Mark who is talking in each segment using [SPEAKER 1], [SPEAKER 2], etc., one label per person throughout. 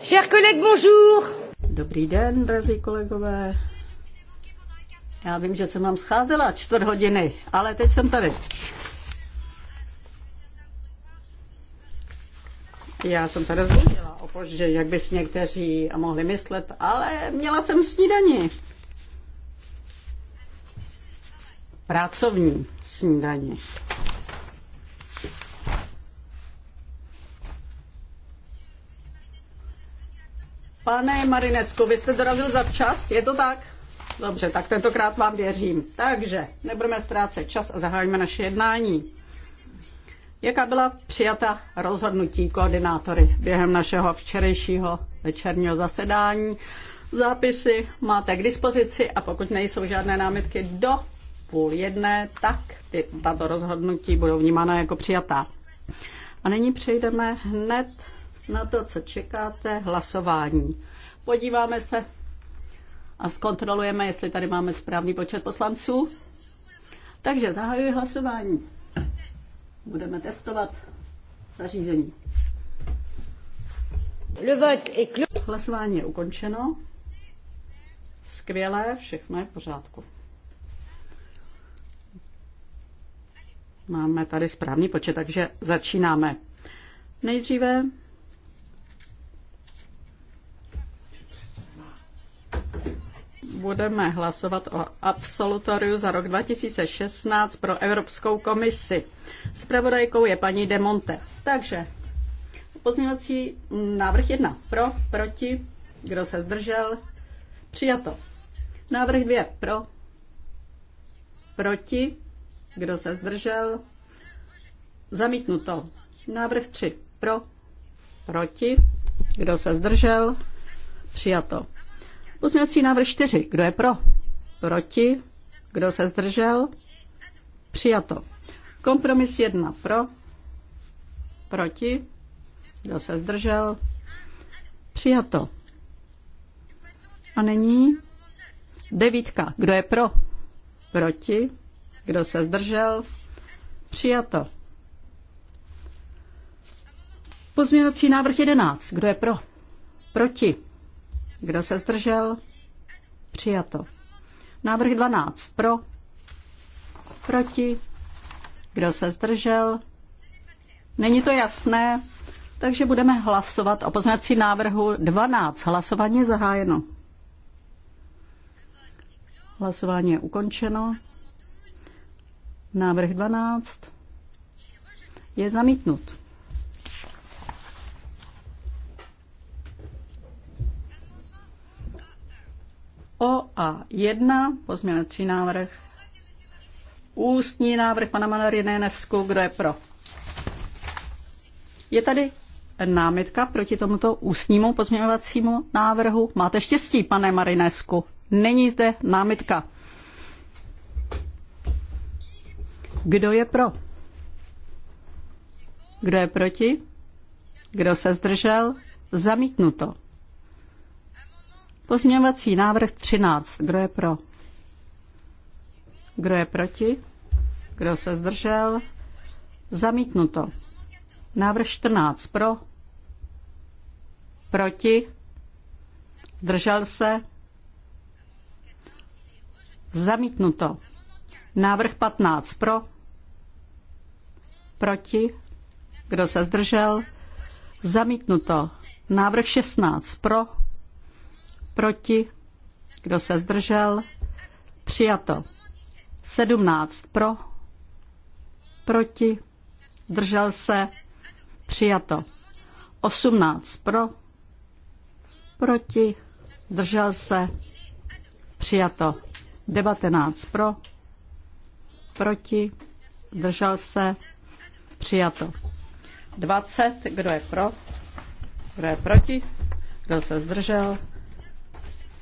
[SPEAKER 1] Chers collègues, bonjour. Dobrý den, drazí kolegové. Já vím, že jsem vám scházela čtvrt hodiny, ale teď jsem tady. Já jsem se dozvěděla opožděj, jak by si někteří mohli myslet, ale měla jsem snídani. Pracovní snídaní. Pane Marinesku, vy jste dorazil za včas, je to tak? Dobře, tak tentokrát vám věřím. Takže nebudeme ztrácet čas a zahájíme naše jednání. Jaká byla přijata rozhodnutí koordinátory během našeho včerejšího večerního zasedání? Zápisy máte k dispozici a pokud nejsou žádné námitky do půl jedné, tak ty, tato rozhodnutí budou vnímána jako přijatá. A nyní přejdeme hned na to, co čekáte, hlasování. Podíváme se a zkontrolujeme, jestli tady máme správný počet poslanců. Takže zahajuji hlasování. Budeme testovat zařízení. Hlasování je ukončeno. Skvělé, všechno je v pořádku. Máme tady správný počet, takže začínáme. Nejdříve budeme hlasovat o absolutoriu za rok 2016 pro Evropskou komisi. Spravodajkou je paní Demonte. Takže pozměňovací návrh 1. Pro, proti, kdo se zdržel? Přijato. Návrh 2. Pro, proti, kdo se zdržel? Zamítnuto. Návrh 3. Pro, proti, kdo se zdržel? Přijato. Pozměňovací návrh 4. Kdo je pro? Proti? Kdo se zdržel? Přijato. Kompromis 1 pro, proti, kdo se zdržel? Přijato. A není devítka. Kdo je pro? Proti. Kdo se zdržel? Přijato. Pozměňovací návrh 11. Kdo je pro? Proti. Kdo se zdržel? Přijato. Návrh 12. Pro? Proti? Kdo se zdržel? Není to jasné, takže budeme hlasovat o pozměnací návrhu 12. Hlasování je zahájeno. Hlasování je ukončeno. Návrh 12 je zamítnut. O a 1, pozměňovací návrh. Ústní návrh pana Manarinesku, kdo je pro? Je tady námitka proti tomuto ústnímu pozměňovacímu návrhu? Máte štěstí, pane Marinesku. Není zde námitka. Kdo je pro? Kdo je proti? Kdo se zdržel? Zamítnuto. Pozměňovací návrh 13. Kdo je pro? Kdo je proti? Kdo se zdržel? Zamítnuto. Návrh 14. Pro? Proti? Zdržel se? Zamítnuto. Návrh 15. Pro? Proti? Kdo se zdržel? Zamítnuto. Návrh 16. Pro? Proti? Kdo se zdržel? Přijato. 17 pro. Proti? Zdržel se? Přijato. 18 pro. Proti? Zdržel se? Přijato. 19 pro. Proti? Zdržel se? Přijato. 20. Kdo je pro? Kdo je proti? Kdo se zdržel?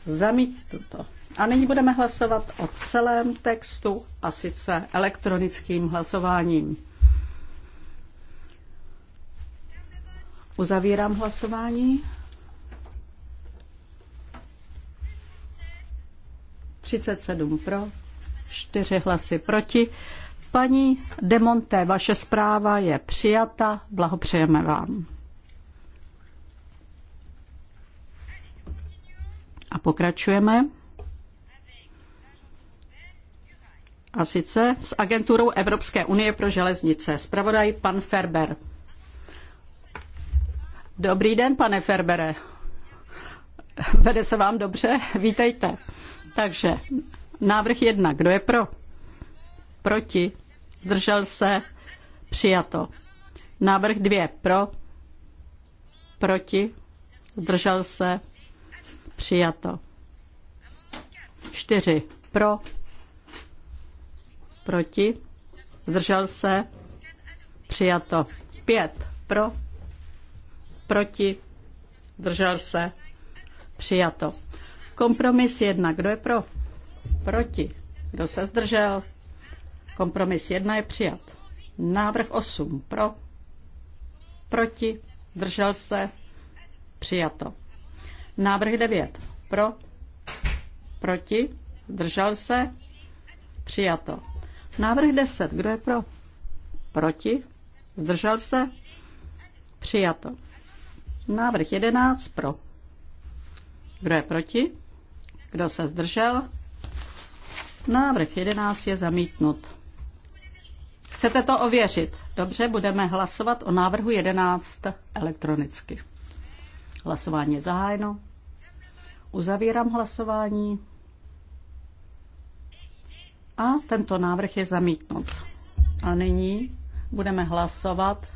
[SPEAKER 1] Zamítnuto. A nyní budeme hlasovat o celém textu a sice elektronickým hlasováním. Uzavírám hlasování. 37 pro, 4 hlasy proti. Paní Demonte, vaše zpráva je přijata. Blahopřejeme vám. A pokračujeme. A sice s agenturou Evropské unie pro železnice. Spravodaj pan Ferber. Dobrý den, pane Ferbere. Vede se vám dobře? Vítejte. Takže návrh jedna. Kdo je pro? Proti? Zdržel se? Přijato. Návrh dvě. Pro? Proti? Zdržel se? Přijato. čtyři pro, proti, zdržel se, přijato. Pět pro, proti, zdržel se, přijato. Kompromis jedna, kdo je pro? Proti, kdo se zdržel? Kompromis jedna je přijat. Návrh osm, pro, proti, zdržel se, přijato. Návrh 9. Pro, proti, Držel se, přijato. Návrh 10. Kdo je pro? Proti, zdržel se, přijato. Návrh 11. Pro. Kdo je proti? Kdo se zdržel? Návrh 11 je zamítnut. Chcete to ověřit? Dobře, budeme hlasovat o návrhu 11 elektronicky. Hlasování je zahájeno. Uzavírám hlasování. A tento návrh je zamítnut. A nyní budeme hlasovat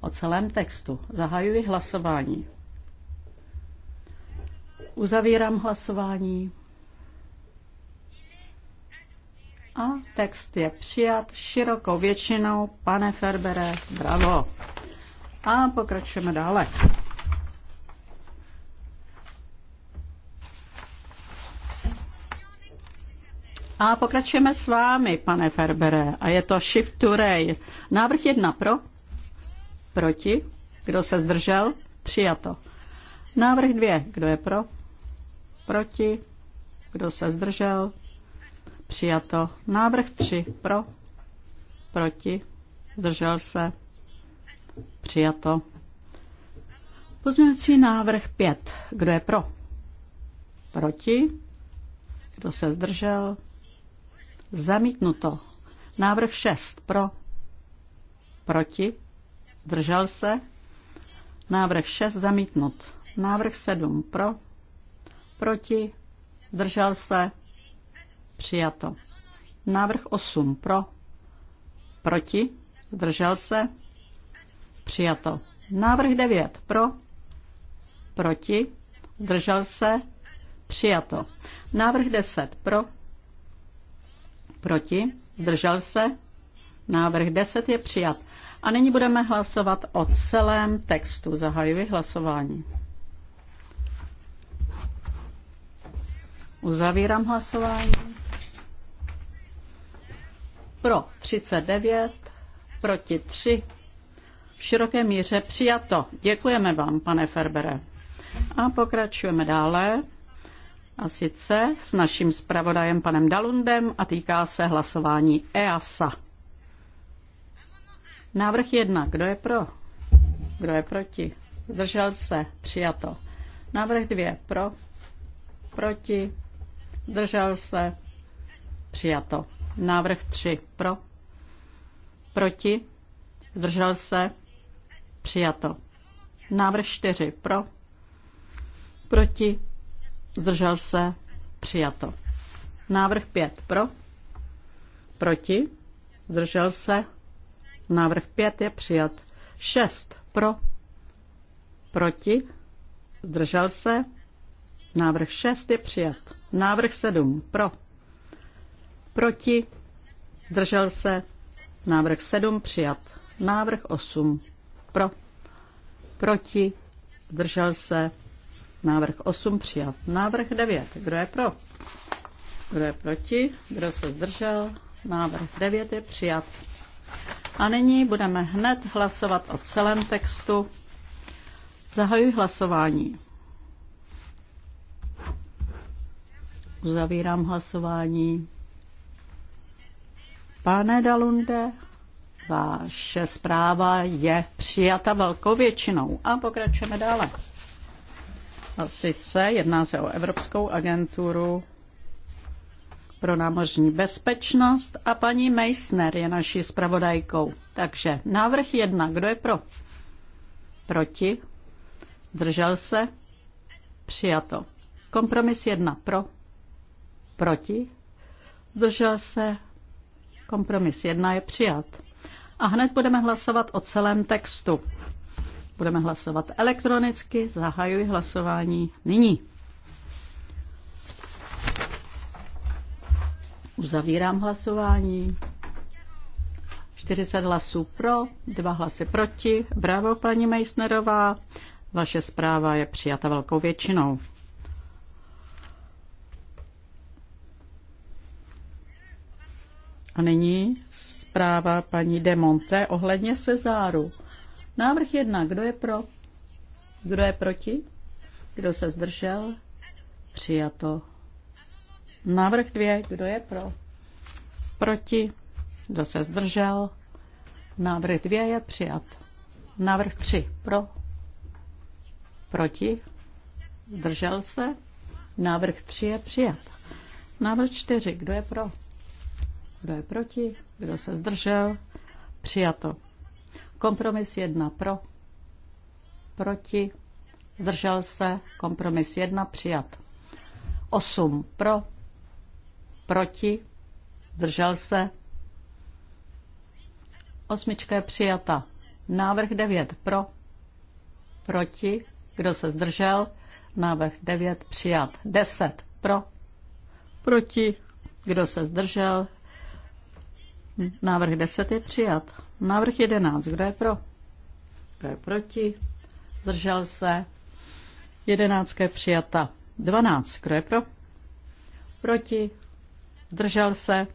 [SPEAKER 1] o celém textu. Zahajuji hlasování. Uzavírám hlasování. A text je přijat širokou většinou. Pane Ferbere, bravo. A pokračujeme dále. A pokračujeme s vámi, pane Ferbere. A je to Shift to Ray. Návrh jedna pro, proti, kdo se zdržel, přijato. Návrh dvě, kdo je pro, proti, kdo se zdržel, přijato. Návrh tři, pro, proti, zdržel se, přijato. Pozměňovací návrh pět, Kdo je pro? Proti? Kdo se zdržel? Zamítnuto. Návrh 6 pro. Proti. Držel se. Návrh 6 zamítnut. Návrh 7 pro. Proti. Držel se. Přijato. Návrh 8 pro. Proti. Zdržel se. Přijato. Návrh 9 pro. Proti. Zdržel se. Přijato. Návrh 10 pro Proti? Zdržel se? Návrh 10 je přijat. A nyní budeme hlasovat o celém textu. Zahajuji hlasování. Uzavírám hlasování. Pro 39, proti 3. V široké míře přijato. Děkujeme vám, pane Ferbere. A pokračujeme dále a sice s naším zpravodajem panem Dalundem a týká se hlasování EASA. Návrh jedna. Kdo je pro? Kdo je proti? Zdržel se. Přijato. Návrh dvě. Pro? Proti? Zdržel se. Přijato. Návrh tři. Pro? Proti? Zdržel se. Přijato. Návrh čtyři. Pro? Proti? zdržel se, přijato. Návrh 5 pro, proti, zdržel se, návrh 5 je přijat. 6 pro, proti, zdržel se, návrh 6 je přijat. Návrh 7 pro, proti, zdržel se, návrh 7 přijat. Návrh 8 pro, proti, zdržel se, Návrh 8 přijat. Návrh 9. Kdo je pro? Kdo je proti? Kdo se zdržel? Návrh 9 je přijat. A nyní budeme hned hlasovat o celém textu. Zahajuji hlasování. Uzavírám hlasování. Pane Dalunde, vaše zpráva je přijata velkou většinou. A pokračujeme dále. A sice jedná se o Evropskou agenturu pro námořní bezpečnost a paní Meissner je naší zpravodajkou. Takže návrh jedna. Kdo je pro? Proti? Zdržel se? Přijato. Kompromis jedna. Pro? Proti? Zdržel se? Kompromis jedna je přijat. A hned budeme hlasovat o celém textu. Budeme hlasovat elektronicky. Zahajuji hlasování nyní. Uzavírám hlasování. 40 hlasů pro, 2 hlasy proti. Bravo, paní Meissnerová. Vaše zpráva je přijata velkou většinou. A nyní zpráva paní Demonte ohledně Cezáru. Návrh jedna. Kdo je pro? Kdo je proti? Kdo se zdržel? Přijato. Návrh dvě. Kdo je pro? Proti? Kdo se zdržel? Návrh dvě je přijat. Návrh tři. Pro? Proti? Zdržel se? Návrh tři je přijat. Návrh čtyři. Kdo je pro? Kdo je proti? Kdo se zdržel? Přijato. Kompromis jedna pro, proti, zdržel se, kompromis jedna přijat. osm pro, proti, zdržel se, osmička je přijata. Návrh devět pro, proti, kdo se zdržel, návrh devět přijat. deset pro, proti, kdo se zdržel, Návrh 10 je přijat. Návrh 11. Kdo je pro? Kdo je proti? Zdržel se? 11 je přijata. 12. Kdo je pro? Proti? Zdržel se?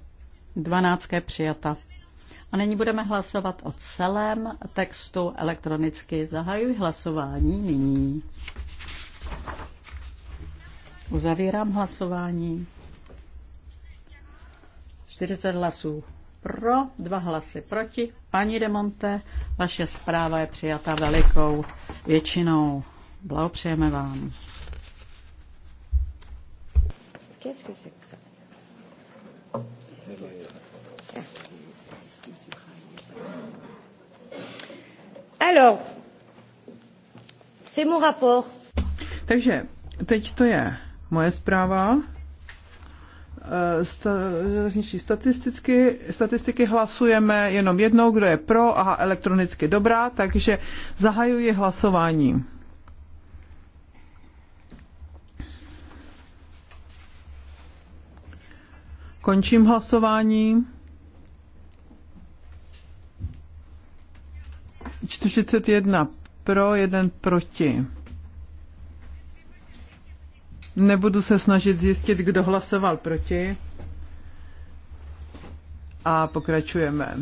[SPEAKER 1] 12 je přijata. A nyní budeme hlasovat o celém textu elektronicky. Zahajuji hlasování nyní. Uzavírám hlasování. 40 hlasů pro, dva hlasy proti. Paní Demonte, vaše zpráva je přijata velikou většinou. Blahopřejeme vám.
[SPEAKER 2] Alors, c'est mon rapport.
[SPEAKER 3] Takže teď to je moje zpráva železniční statistiky, statistiky hlasujeme jenom jednou, kdo je pro a elektronicky dobrá, takže zahajuji hlasování. Končím hlasování. 41 pro, 1 proti. Nebudu se snažit zjistit, kdo hlasoval proti. A pokračujeme.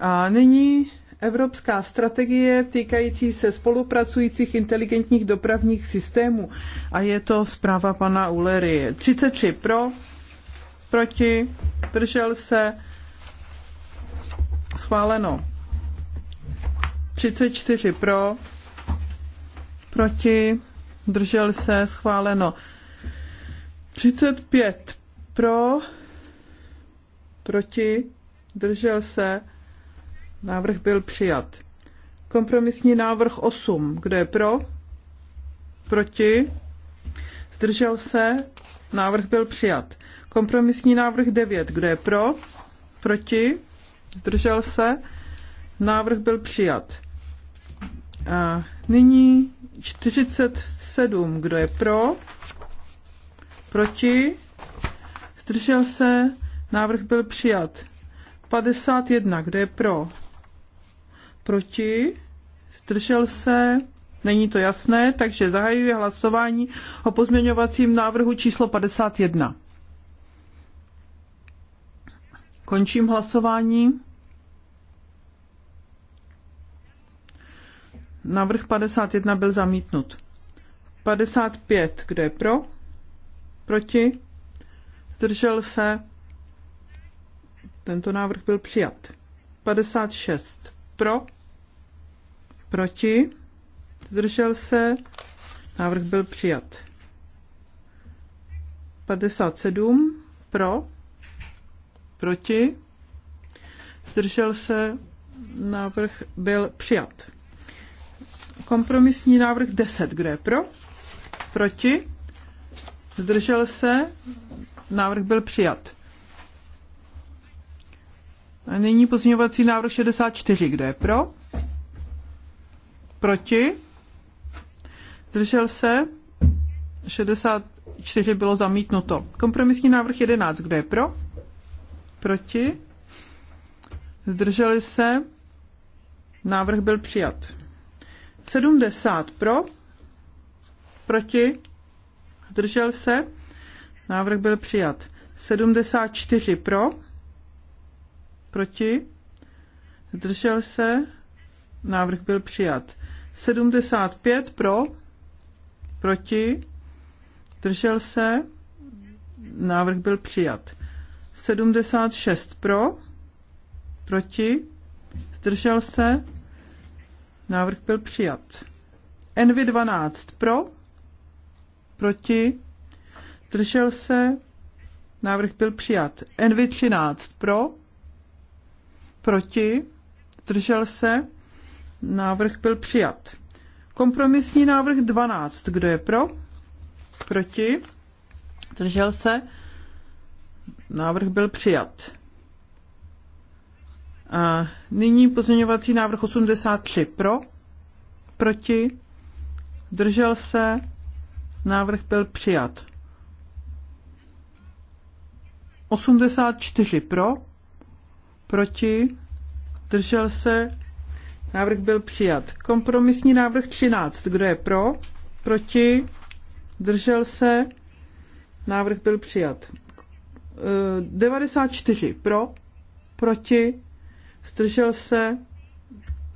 [SPEAKER 3] A nyní Evropská strategie týkající se spolupracujících inteligentních dopravních systémů. A je to zpráva pana Ulery. 33 pro, proti, držel se, schváleno. 34 pro, proti, držel se, schváleno. 35 pro, proti, držel se, návrh byl přijat. Kompromisní návrh 8, kdo je pro, proti, zdržel se, návrh byl přijat. Kompromisní návrh 9, kdo je pro, proti, zdržel se, návrh byl přijat. A nyní 47. Kdo je pro? Proti? Zdržel se? Návrh byl přijat. 51. Kdo je pro? Proti? Zdržel se? Není to jasné, takže zahajuji hlasování o pozměňovacím návrhu číslo 51. Končím hlasování. Návrh 51 byl zamítnut. 55, kdo je pro? Proti? Zdržel se? Tento návrh byl přijat. 56 pro? Proti? Zdržel se? Návrh byl přijat. 57 pro? Proti? Zdržel se? Návrh byl přijat. Kompromisní návrh 10. Kdo je pro? Proti? Zdržel se? Návrh byl přijat. A nyní pozměňovací návrh 64. Kdo je pro? Proti? Zdržel se? 64 bylo zamítnuto. Kompromisní návrh 11. Kdo je pro? Proti? Zdrželi se? Návrh byl přijat. 70 pro, proti, zdržel se, návrh byl přijat. 74 pro, proti, zdržel se, návrh byl přijat. 75 pro, proti, zdržel se, návrh byl přijat. 76 pro, proti, zdržel se, Návrh byl přijat. NV12 pro, proti, zdržel se, návrh byl přijat. NV13 pro, proti, zdržel se, návrh byl přijat. Kompromisní návrh 12, kdo je pro, proti, zdržel se, návrh byl přijat. A nyní pozměňovací návrh 83 pro, proti, držel se, návrh byl přijat. 84 pro, proti, držel se, návrh byl přijat. Kompromisní návrh 13, kdo je pro, proti, držel se, návrh byl přijat. 94 e, pro, proti, Zdržel se?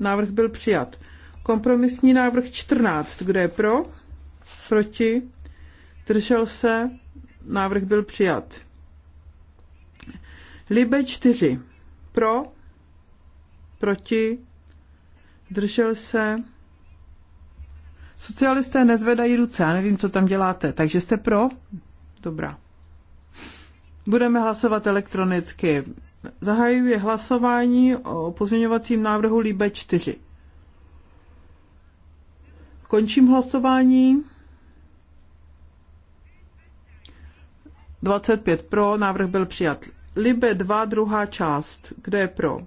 [SPEAKER 3] Návrh byl přijat. Kompromisní návrh 14. Kdo je pro? Proti? Držel se? Návrh byl přijat. Libe 4. Pro? Proti? Držel se? Socialisté nezvedají ruce, já nevím, co tam děláte. Takže jste pro? Dobrá. Budeme hlasovat elektronicky. Zahajuji hlasování o pozměňovacím návrhu Líbe 4. Končím hlasování. 25 pro, návrh byl přijat. Libe 2, druhá část. Kdo je pro?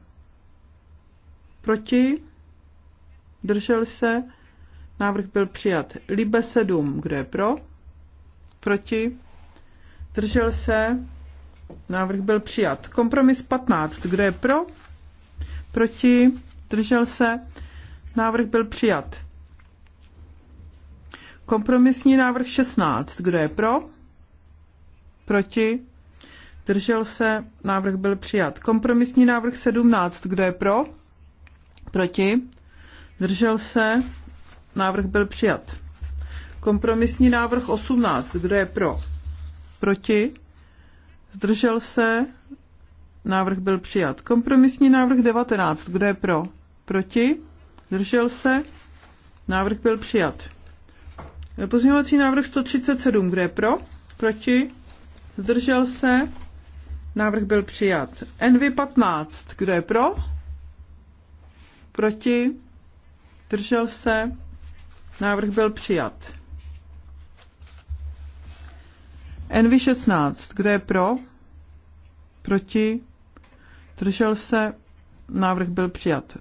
[SPEAKER 3] Proti? Držel se? Návrh byl přijat. Libe 7, kdo je pro? Proti? Držel se? Návrh byl přijat. Kompromis 15. Kdo je pro? Proti? Držel se? Návrh byl přijat. Kompromisní návrh 16. Kdo je pro? Proti? Držel se? Návrh byl přijat. Kompromisní návrh 17. Kdo je pro? Proti? Držel se? Návrh byl přijat. Kompromisní návrh 18. Kdo je pro? Proti? Zdržel se? Návrh byl přijat. Kompromisní návrh 19. Kdo je pro? Proti? Zdržel se? Návrh byl přijat. Pozměňovací návrh 137. Kdo je pro? Proti? Zdržel se? Návrh byl přijat. NV15. Kdo je pro? Proti? Držel se? Návrh byl přijat. NV16, kdo je pro? Proti? Držel se? Návrh byl přijat.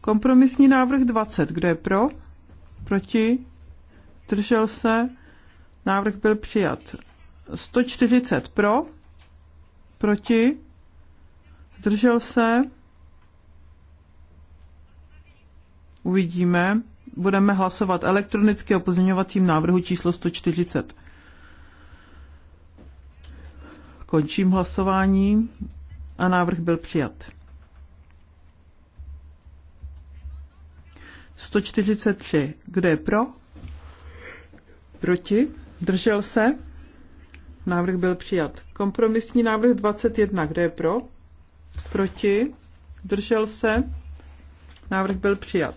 [SPEAKER 3] Kompromisní návrh 20, kdo je pro? Proti? Držel se? Návrh byl přijat. 140 pro? Proti? Držel se? Uvidíme. Budeme hlasovat elektronicky o pozměňovacím návrhu číslo 140. Končím hlasování a návrh byl přijat. 143. Kdo je pro? Proti? Držel se? Návrh byl přijat. Kompromisní návrh 21. Kdo je pro? Proti? Držel se? Návrh byl přijat.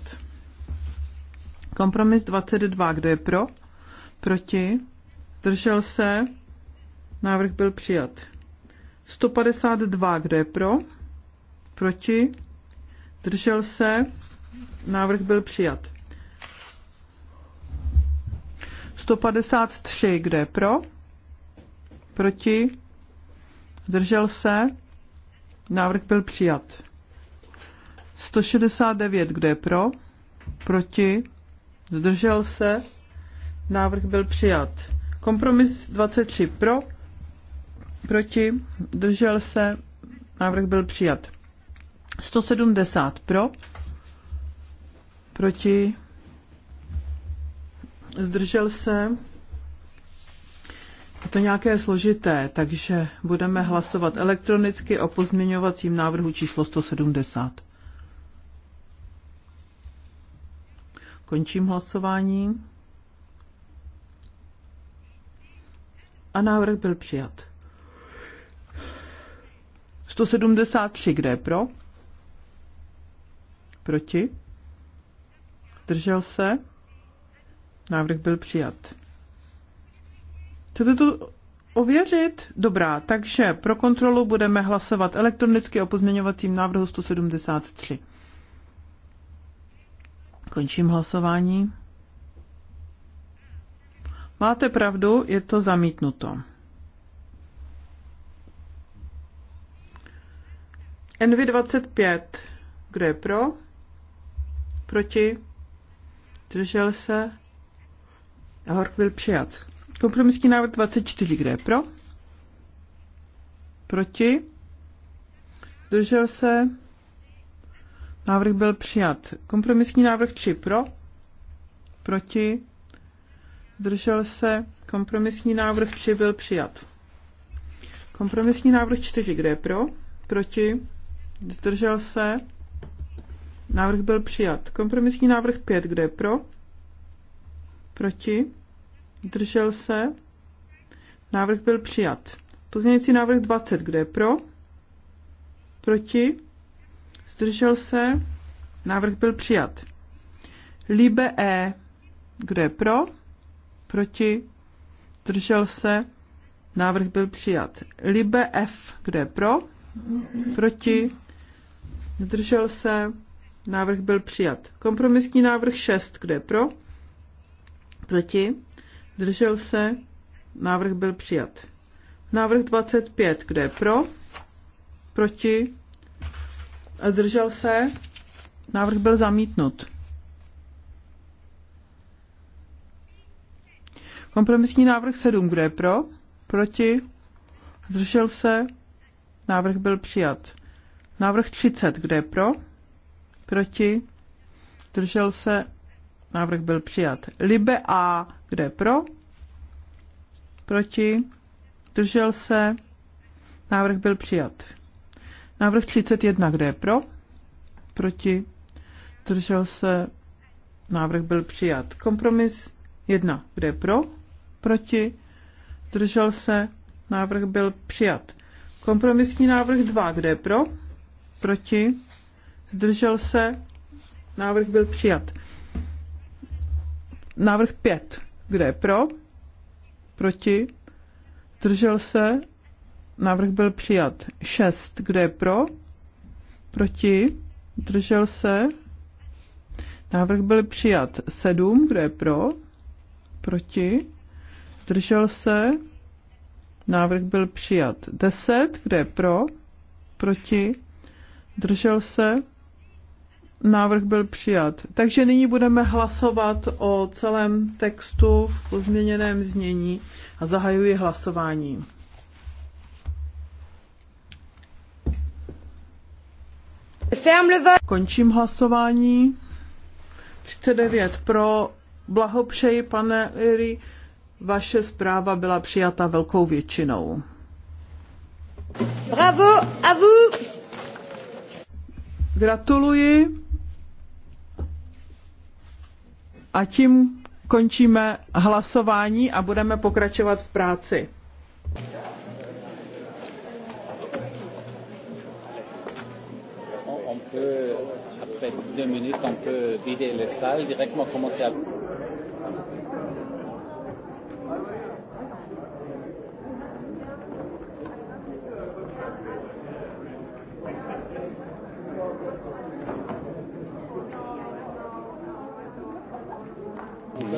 [SPEAKER 3] Kompromis 22. Kdo je pro? Proti? Držel se? Návrh byl přijat. 152, kdo je pro? Proti? Zdržel se? Návrh byl přijat. 153, kdo je pro? Proti? Zdržel se? Návrh byl přijat. 169, kdo je pro? Proti? Zdržel se? Návrh byl přijat. Kompromis 23 pro, proti, držel se, návrh byl přijat. 170 pro, proti, zdržel se. Je to nějaké složité, takže budeme hlasovat elektronicky o pozměňovacím návrhu číslo 170. Končím hlasování. A návrh byl přijat. 173, kde je pro? Proti? Držel se? Návrh byl přijat. Chcete to ověřit? Dobrá, takže pro kontrolu budeme hlasovat elektronicky o pozměňovacím návrhu 173. Končím hlasování. Máte pravdu, je to zamítnuto. NV25. Kdo je pro? Proti? Držel se? A Hork byl přijat. Kompromisní návrh 24. Kdo je pro? Proti? Držel se? Návrh byl přijat. Kompromisní návrh 3 pro? Proti? Držel se? Kompromisní návrh 3 byl přijat. Kompromisní návrh 4. Kde je pro? Proti? zdržel se, návrh byl přijat. Kompromisní návrh 5, kde je pro, proti, zdržel se, návrh byl přijat. Pozměňující návrh 20, kde je pro, proti, zdržel se, návrh byl přijat. Líbe E, kde je pro, proti, zdržel se, návrh byl přijat. Libe F, kde je pro, proti, zdržel se, návrh byl přijat. Kompromisní návrh 6, kde je pro, proti, zdržel se, návrh byl přijat. Návrh 25, kde je pro, proti, zdržel se, návrh byl zamítnut. Kompromisní návrh 7, kde je pro, proti, zdržel se, návrh byl přijat. Návrh 30, kde je pro? Proti? Držel se? Návrh byl přijat. Libe A, kde je pro? Proti? Držel se? Návrh byl přijat. Návrh 31, kde je pro? Proti? Držel se? Návrh byl přijat. Kompromis 1, kde je pro? Proti? Držel se? Návrh byl přijat. Kompromisní návrh 2, kde je pro? proti, zdržel se, návrh byl přijat. Návrh 5, kde je pro, proti, zdržel se, návrh byl přijat. 6, kde je pro, proti, zdržel se, návrh byl přijat. 7, kde je pro, proti, zdržel se, návrh byl přijat. 10, kde je pro, proti, Držel se? Návrh byl přijat. Takže nyní budeme hlasovat o celém textu v pozměněném znění a zahajuji hlasování. Končím hlasování. 39 pro. Blahopřeji, pane Liry. Vaše zpráva byla přijata velkou většinou. Bravo a vous! Gratuluji a tím končíme hlasování a budeme pokračovat v práci.
[SPEAKER 2] On peut, après deux minutes, on peut vider les salles, directement commencer à...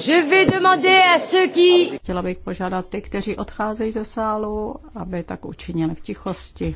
[SPEAKER 3] Je vais demander à ceux
[SPEAKER 1] qui... Chtěla bych požádat ty, kteří odcházejí ze sálu, aby tak učinili v tichosti.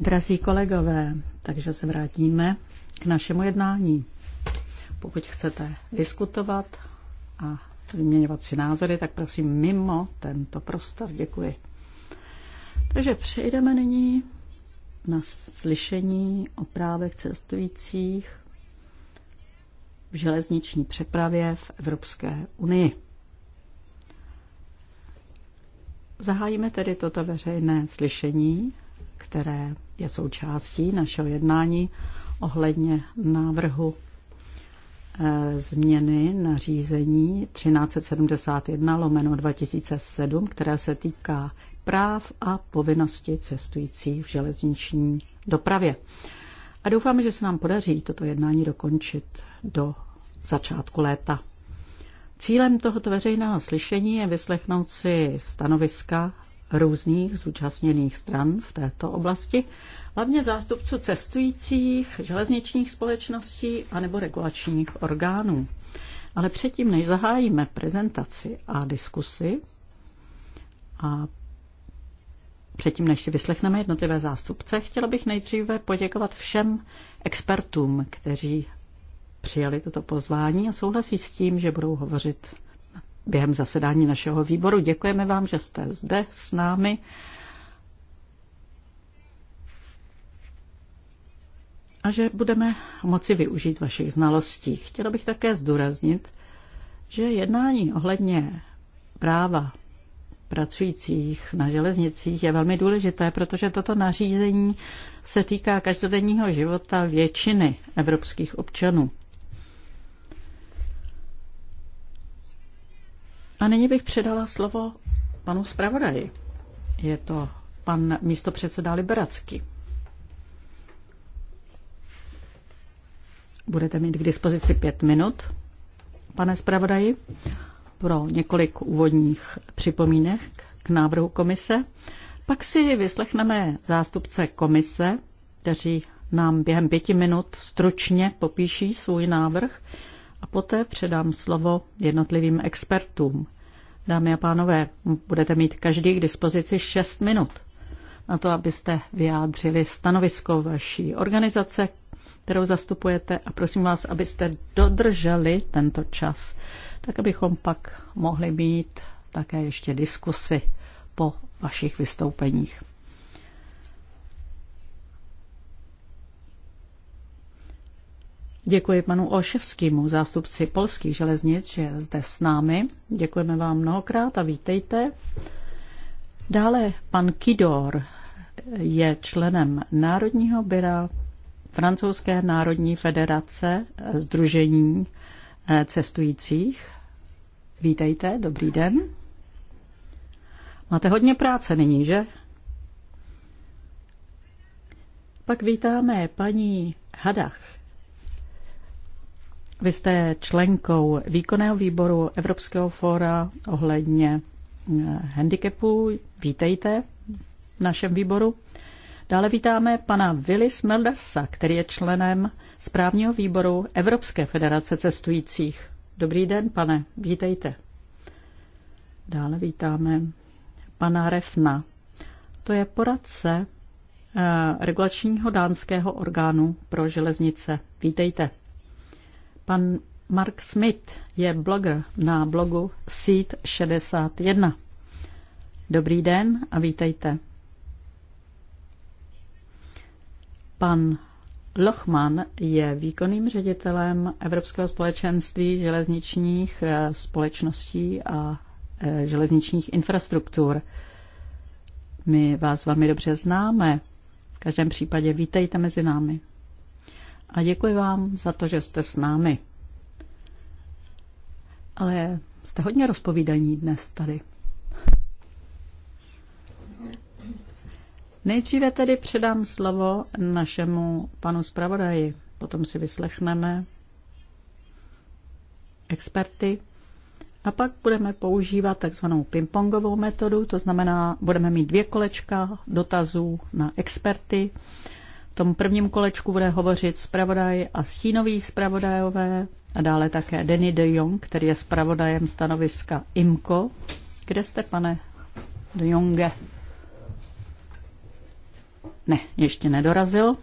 [SPEAKER 1] Drazí kolegové, takže se vrátíme k našemu jednání. Pokud chcete diskutovat a vyměňovat si názory, tak prosím mimo tento prostor. Děkuji. Takže přejdeme nyní na slyšení o právech cestujících v železniční přepravě v Evropské unii. Zahájíme tedy toto veřejné slyšení které je součástí našeho jednání ohledně návrhu eh, změny nařízení 1371 lomeno 2007, které se týká práv a povinnosti cestujících v železniční dopravě. A doufáme, že se nám podaří toto jednání dokončit do začátku léta. Cílem tohoto veřejného slyšení je vyslechnout si stanoviska různých zúčastněných stran v této oblasti, hlavně zástupců cestujících, železničních společností anebo regulačních orgánů. Ale předtím, než zahájíme prezentaci a diskusy a předtím, než si vyslechneme jednotlivé zástupce, chtěla bych nejdříve poděkovat všem expertům, kteří přijali toto pozvání a souhlasí s tím, že budou hovořit během zasedání našeho výboru. Děkujeme vám, že jste zde s námi. A že budeme moci využít vašich znalostí. Chtěla bych také zdůraznit, že jednání ohledně práva pracujících na železnicích je velmi důležité, protože toto nařízení se týká každodenního života většiny evropských občanů. A nyní bych předala slovo panu zpravodaji. Je to pan místopředseda Liberacky. Budete mít k dispozici pět minut, pane zpravodaji, pro několik úvodních připomínek k návrhu komise. Pak si vyslechneme zástupce komise, kteří nám během pěti minut stručně popíší svůj návrh a poté předám slovo jednotlivým expertům. Dámy a pánové, budete mít každý k dispozici 6 minut na to, abyste vyjádřili stanovisko vaší organizace, kterou zastupujete a prosím vás, abyste dodrželi tento čas, tak abychom pak mohli mít také ještě diskusy po vašich vystoupeních. Děkuji panu Olševskému, zástupci polských železnic, že zde s námi. Děkujeme vám mnohokrát a vítejte. Dále pan Kidor je členem Národního byra Francouzské národní federace Združení eh, cestujících. Vítejte, dobrý den. Máte hodně práce nyní, že? Pak vítáme paní Hadach, vy jste členkou výkonného výboru Evropského fóra ohledně eh, handicapu. Vítejte v našem výboru. Dále vítáme pana Willis Meldersa, který je členem správního výboru Evropské federace cestujících. Dobrý den, pane, vítejte. Dále vítáme pana Refna. To je poradce eh, regulačního dánského orgánu pro železnice. Vítejte. Pan Mark Smith je blogger na blogu Seed 61. Dobrý den a vítejte. Pan Lochman je výkonným ředitelem Evropského společenství železničních eh, společností a eh, železničních infrastruktur. My vás velmi dobře známe. V každém případě vítejte mezi námi a děkuji vám za to, že jste s námi. Ale jste hodně rozpovídaní dnes tady. Nejdříve tedy předám slovo našemu panu zpravodaji. Potom si vyslechneme experty. A pak budeme používat takzvanou pingpongovou metodu, to znamená, budeme mít dvě kolečka dotazů na experty v tom prvním kolečku bude hovořit zpravodaj a stínový zpravodajové a dále také Denny de Jong, který je zpravodajem stanoviska IMCO. Kde jste, pane de Jonge? Ne, ještě nedorazil.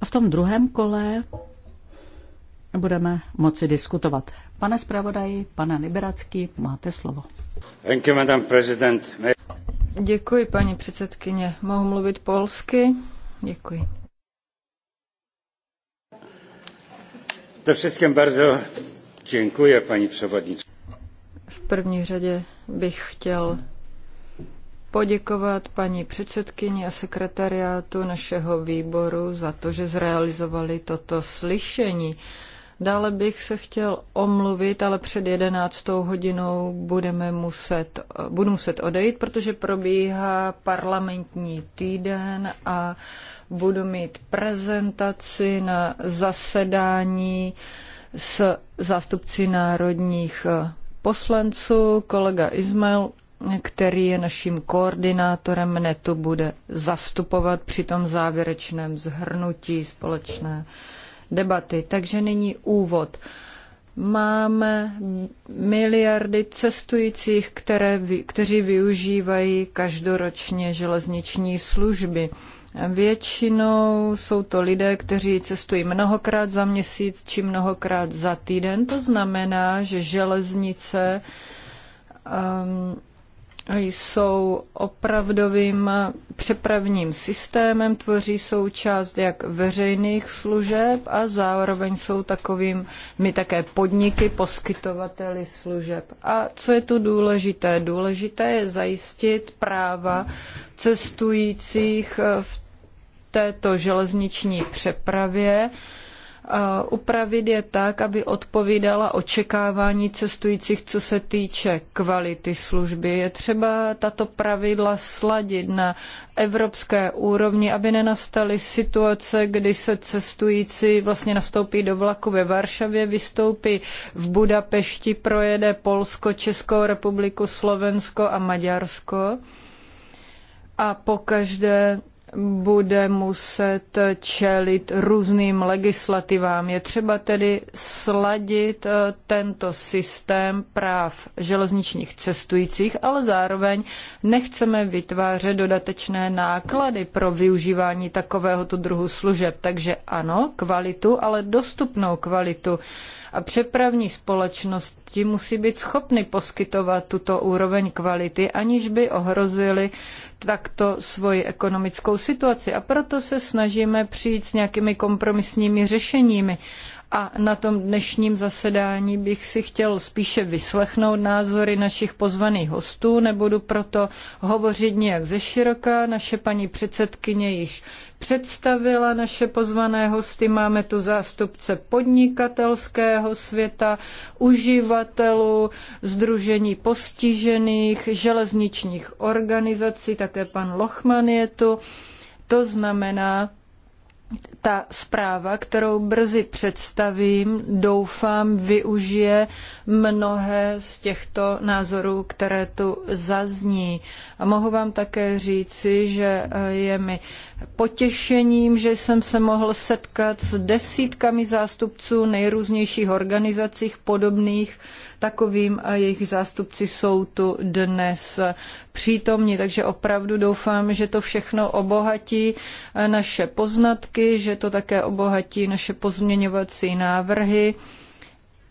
[SPEAKER 1] A v tom druhém kole budeme moci diskutovat. Pane zpravodaji, pane Liberacký, máte slovo.
[SPEAKER 2] Děkuji, paní předsedkyně. Mohu mluvit polsky? Děkuji. To všem bardzo děkuji, paní převodnice. V první řadě bych chtěl poděkovat paní předsedkyni a sekretariátu našeho výboru za to, že zrealizovali toto slyšení. Dále bych se chtěl omluvit, ale před 11. hodinou budeme muset, budu muset odejít, protože probíhá parlamentní týden a budu mít prezentaci na zasedání s zástupci národních poslanců. Kolega Izmail který je naším koordinátorem, mne tu bude zastupovat při tom závěrečném zhrnutí společné debaty. Takže nyní úvod. Máme miliardy cestujících, které, kteří využívají každoročně železniční služby. Většinou jsou to lidé, kteří cestují mnohokrát za měsíc či mnohokrát za týden. To znamená, že železnice um, jsou opravdovým přepravním systémem, tvoří součást jak veřejných služeb a zároveň jsou takovým my také podniky, poskytovateli služeb. A co je tu důležité? Důležité je zajistit práva cestujících v této železniční přepravě, upravit je tak, aby odpovídala očekávání cestujících, co se týče kvality služby. Je třeba tato pravidla sladit na evropské úrovni, aby nenastaly situace, kdy se cestující vlastně nastoupí do vlaku ve Varšavě, vystoupí v Budapešti, projede Polsko, Českou republiku, Slovensko a Maďarsko a pokaždé bude muset čelit různým legislativám. Je třeba tedy sladit eh, tento systém práv železničních cestujících, ale zároveň nechceme vytvářet dodatečné náklady pro využívání takovéhoto druhu služeb. Takže ano, kvalitu, ale dostupnou kvalitu. A přepravní společnosti musí být schopny poskytovat tuto úroveň kvality, aniž by ohrozili takto svoji ekonomickou situaci. A proto se snažíme přijít s nějakými kompromisními řešeními. A na tom dnešním zasedání bych si chtěl spíše vyslechnout názory našich pozvaných hostů, nebudu proto hovořit nijak ze široka. Naše paní předsedkyně již představila naše pozvané hosty. Máme tu zástupce podnikatelského světa, uživatelů, združení postižených, železničních organizací, také pan Lochman je tu. To znamená, ta zpráva, kterou brzy představím, doufám, využije mnohé z těchto názorů, které tu zazní. A mohu vám také říci, že eh, je mi potěšením, že jsem se mohl setkat s desítkami zástupců nejrůznějších organizací podobných uh, takovým a jejich zástupci jsou tu dnes přítomni. Takže opravdu doufám, že to všechno obohatí e, naše poznatky, že to také obohatí naše pozměňovací návrhy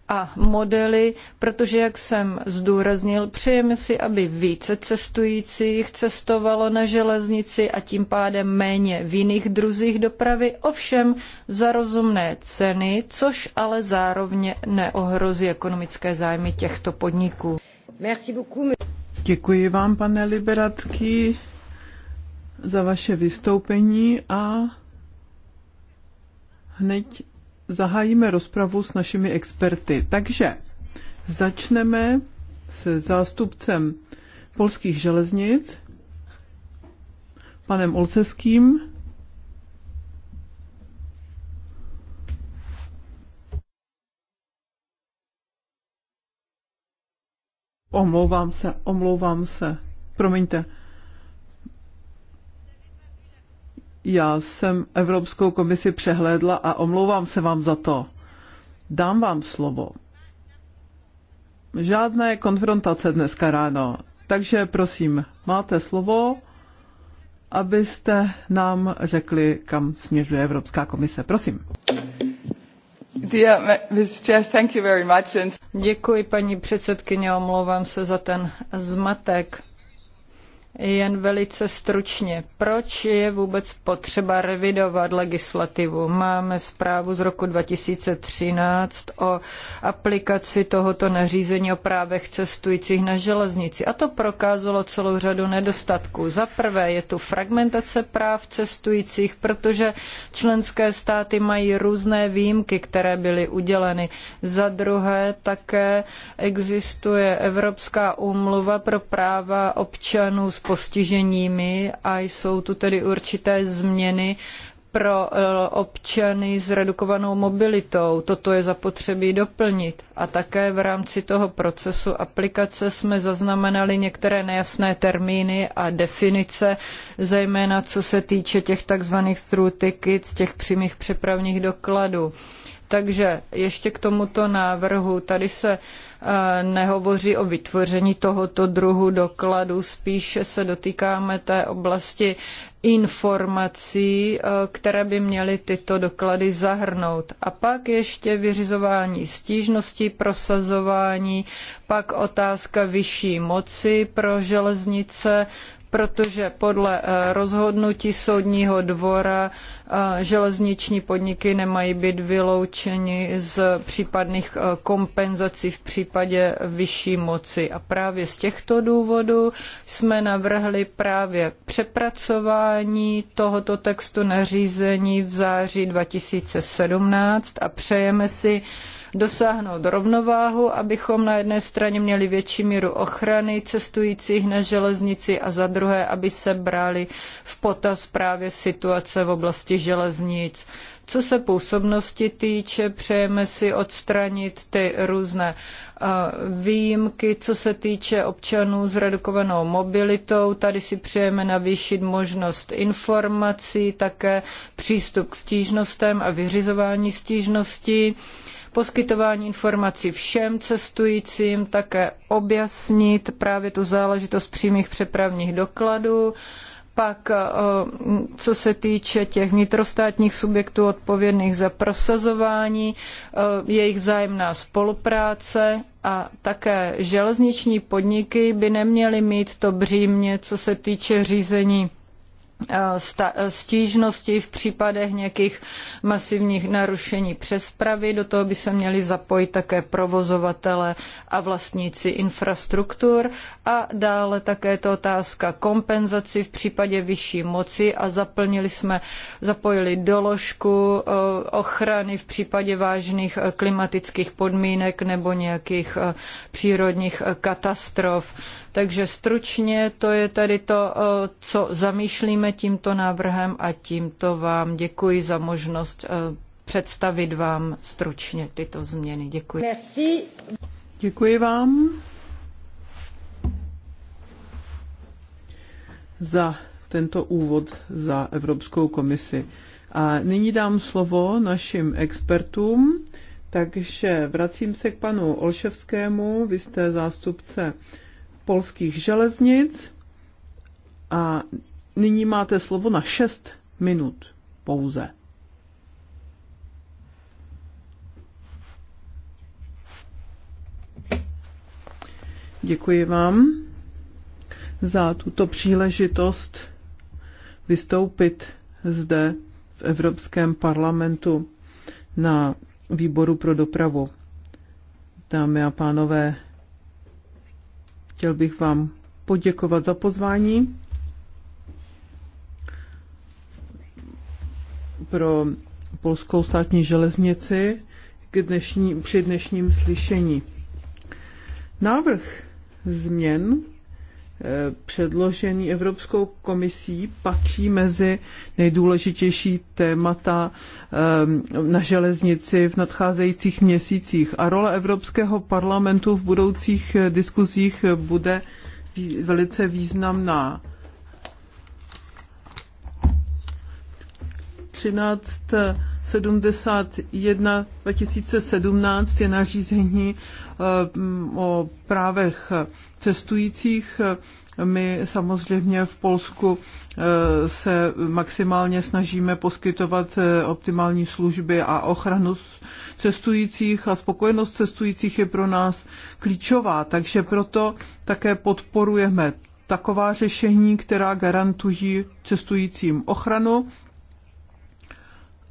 [SPEAKER 2] a modely, protože, jak jsem zdůraznil, přejeme si, aby více cestujících cestovalo na železnici a tím pádem méně v jiných druzích dopravy, ovšem za rozumné ceny, což ale
[SPEAKER 3] zároveň
[SPEAKER 2] neohrozí ekonomické zájmy těchto podniků.
[SPEAKER 3] Děkuji vám, pane Liberacký, za vaše vystoupení a hned zahájíme rozpravu s našimi experty. Takže začneme se zástupcem polských železnic, panem Olseským. Omlouvám se, omlouvám se. Promiňte. Já jsem Evropskou komisi přehlédla a omlouvám se vám za to. Dám vám slovo. Žádné konfrontace dneska ráno. Takže prosím, máte slovo, abyste nám řekli, kam směřuje Evropská komise. Prosím.
[SPEAKER 2] Děkuji, paní předsedkyně, omlouvám se za ten zmatek. Jen velice stručně, proč je vůbec potřeba revidovat legislativu? Máme zprávu z roku 2013 o aplikaci tohoto nařízení o právech cestujících na železnici a to prokázalo celou řadu nedostatků. Za prvé je tu fragmentace práv cestujících, protože členské státy mají různé výjimky, které byly uděleny. Za druhé také existuje Evropská úmluva pro práva občanů s postiženími a jsou tu tedy určité změny pro eh, občany s redukovanou mobilitou. Toto je zapotřebí doplnit. A také v rámci toho procesu aplikace jsme zaznamenali některé nejasné termíny a definice, zejména co se týče těch takzvaných through tickets, těch přímých přepravních dokladů. Takže ještě k tomuto návrhu. Tady se eh, nehovoří o vytvoření tohoto druhu dokladu, spíše se dotýkáme té oblasti informací, eh, které by měly tyto doklady zahrnout. A pak ještě vyřizování stížností, prosazování, pak otázka vyšší moci pro železnice, protože podle eh, rozhodnutí soudního dvora eh, železniční podniky nemají být vyloučeny z případných eh, kompenzací v případě vyšší moci. A právě z těchto důvodů jsme navrhli právě přepracování tohoto textu nařízení v září 2017 a přejeme si, dosáhnout rovnováhu, abychom na jedné straně měli větší míru ochrany cestujících na železnici a za druhé, aby se brali v potaz právě situace v oblasti železnic. Co se působnosti týče, přejeme si odstranit ty různé výjimky, co se týče občanů s redukovanou mobilitou. Tady si přejeme navýšit možnost informací, také přístup k stížnostem a vyřizování stížností poskytování informací všem cestujícím, také objasnit právě tu záležitost přímých přepravních dokladů, pak, eh, co se týče těch vnitrostátních subjektů odpovědných za prosazování, eh, jejich vzájemná spolupráce a také železniční podniky by neměly mít to břímě, co se týče řízení Eh, eh, stížnosti v případech nějakých masivních narušení přepravy Do toho by se měli zapojit také provozovatele a vlastníci infrastruktur. A dále také to otázka kompenzaci v případě vyšší moci a zaplnili jsme, zapojili doložku eh, ochrany v případě vážných klimatických podmínek nebo nějakých přírodních katastrof. Takže stručně to je tady to, eh, co zamýšlíme tímto návrhem a tímto vám děkuji za možnost eh, představit vám stručně tyto změny. Děkuji. Merci.
[SPEAKER 3] Děkuji vám za tento úvod za Evropskou komisi. A nyní dám slovo našim expertům, takže vracím se k panu Olševskému, vy jste zástupce polských železnic a nyní máte slovo na 6 minut pouze. Děkuji vám za tuto příležitost vystoupit zde v Evropském parlamentu na výboru pro dopravu. Dámy a pánové, Chtěl bych vám poděkovat za pozvání pro Polskou státní železnici k dnešní, při dnešním slyšení. Návrh změn Eh, předložený Evropskou komisí patří mezi nejdůležitější témata ehm, na železnici v nadcházejících měsících. A role Evropského parlamentu v budoucích eh, diskuzích bude velice významná. 1371 2017 je nařízení eh, o právech cestujících. My samozřejmě v Polsku eh, se maximálně snažíme poskytovat eh, optimální služby a ochranu cestujících a spokojenost cestujících je pro nás klíčová, takže proto také podporujeme taková řešení, která garantují cestujícím ochranu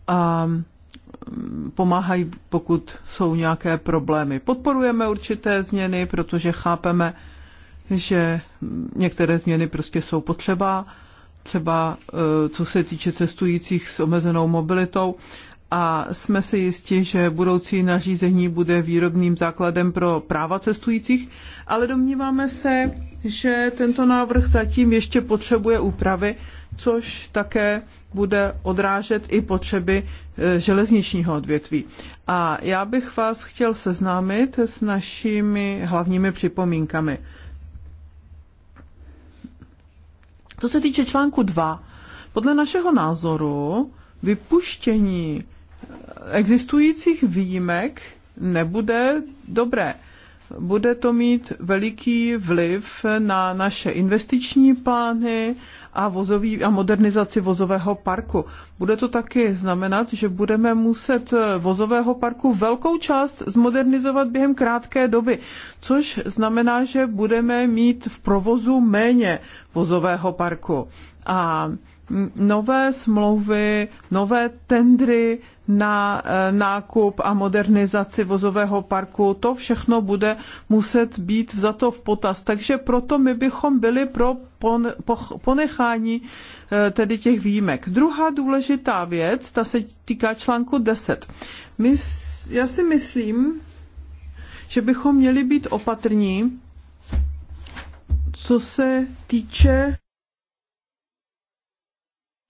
[SPEAKER 3] a mm, pomáhají, pokud jsou nějaké problémy. Podporujeme určité změny, protože chápeme, že některé změny prostě jsou potřeba, třeba e, co se týče cestujících s omezenou mobilitou a jsme si jisti, že budoucí nařízení bude výrobným základem pro práva cestujících, ale domníváme se, že tento návrh zatím ještě potřebuje úpravy, což také bude odrážet i potřeby e, železničního odvětví. A já bych vás chtěl seznámit s našimi hlavními připomínkami. Co se týče článku 2, podle našeho názoru vypuštění existujících výjimek nebude dobré bude to mít veliký vliv na naše investiční plány a, vozový, a modernizaci vozového parku. Bude to taky znamenat, že budeme muset vozového parku velkou část zmodernizovat během krátké doby, což znamená, že budeme mít v provozu méně vozového parku. A nové smlouvy, nové tendry na eh, nákup a modernizaci vozového parku. To všechno bude muset být vzato v potaz. Takže proto my bychom byli pro ponechání eh, tedy těch výjimek. Druhá důležitá věc, ta se týká článku 10. My, já si myslím, že bychom měli být opatrní, co se týče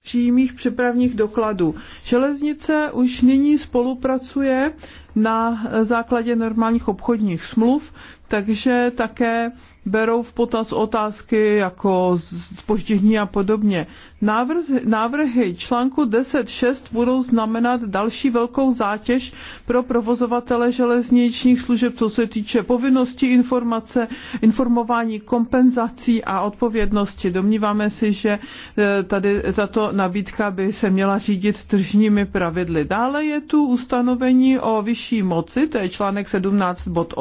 [SPEAKER 3] přímých přepravních dokladů. Železnice už nyní spolupracuje na základě normálních obchodních smluv, takže také berou v potaz otázky jako spoždění a podobně. Návrhy, návrhy článku 10.6 budou znamenat další velkou zátěž pro provozovatele železničních služeb, co se týče povinnosti informace, informování kompenzací a odpovědnosti. Domníváme si, že e, tady tato nabídka by se měla řídit tržními pravidly. Dále je tu ustanovení o vyšší moci, to je článek 17.8 bod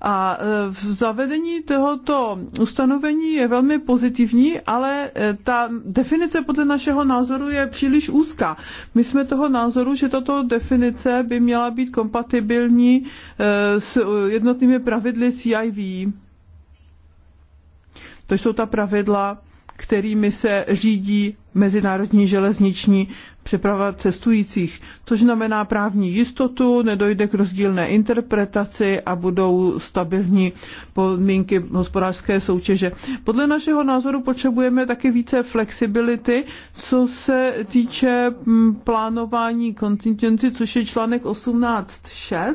[SPEAKER 3] a e, v zavedení Zavedení tohoto ustanovení je velmi pozitivní, ale eh, ta definice podle našeho názoru je příliš úzká. My jsme toho názoru, že tato definice by měla být kompatibilní eh, s eh, jednotnými pravidly CIV. To jsou ta pravidla, kterými se řídí mezinárodní železniční přeprava cestujících. To znamená právní jistotu, nedojde k rozdílné interpretaci a budou stabilní podmínky hospodářské soutěže. Podle našeho názoru potřebujeme také více flexibility, co se týče mm, plánování kontingenci, což je článek 18.6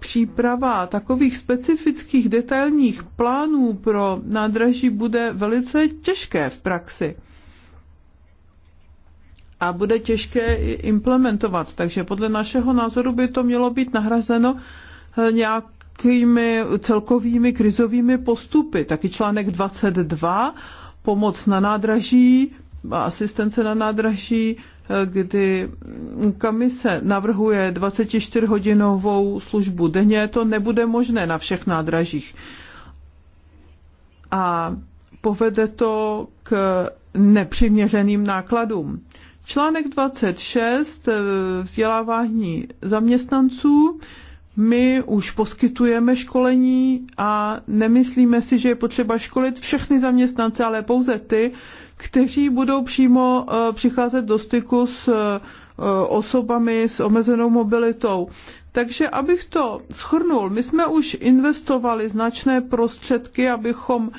[SPEAKER 3] příprava takových specifických detailních plánů pro nádraží bude velice těžké v praxi. A bude těžké implementovat. Takže podle našeho názoru by to mělo být nahrazeno eh, nějakými celkovými krizovými postupy. Taky článek 22, pomoc na nádraží, asistence na nádraží, kdy komise navrhuje 24-hodinovou službu denně, to nebude možné na všech nádražích. A povede to k nepřiměřeným nákladům. Článek 26 eh, vzdělávání zaměstnanců. My už poskytujeme školení a nemyslíme si, že je potřeba školit všechny zaměstnance, ale pouze ty, kteří budou přímo eh, přicházet do styku s eh, osobami s omezenou mobilitou. Takže abych to schrnul, my jsme už investovali značné prostředky, abychom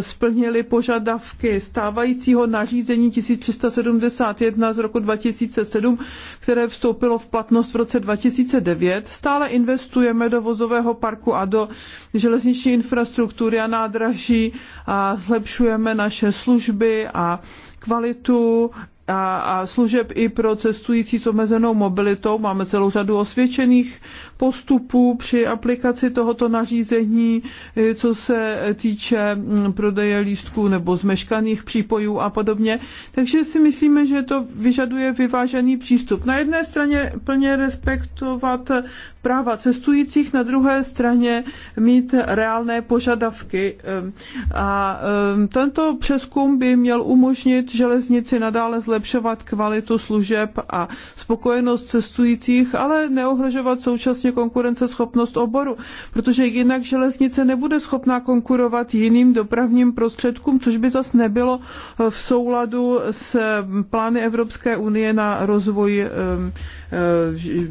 [SPEAKER 3] splnili požadavky stávajícího nařízení 1371 z roku 2007, které vstoupilo v platnost v roce 2009. Stále investujeme do vozového parku a do železniční infrastruktury a nádraží a zlepšujeme naše služby a kvalitu a, a služeb i pro cestující s omezenou mobilitou. Máme celou řadu osvědčených postupů při aplikaci tohoto nařízení, eh, co se týče mm, prodeje lístků nebo zmeškaných přípojů a podobně. Takže si myslíme, že to vyžaduje vyvážený přístup. Na jedné straně plně respektovat práva cestujících, na druhé straně mít reálné požadavky. Ehm, a ehm, tento přeskum by měl umožnit železnici nadále zlepšovat kvalitu služeb a spokojenost cestujících, ale neohrožovat současně konkurenceschopnost oboru, protože jinak železnice nebude schopná konkurovat jiným dopravním prostředkům, což by zas nebylo eh, v souladu s ehm, plány Evropské unie na rozvoj Eh,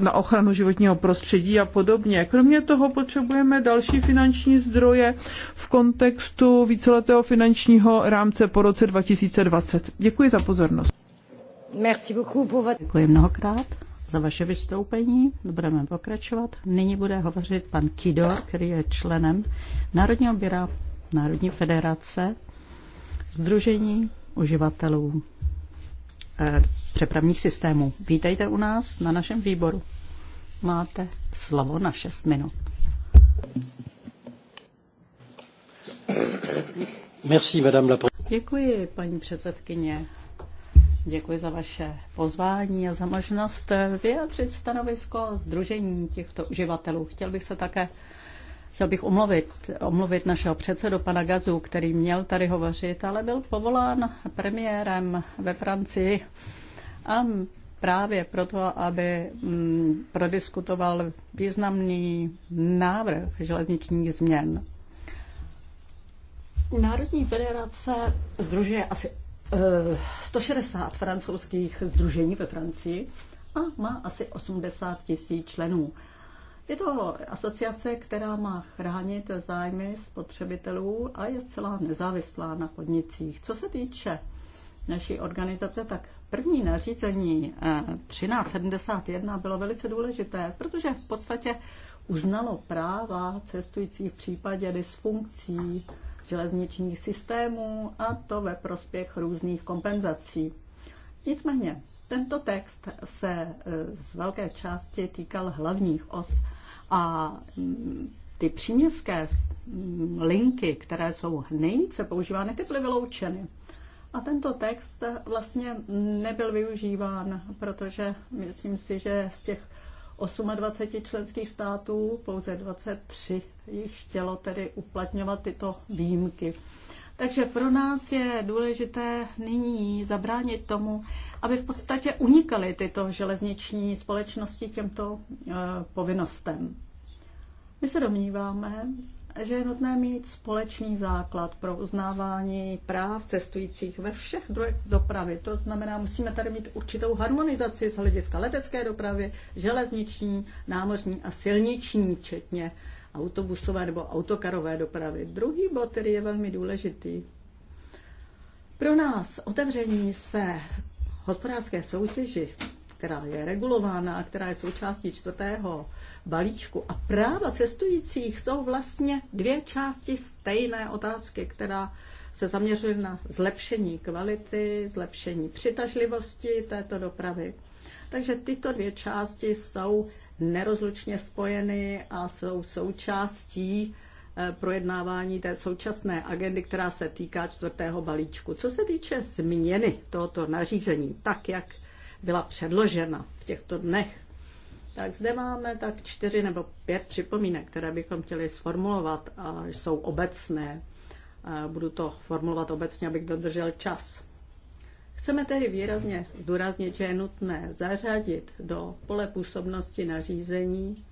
[SPEAKER 3] na ochranu životního prostředí a podobně. Kromě toho potřebujeme další finanční zdroje v kontextu víceletého finančního rámce po roce 2020. Děkuji za pozornost.
[SPEAKER 2] Merci beaucoup pour votre... Děkuji mnohokrát
[SPEAKER 3] za vaše vystoupení.
[SPEAKER 1] Budeme pokračovat. Nyní bude hovořit pan Kidor, který je členem Národního běra Národní federace Združení uživatelů Eh, přepravních systémů. Vítejte u nás na našem výboru. Máte slovo na 6 minut.
[SPEAKER 2] Merci, madame la
[SPEAKER 1] Děkuji, paní předsedkyně. Děkuji za vaše pozvání a za možnost vyjádřit stanovisko Združení těchto uživatelů. Chtěl bych se také Chtěl bych omluvit, omluvit našeho předsedu pana Gazu, který měl tady hovořit, ale byl povolán premiérem ve Francii a právě proto, aby mm, prodiskutoval významný návrh železničních změn. Národní federace združuje asi 160 eh, francouzských združení ve Francii a má asi 80 tisíc členů. Je to asociace, která má chránit zájmy spotřebitelů a je zcela nezávislá na podnicích. Co se týče naší organizace, tak první nařízení 1371 eh, bylo velice důležité, protože v podstatě uznalo práva cestujících v případě dysfunkcí železničních systémů a to ve prospěch různých kompenzací. Nicméně, tento text se eh, z velké části týkal hlavních os a ty příměstské linky, které jsou nejvíce používány, ty byly vyloučeny. A tento text vlastně nebyl využíván, protože myslím si, že z těch 28 členských států pouze 23 jich chtělo tedy uplatňovat tyto výjimky. Takže pro nás je důležité nyní zabránit tomu, aby v podstatě unikaly tyto železniční společnosti těmto eh, povinnostem. My se domníváme, že je nutné mít společný základ pro uznávání práv cestujících ve všech druhech dopravy. To znamená, musíme tady mít určitou harmonizaci z hlediska letecké dopravy, železniční, námořní a silniční, včetně autobusové nebo autokarové dopravy. Druhý bod, který je velmi důležitý, pro nás otevření se hospodářské soutěži, která je regulována a která je součástí čtvrtého balíčku a práva cestujících jsou vlastně dvě části stejné otázky, která se zaměřuje na zlepšení kvality, zlepšení přitažlivosti této dopravy. Takže tyto dvě části jsou nerozlučně spojeny a jsou součástí Eh, projednávání té současné agendy, která se týká čtvrtého balíčku. Co se týče změny tohoto nařízení, tak jak byla předložena v těchto dnech, tak zde máme tak čtyři nebo pět připomínek, které bychom chtěli sformulovat a jsou obecné. Eh, budu to formulovat obecně, abych dodržel čas. Chceme tedy výrazně zdůraznit, že je nutné zařadit do pole působnosti nařízení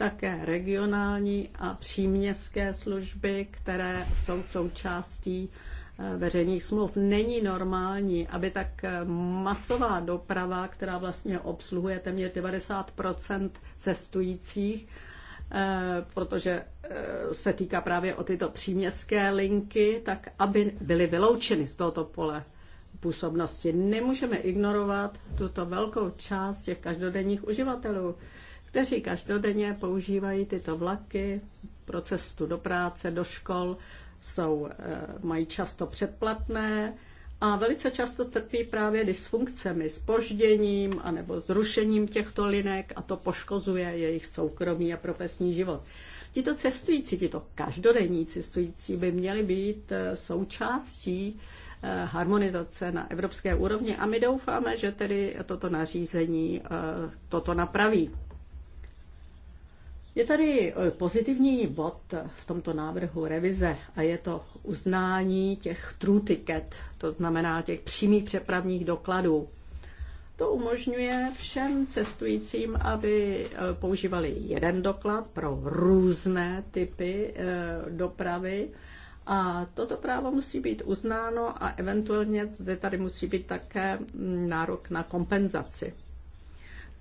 [SPEAKER 1] také regionální a příměstské služby, které jsou součástí eh, veřejných smluv. Není normální, aby tak eh, masová doprava, která vlastně obsluhuje téměř 90 cestujících, eh, protože se týká právě o tyto příměstské linky, tak aby byly vyloučeny z tohoto pole působnosti. Nemůžeme ignorovat tuto velkou část těch každodenních uživatelů kteří každodenně používají tyto vlaky pro cestu do práce, do škol, jsou, eh, mají často předplatné a velice často trpí právě dysfunkcemi, spožděním anebo zrušením těchto linek a to poškozuje jejich soukromý a profesní život. Tito cestující, tito každodenní cestující by měli být eh, součástí eh, harmonizace na evropské úrovni a my doufáme, že tedy toto nařízení toto napraví. Je tady eh, pozitivní bod v tomto návrhu revize a je to uznání těch true ticket, to znamená těch přímých přepravních dokladů. To umožňuje všem cestujícím, aby eh, používali jeden doklad pro různé typy eh, dopravy. A toto právo musí být uznáno a eventuálně zde tady musí být také mm, nárok na kompenzaci.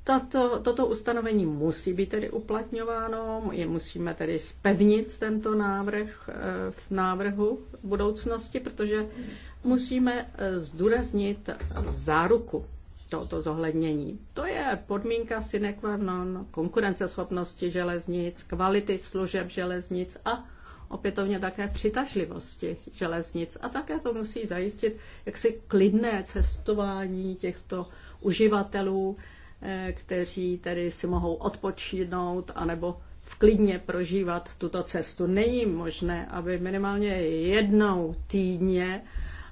[SPEAKER 1] Tato, toto ustanovení musí být tedy uplatňováno, je musíme tedy spevnit tento návrh eh, v návrhu v budoucnosti, protože musíme eh, zdůraznit záruku tohoto zohlednění. To je podmínka sine qua non konkurenceschopnosti železnic, kvality služeb železnic a opětovně také přitažlivosti železnic. A také to musí zajistit jaksi klidné cestování těchto uživatelů, Eh, kteří tedy si mohou odpočinout anebo v klidně prožívat tuto cestu. Není možné, aby minimálně jednou týdně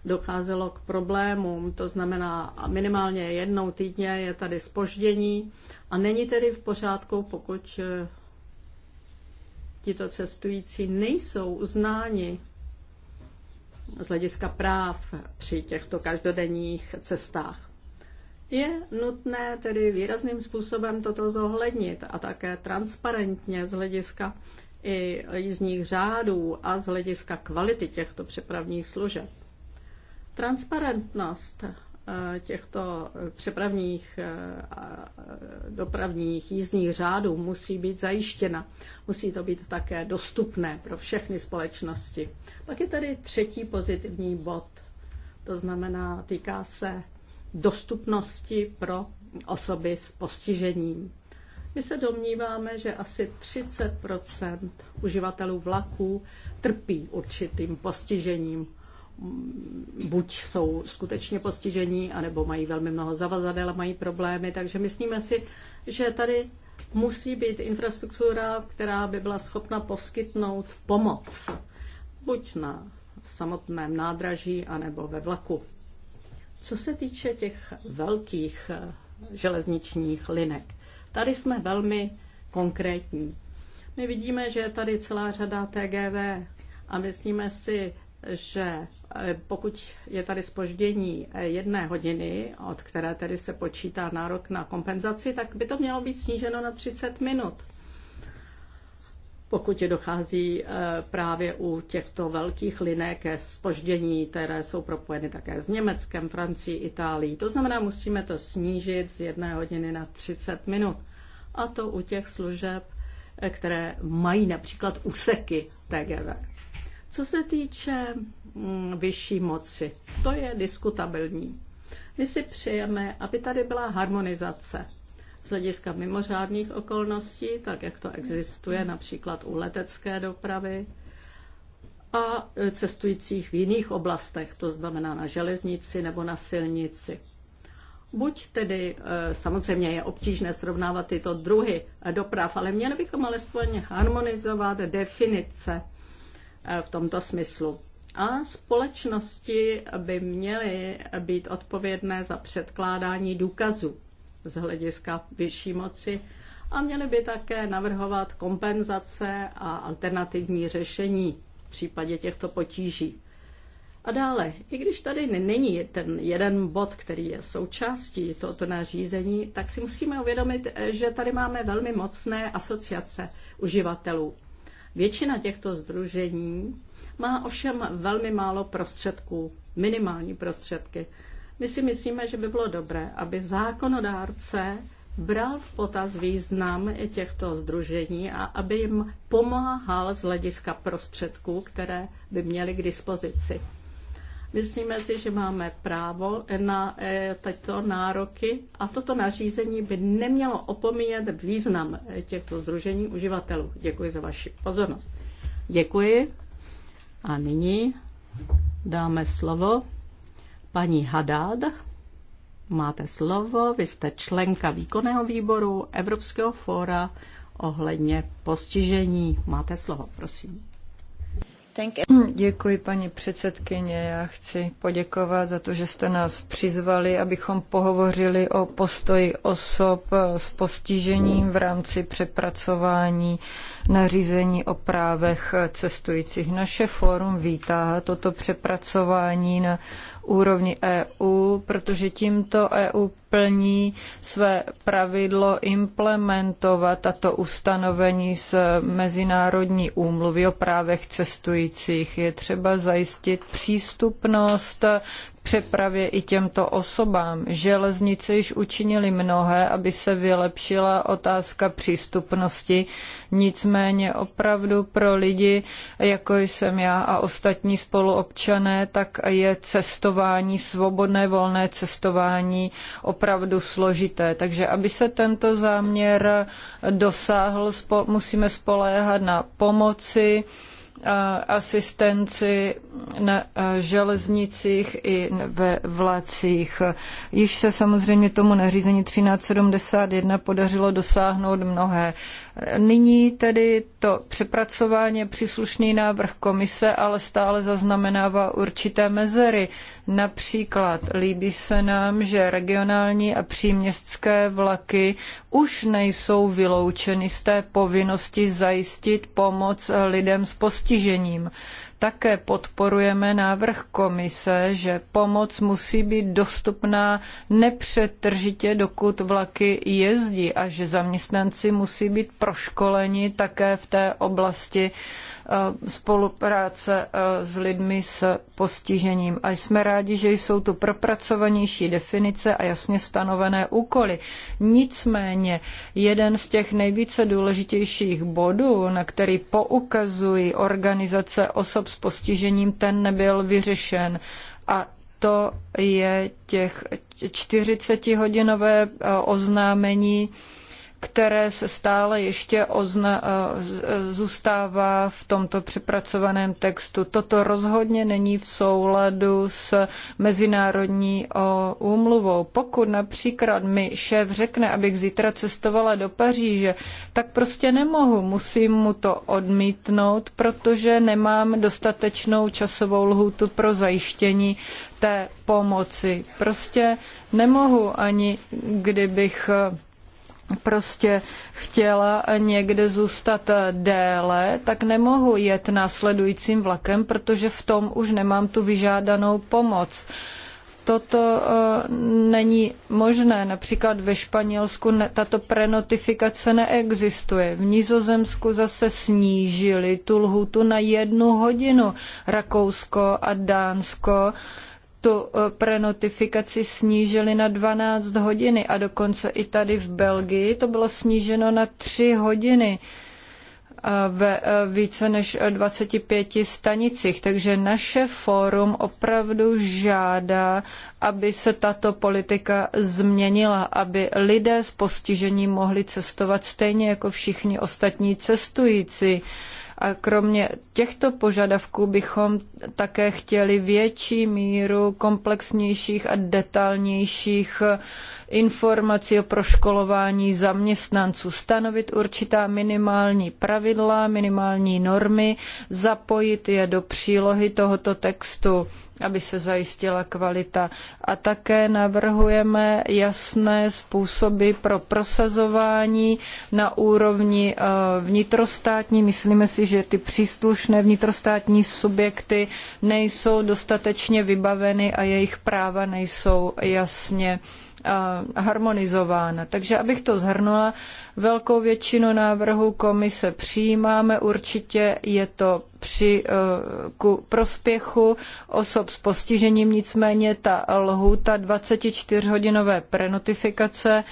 [SPEAKER 1] docházelo k problémům, to znamená minimálně jednou týdně je tady spoždění a není tedy v pořádku, pokud eh, tito cestující nejsou uznáni z hlediska práv při těchto každodenních cestách. Je nutné tedy výrazným způsobem toto zohlednit a také transparentně z hlediska i jízdních řádů a z hlediska kvality těchto přepravních služeb. Transparentnost eh, těchto přepravních eh, eh, dopravních jízdních řádů musí být zajištěna. Musí to být také dostupné pro všechny společnosti. Pak je tady třetí pozitivní bod. To znamená, týká se dostupnosti pro osoby s postižením. My se domníváme, že asi 30 uživatelů vlaků trpí určitým postižením. Buď jsou skutečně postižení, anebo mají velmi mnoho zavazadel a mají problémy. Takže myslíme si, že tady musí být infrastruktura, která by byla schopna poskytnout pomoc. Buď na samotném nádraží, anebo ve vlaku. Co se týče těch velkých eh, železničních linek, tady jsme velmi konkrétní. My vidíme, že je tady celá řada TGV a myslíme si, že eh, pokud je tady spoždění eh, jedné hodiny, od které tedy se počítá nárok na kompenzaci, tak by to mělo být sníženo na 30 minut pokud dochází eh, právě u těchto velkých linek ke spoždění, které jsou propojeny také s Německem, Francií, Itálií. To znamená, musíme to snížit z jedné hodiny na 30 minut. A to u těch služeb, eh, které mají například úseky TGV. Co se týče mm, vyšší moci, to je diskutabilní. My si přejeme, aby tady byla harmonizace z hlediska mimořádných okolností, tak jak to existuje například u letecké dopravy a e, cestujících v jiných oblastech, to znamená na železnici nebo na silnici. Buď tedy, e, samozřejmě je obtížné srovnávat tyto druhy e, doprav, ale měli bychom alespoň harmonizovat definice v tomto smyslu. A společnosti by měly být odpovědné za předkládání důkazů z hlediska vyšší moci a měly by také navrhovat kompenzace a alternativní řešení v případě těchto potíží. A dále, i když tady není ten jeden bod, který je součástí tohoto nařízení, tak si musíme uvědomit, eh, že tady máme velmi mocné asociace uživatelů. Většina těchto združení má ovšem velmi málo prostředků, minimální prostředky. My si myslíme, že by bylo dobré, aby zákonodárce bral v potaz význam těchto združení a aby jim pomáhal z hlediska prostředků, které by měli k dispozici. Myslíme si, že máme právo na eh, tyto nároky a toto nařízení by nemělo opomíjet význam těchto združení uživatelů. Děkuji za vaši pozornost. Děkuji. A nyní dáme slovo Paní Hadád, máte slovo, vy jste členka výkonného výboru Evropského fóra
[SPEAKER 2] ohledně postižení. Máte slovo, prosím. Hmm, děkuji, paní předsedkyně. Já chci poděkovat za to, že jste nás přizvali, abychom pohovořili o postoji osob s postižením v rámci přepracování nařízení o právech cestujících. Naše fórum vítá toto přepracování na úrovni EU, protože tímto EU plní své pravidlo implementovat tato ustanovení z Mezinárodní úmluvy o právech cestujících. Je třeba zajistit přístupnost přepravě i těmto osobám. Železnice již učinili mnohé, aby se vylepšila otázka přístupnosti, nicméně opravdu pro lidi, jako jsem já a ostatní spoluobčané, tak je cestování, svobodné volné cestování opravdu složité. Takže aby se tento záměr dosáhl, musíme spoléhat na pomoci, asistenci na železnicích i ve vlacích. Již se samozřejmě tomu nařízení 1371 podařilo dosáhnout mnohé. Nyní tedy to přepracování příslušný návrh komise, ale stále zaznamenává určité mezery. Například líbí se nám, že regionální a příměstské vlaky už nejsou vyloučeny z té povinnosti zajistit pomoc lidem s postižením. Také podporujeme návrh komise, že pomoc musí být dostupná nepřetržitě, dokud vlaky jezdí a že zaměstnanci musí být proškoleni také v té oblasti Eh, spolupráce eh, s lidmi s postižením. A jsme rádi, že jsou tu propracovanější definice a jasně stanovené úkoly. Nicméně jeden z těch nejvíce důležitějších bodů, na který poukazují organizace osob s postižením, ten nebyl vyřešen. A to je těch 40-hodinové eh, oznámení které se stále ještě ozna, eh, eh, zůstává v tomto přepracovaném textu. Toto rozhodně není v souladu s mezinárodní úmluvou. Pokud například mi šéf řekne, abych zítra cestovala do Paříže, tak prostě nemohu. Musím mu to odmítnout, protože nemám dostatečnou časovou lhůtu pro zajištění té pomoci. Prostě nemohu ani kdybych eh, prostě chtěla někde zůstat déle, tak nemohu jet následujícím vlakem, protože v tom už nemám tu vyžádanou pomoc toto eh, není možné. Například ve Španělsku tato prenotifikace neexistuje. V Nizozemsku zase snížili tu lhutu na jednu hodinu. Rakousko a Dánsko tu eh, prenotifikaci snížili na 12 hodiny a dokonce i tady v Belgii to bylo sníženo na 3 hodiny eh, ve eh, více než 25 stanicích. Takže naše fórum opravdu žádá, aby se tato politika změnila, aby lidé s postižením mohli cestovat stejně jako všichni ostatní cestující a kromě těchto požadavků bychom také chtěli větší míru komplexnějších a detailnějších informací o proškolování zaměstnanců, stanovit určitá minimální pravidla, minimální normy, zapojit je do přílohy tohoto textu aby se zajistila kvalita. A také navrhujeme jasné způsoby pro prosazování na úrovni eh, vnitrostátní. Myslíme si, že ty příslušné vnitrostátní subjekty nejsou dostatečně vybaveny a jejich práva nejsou jasně uh, harmonizována. Takže abych to zhrnula, velkou většinu návrhu komise přijímáme, určitě je to při, e, ku prospěchu osob s postižením, nicméně ta lhůta 24-hodinové prenotifikace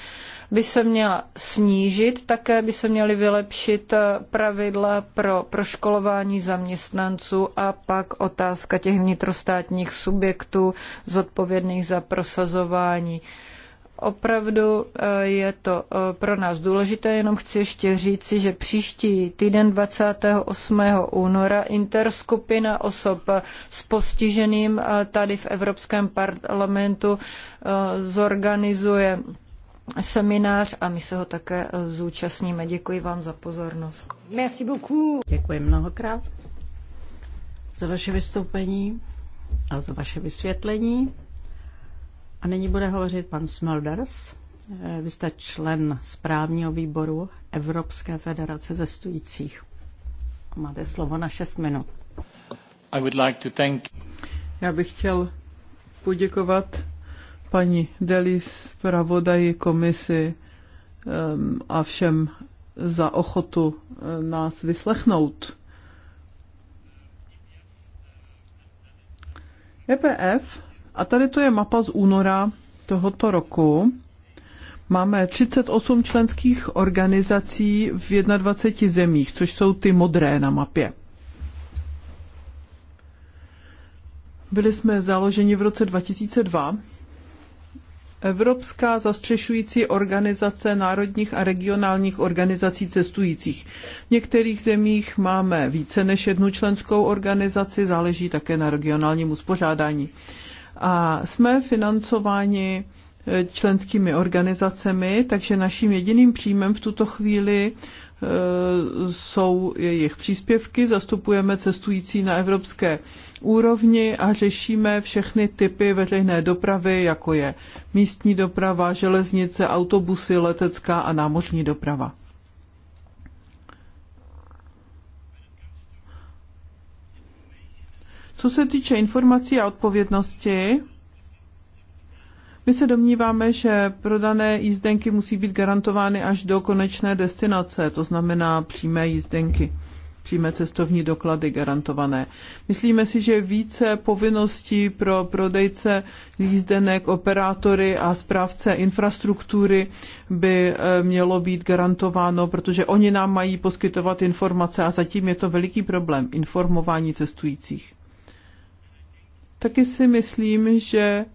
[SPEAKER 2] by se měla snížit, také by se měly vylepšit e, pravidla pro proškolování zaměstnanců a pak otázka těch vnitrostátních subjektů zodpovědných za prosazování opravdu eh, je to eh, pro nás důležité. Jenom chci ještě říci, že příští týden 28. února interskupina osob s postiženým eh, tady v Evropském parlamentu zorganizuje seminář a my se ho také zúčastníme. Děkuji vám za pozornost.
[SPEAKER 1] Merci beaucoup. Děkuji mnohokrát za vaše vystoupení a za vaše vysvětlení. A nyní bude hovořit pan Smulders. Eh, vy jste člen správního výboru Evropské federace stujících. Máte slovo na 6 minut.
[SPEAKER 2] I would like to thank...
[SPEAKER 3] Já bych chtěl poděkovat paní Deli zpravodaji komisi um, a všem za ochotu eh, nás vyslechnout. EPF a tady to je mapa z února tohoto roku. Máme 38 členských organizací v 21 zemích, což jsou ty modré na mapě. Byli jsme založeni v roce 2002. Evropská zastřešující organizace národních a regionálních organizací cestujících. V některých zemích máme více než jednu členskou organizaci, záleží také na regionálním uspořádání a jsme financováni e, členskými organizacemi, takže naším jediným příjmem v tuto chvíli e, jsou jejich příspěvky, zastupujeme cestující na evropské úrovni a řešíme všechny typy veřejné dopravy, jako je místní doprava, železnice, autobusy, letecká a námořní doprava. Co se týče informací a odpovědnosti, my se domníváme, že prodané jízdenky musí být garantovány až do konečné destinace, to znamená přímé jízdenky přímé cestovní doklady garantované. Myslíme si, že více povinností pro prodejce jízdenek, operátory a správce infrastruktury by eh, mělo být garantováno, protože oni nám mají poskytovat informace a zatím je to veliký problém informování cestujících. Taky si myslím, že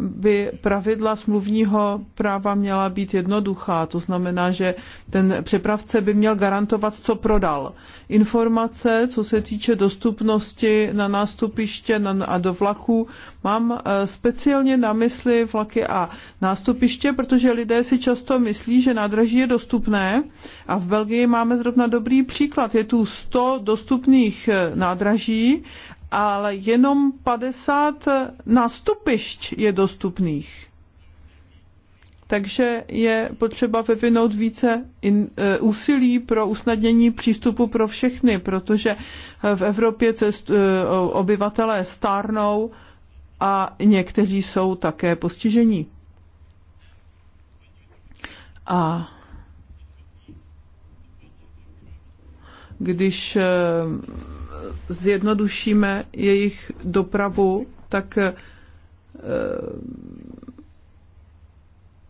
[SPEAKER 3] by pravidla smluvního práva měla být jednoduchá. To znamená, že ten přepravce by měl garantovat, co prodal. Informace, co se týče dostupnosti na nástupiště a do vlaku, mám eh, speciálně na mysli vlaky a nástupiště, protože lidé si často myslí, že nádraží je dostupné a v Belgii máme zrovna dobrý příklad. Je tu 100 dostupných eh, nádraží ale jenom 50 nástupišť je dostupných. Takže je potřeba vyvinout více in, e, úsilí pro usnadnění přístupu pro všechny, protože v Evropě cest, e, obyvatelé stárnou a někteří jsou také postižení. A když eh, zjednodušíme jejich dopravu, tak eh,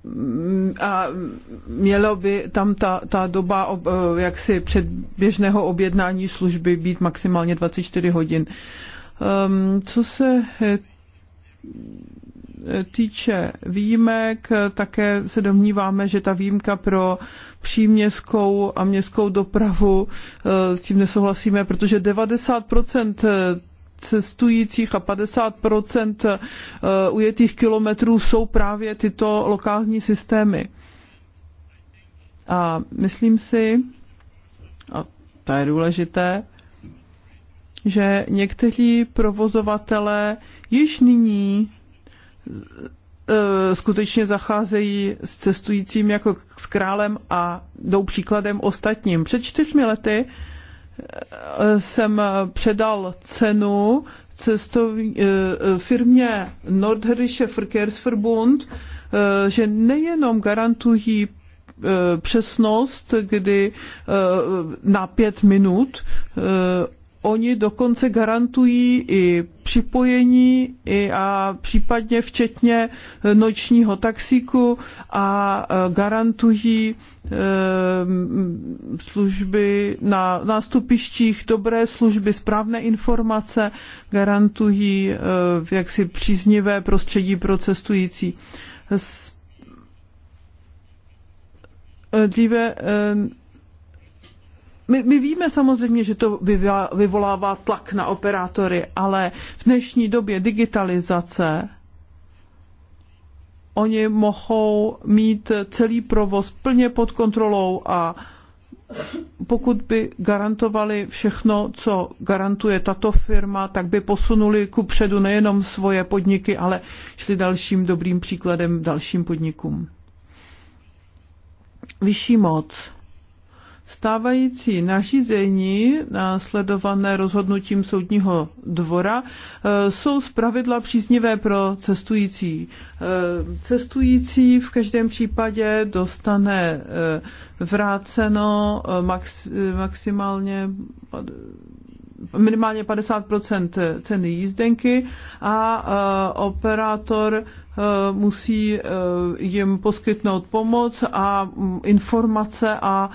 [SPEAKER 3] mm, a mělo by tam ta, ta doba eh, jaksi předběžného objednání služby být maximálně 24 hodin. Ehm, co se eh, týče výjimek, také se domníváme, že ta výjimka pro příměstskou a městskou dopravu eh, s tím nesouhlasíme, protože 90 cestujících a 50 eh, ujetých kilometrů jsou právě tyto lokální systémy. A myslím si, a to je důležité, že někteří provozovatelé již nyní E, skutečně zacházejí s cestujícím jako s králem a jdou příkladem ostatním. Před čtyřmi lety e, jsem předal cenu cestovní, e, firmě Nordherische Verkehrsverbund, že nejenom garantují přesnost, kdy na pět minut oni dokonce garantují i připojení i a případně včetně eh, nočního taxíku a eh, garantují eh, služby na nástupištích, dobré služby, správné informace, garantují jaksi příznivé prostředí pro cestující. Dříve my, my víme samozřejmě, že to vyvolává tlak na operátory, ale v dnešní době digitalizace oni mohou mít celý provoz plně pod kontrolou a pokud by garantovali všechno, co garantuje tato firma, tak by posunuli ku předu nejenom svoje podniky, ale šli dalším dobrým příkladem dalším podnikům. Vyšší moc Stávající nařízení, následované rozhodnutím soudního dvora, eh, jsou zpravidla příznivé pro cestující. Eh, cestující v každém případě dostane eh, vráceno maximálně minimálně 50 ceny jízdenky a e, operátor e, musí e, jim poskytnout pomoc a informace a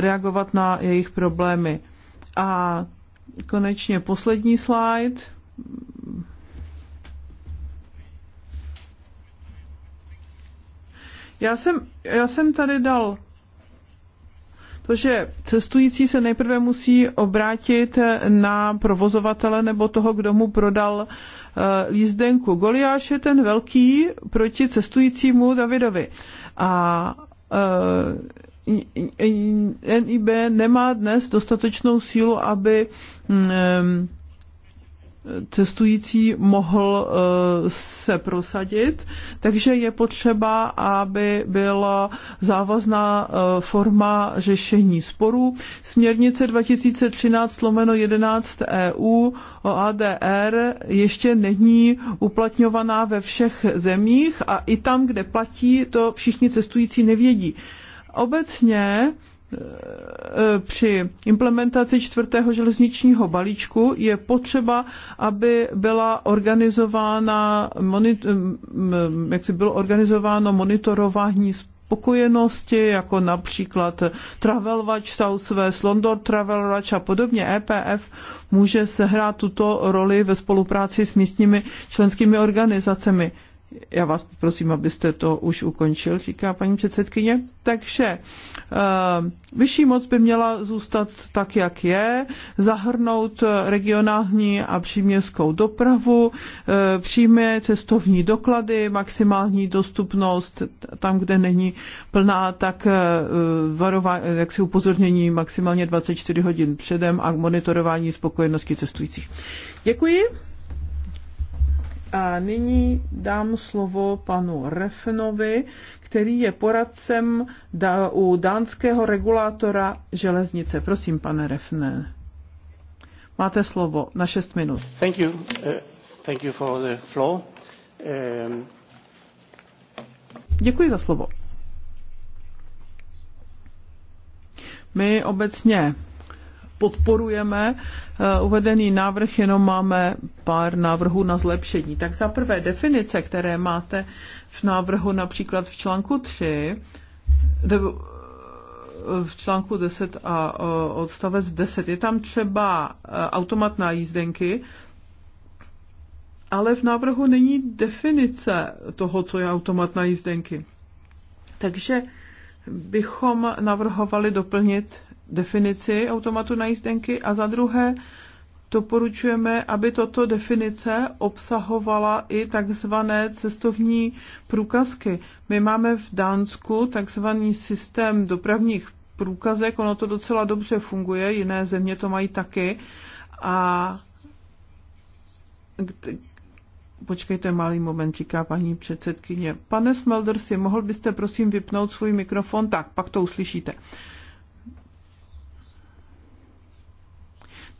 [SPEAKER 3] reagovat na jejich problémy. A konečně poslední slide. Já jsem, já jsem tady dal Protože cestující se nejprve musí obrátit na provozovatele nebo toho, kdo mu prodal lízdenku. Eh, Goliáš je ten velký proti cestujícímu Davidovi. A eh, NIB nemá dnes dostatečnou sílu, aby mm, eh, cestující mohl eh, se prosadit, takže je potřeba, aby byla závazná eh, forma řešení sporů. Směrnice 2013 lomeno 11 EU o ADR ještě není uplatňovaná ve všech zemích a i tam, kde platí, to všichni cestující nevědí. Obecně Eh, při implementaci čtvrtého železničního balíčku je potřeba, aby byla organizována, eh, mm, jak si bylo organizováno monitorování spokojenosti, jako například Travel Watch South West, London Travel Watch a podobně. EPF může sehrát tuto roli ve spolupráci s místními členskými organizacemi. Já vás prosím, abyste to už ukončil, říká paní předsedkyně. Takže eh, vyšší moc by měla zůstat tak, jak je, zahrnout regionální a příměstskou dopravu, eh, přímé cestovní doklady, maximální dostupnost tam, kde není plná, tak eh, varová, jak si upozornění maximálně 24 hodin předem a monitorování spokojenosti cestujících. Děkuji. A nyní dám slovo panu Refnovi, který je poradcem u dánského regulátora železnice. Prosím, pane Refne. Máte slovo na 6 minut. Thank you.
[SPEAKER 1] Uh, thank you for the floor. Um...
[SPEAKER 3] Děkuji za slovo. My obecně podporujeme eh, uvedený návrh, jenom máme pár návrhů na zlepšení. Tak za prvé definice, které máte v návrhu například v článku 3, v článku 10 a odstavec 10. Je tam třeba eh, automat na jízdenky, ale v návrhu není definice toho, co je automat na jízdenky. Takže bychom navrhovali doplnit definici automatu na jízdenky a za druhé doporučujeme, aby toto definice obsahovala i takzvané cestovní průkazky. My máme v Dánsku takzvaný systém dopravních průkazek, ono to docela dobře funguje, jiné země to mají taky. A Počkejte malý moment, říká paní předsedkyně. Pane Smelders, mohl byste prosím vypnout svůj mikrofon? Tak, pak to uslyšíte.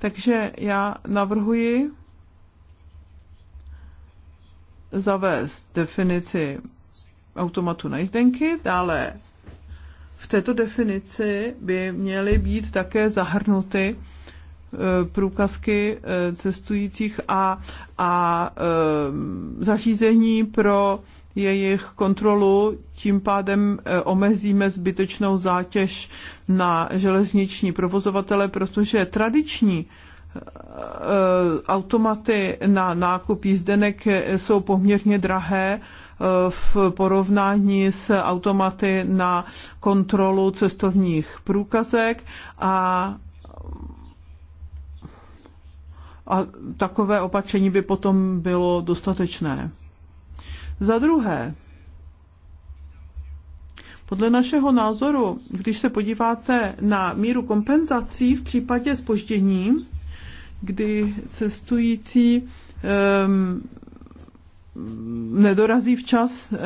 [SPEAKER 3] Takže já navrhuji zavést definici automatu na jízdenky, dále v této definici by měly být také zahrnuty e, průkazky e, cestujících a, a e, zařízení pro jejich kontrolu, tím pádem eh, omezíme zbytečnou zátěž na železniční provozovatele, protože tradiční eh, eh, automaty na nákup jízdenek jsou poměrně drahé v porovnání s automaty na kontrolu cestovních průkazek a a takové opatření by potom bylo dostatečné. Za druhé, podle našeho názoru, když se podíváte na míru kompenzací v případě spoždění, kdy cestující um, nedorazí včas eh,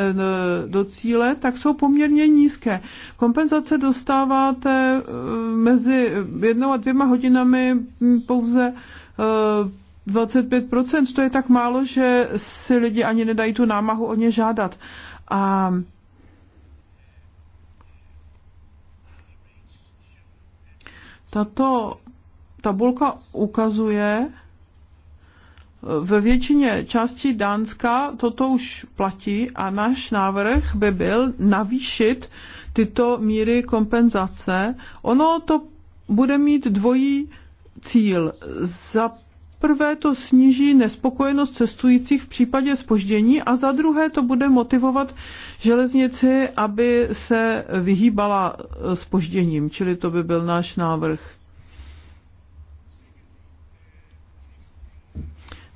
[SPEAKER 3] do cíle, tak jsou poměrně nízké. Kompenzace dostáváte eh, mezi jednou a dvěma hodinami pouze eh, 25%, to je tak málo, že si lidi ani nedají tu námahu o ně žádat. A tato tabulka ukazuje, ve většině částí Dánska toto už platí a náš návrh by byl navýšit tyto míry kompenzace. Ono to bude mít dvojí cíl. Za prvé to sníží nespokojenost cestujících v případě spoždění a za druhé to bude motivovat železnici, aby se vyhýbala spožděním, eh, čili to by byl náš návrh.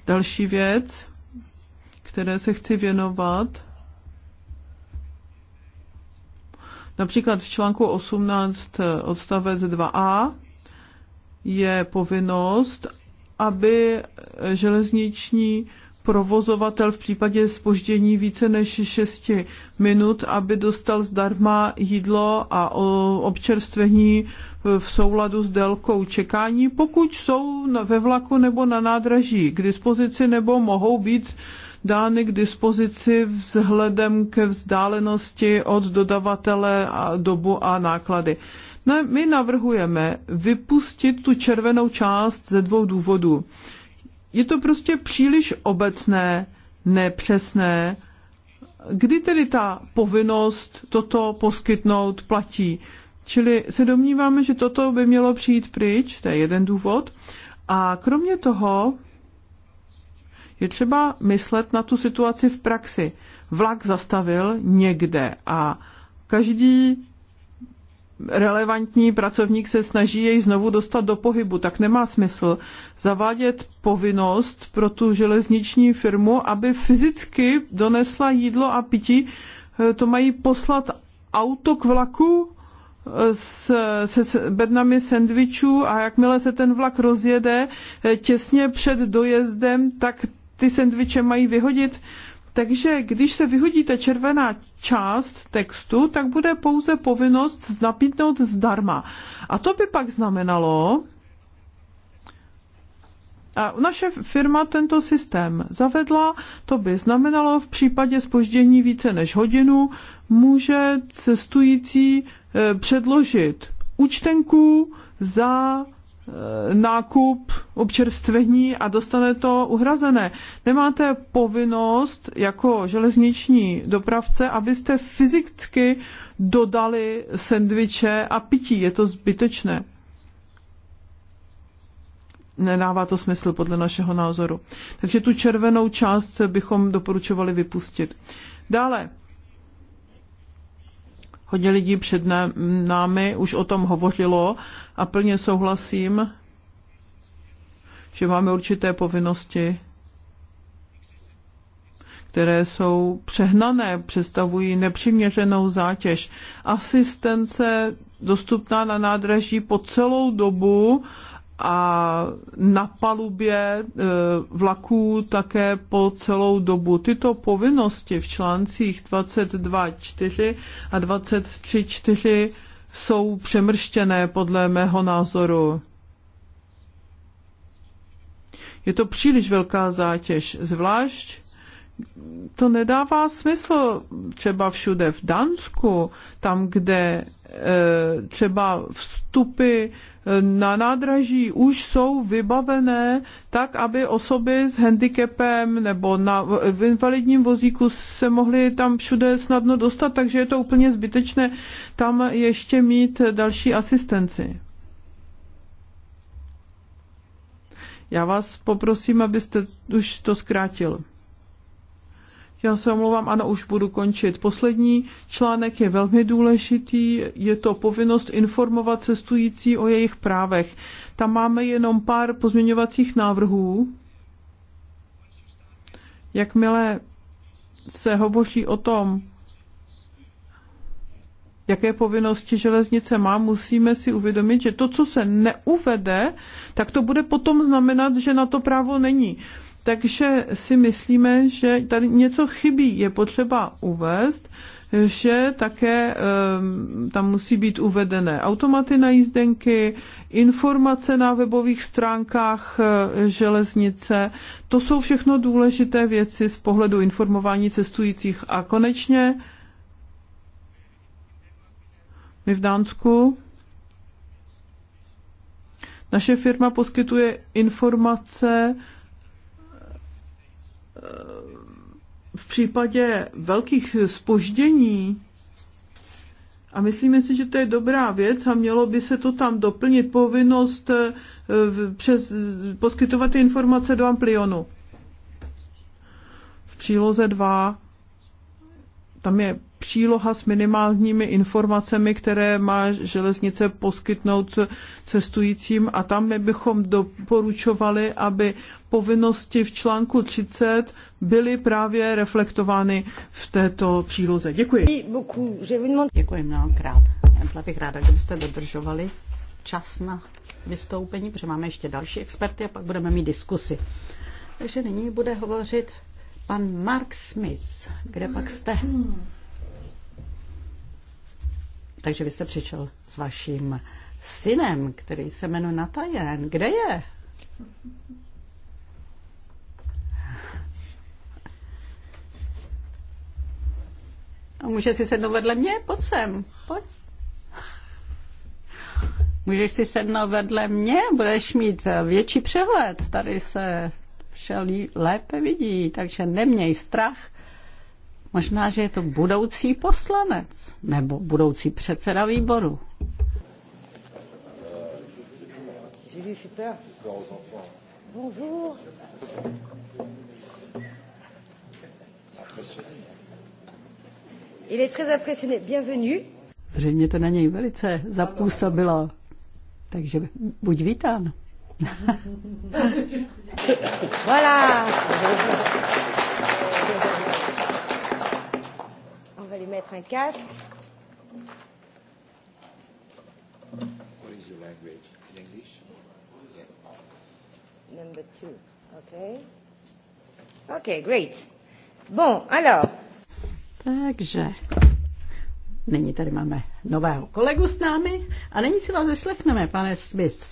[SPEAKER 3] Další věc, které se chci věnovat, například v článku 18 eh, odstavec 2a je povinnost, aby železniční provozovatel v případě spoždění více než 6 minut, aby dostal zdarma jídlo a občerstvení v souladu s délkou čekání, pokud jsou ve vlaku nebo na nádraží k dispozici nebo mohou být dány k dispozici vzhledem ke vzdálenosti od dodavatele a dobu a náklady. No, my navrhujeme vypustit tu červenou část ze dvou důvodů. Je to prostě příliš obecné, nepřesné, kdy tedy ta povinnost toto poskytnout platí. Čili se domníváme, že toto by mělo přijít pryč, to je jeden důvod. A kromě toho je třeba myslet na tu situaci v praxi. Vlak zastavil někde a každý relevantní pracovník se snaží jej znovu dostat do pohybu, tak nemá smysl zavádět povinnost pro tu železniční firmu, aby fyzicky donesla jídlo a pití. Eh, to mají poslat auto k vlaku eh, s, se, se bednami sendvičů a jakmile se ten vlak rozjede eh, těsně před dojezdem, tak ty sendviče mají vyhodit. Takže když se vyhodí ta červená část textu, tak bude pouze povinnost napítnout zdarma. A to by pak znamenalo, a naše firma tento systém zavedla, to by znamenalo v případě spoždění více než hodinu, může cestující eh, předložit účtenku za Eh, nákup občerstvení a dostane to uhrazené. Nemáte povinnost jako železniční dopravce, abyste fyzicky dodali sendviče a pití. Je to zbytečné. Nedává to smysl podle našeho názoru. Takže tu červenou část bychom doporučovali vypustit. Dále, hodně lidí před námi už o tom hovořilo a plně souhlasím, že máme určité povinnosti, které jsou přehnané, představují nepřiměřenou zátěž. Asistence dostupná na nádraží po celou dobu a na palubě e, vlaků také po celou dobu. Tyto povinnosti v článcích 22.4 a 23.4 jsou přemrštěné podle mého názoru. Je to příliš velká zátěž, zvlášť to nedává smysl třeba všude v Dánsku, tam, kde e, třeba vstupy e, na nádraží už jsou vybavené tak, aby osoby s handicapem nebo na, v invalidním vozíku se mohly tam všude snadno dostat, takže je to úplně zbytečné tam ještě mít další asistenci. Já vás poprosím, abyste už to zkrátil. Já se omlouvám, ano, už budu končit. Poslední článek je velmi důležitý, je to povinnost informovat cestující o jejich právech. Tam máme jenom pár pozměňovacích návrhů. Jakmile se hovoří o tom, jaké povinnosti železnice má, musíme si uvědomit, že to, co se neuvede, tak to bude potom znamenat, že na to právo není. Takže si myslíme, že tady něco chybí. Je potřeba uvést, že také tam musí být uvedené automaty na jízdenky, informace na webových stránkách eh, železnice. To jsou všechno důležité věci z pohledu informování cestujících. A konečně my v Dánsku naše firma poskytuje informace v případě velkých spoždění, a myslíme si, že to je dobrá věc a mělo by se to tam doplnit povinnost eh, přes, poskytovat informace do Amplionu. V příloze 2 tam je příloha s minimálními informacemi, které má železnice poskytnout cestujícím a tam my bychom doporučovali, aby povinnosti v článku 30 byly právě reflektovány v této příloze. Děkuji.
[SPEAKER 1] Děkuji mnohokrát. Já bych ráda, kdybyste dodržovali čas na vystoupení, protože máme ještě další experty a pak budeme mít diskusy. Takže nyní bude hovořit pan Mark Smith. Kde pak jste? Takže vy jste přišel s vaším synem, který se jmenuje Natajen. Kde je? A může si sednout vedle mě? Pojď sem, pojď. Můžeš si sednout vedle mě, budeš mít větší přehled. Tady se všelí lépe vidí, takže neměj strach Možná, že je to budoucí poslanec nebo budoucí předseda výboru.
[SPEAKER 2] Il est très impressionné. Bienvenue.
[SPEAKER 1] Zřejmě to na něj velice zapůsobilo. Takže buď vítán.
[SPEAKER 2] voilà mettre un casque.
[SPEAKER 3] What is your language? In English? Yeah.
[SPEAKER 2] Number two. Okay. Okay, great. Bon, alors. Takže
[SPEAKER 1] nyní tady máme nového kolegu s námi a nyní si vás vyslechneme, pane Smith.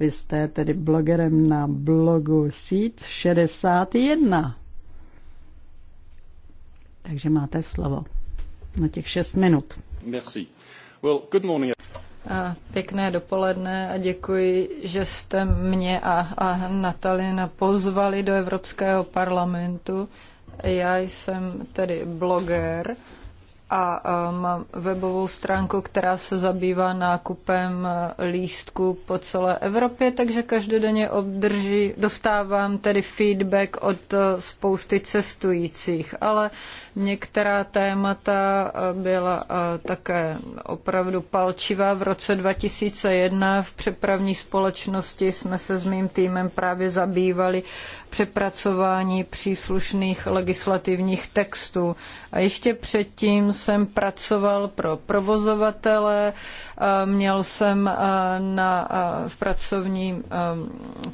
[SPEAKER 1] Vy jste tedy blogerem na blogu Seed 61. Takže máte slovo na
[SPEAKER 2] těch šest minut.
[SPEAKER 1] Merci. Well, good morning.
[SPEAKER 2] A pěkné dopoledne a děkuji, že jste mě a, a Natalina pozvali do Evropského parlamentu. Já jsem tedy bloger a um, mám webovou stránku, která se zabývá nákupem uh, lístku po celé Evropě, takže každodenně obdrží, dostávám tedy feedback od uh, spousty cestujících, ale některá témata uh, byla také opravdu palčivá. V roce 2001 v přepravní společnosti jsme se s mým týmem právě zabývali přepracování příslušných legislativních textů. A ještě předtím jsem pracoval pro provozovatele, měl jsem na, v pracovním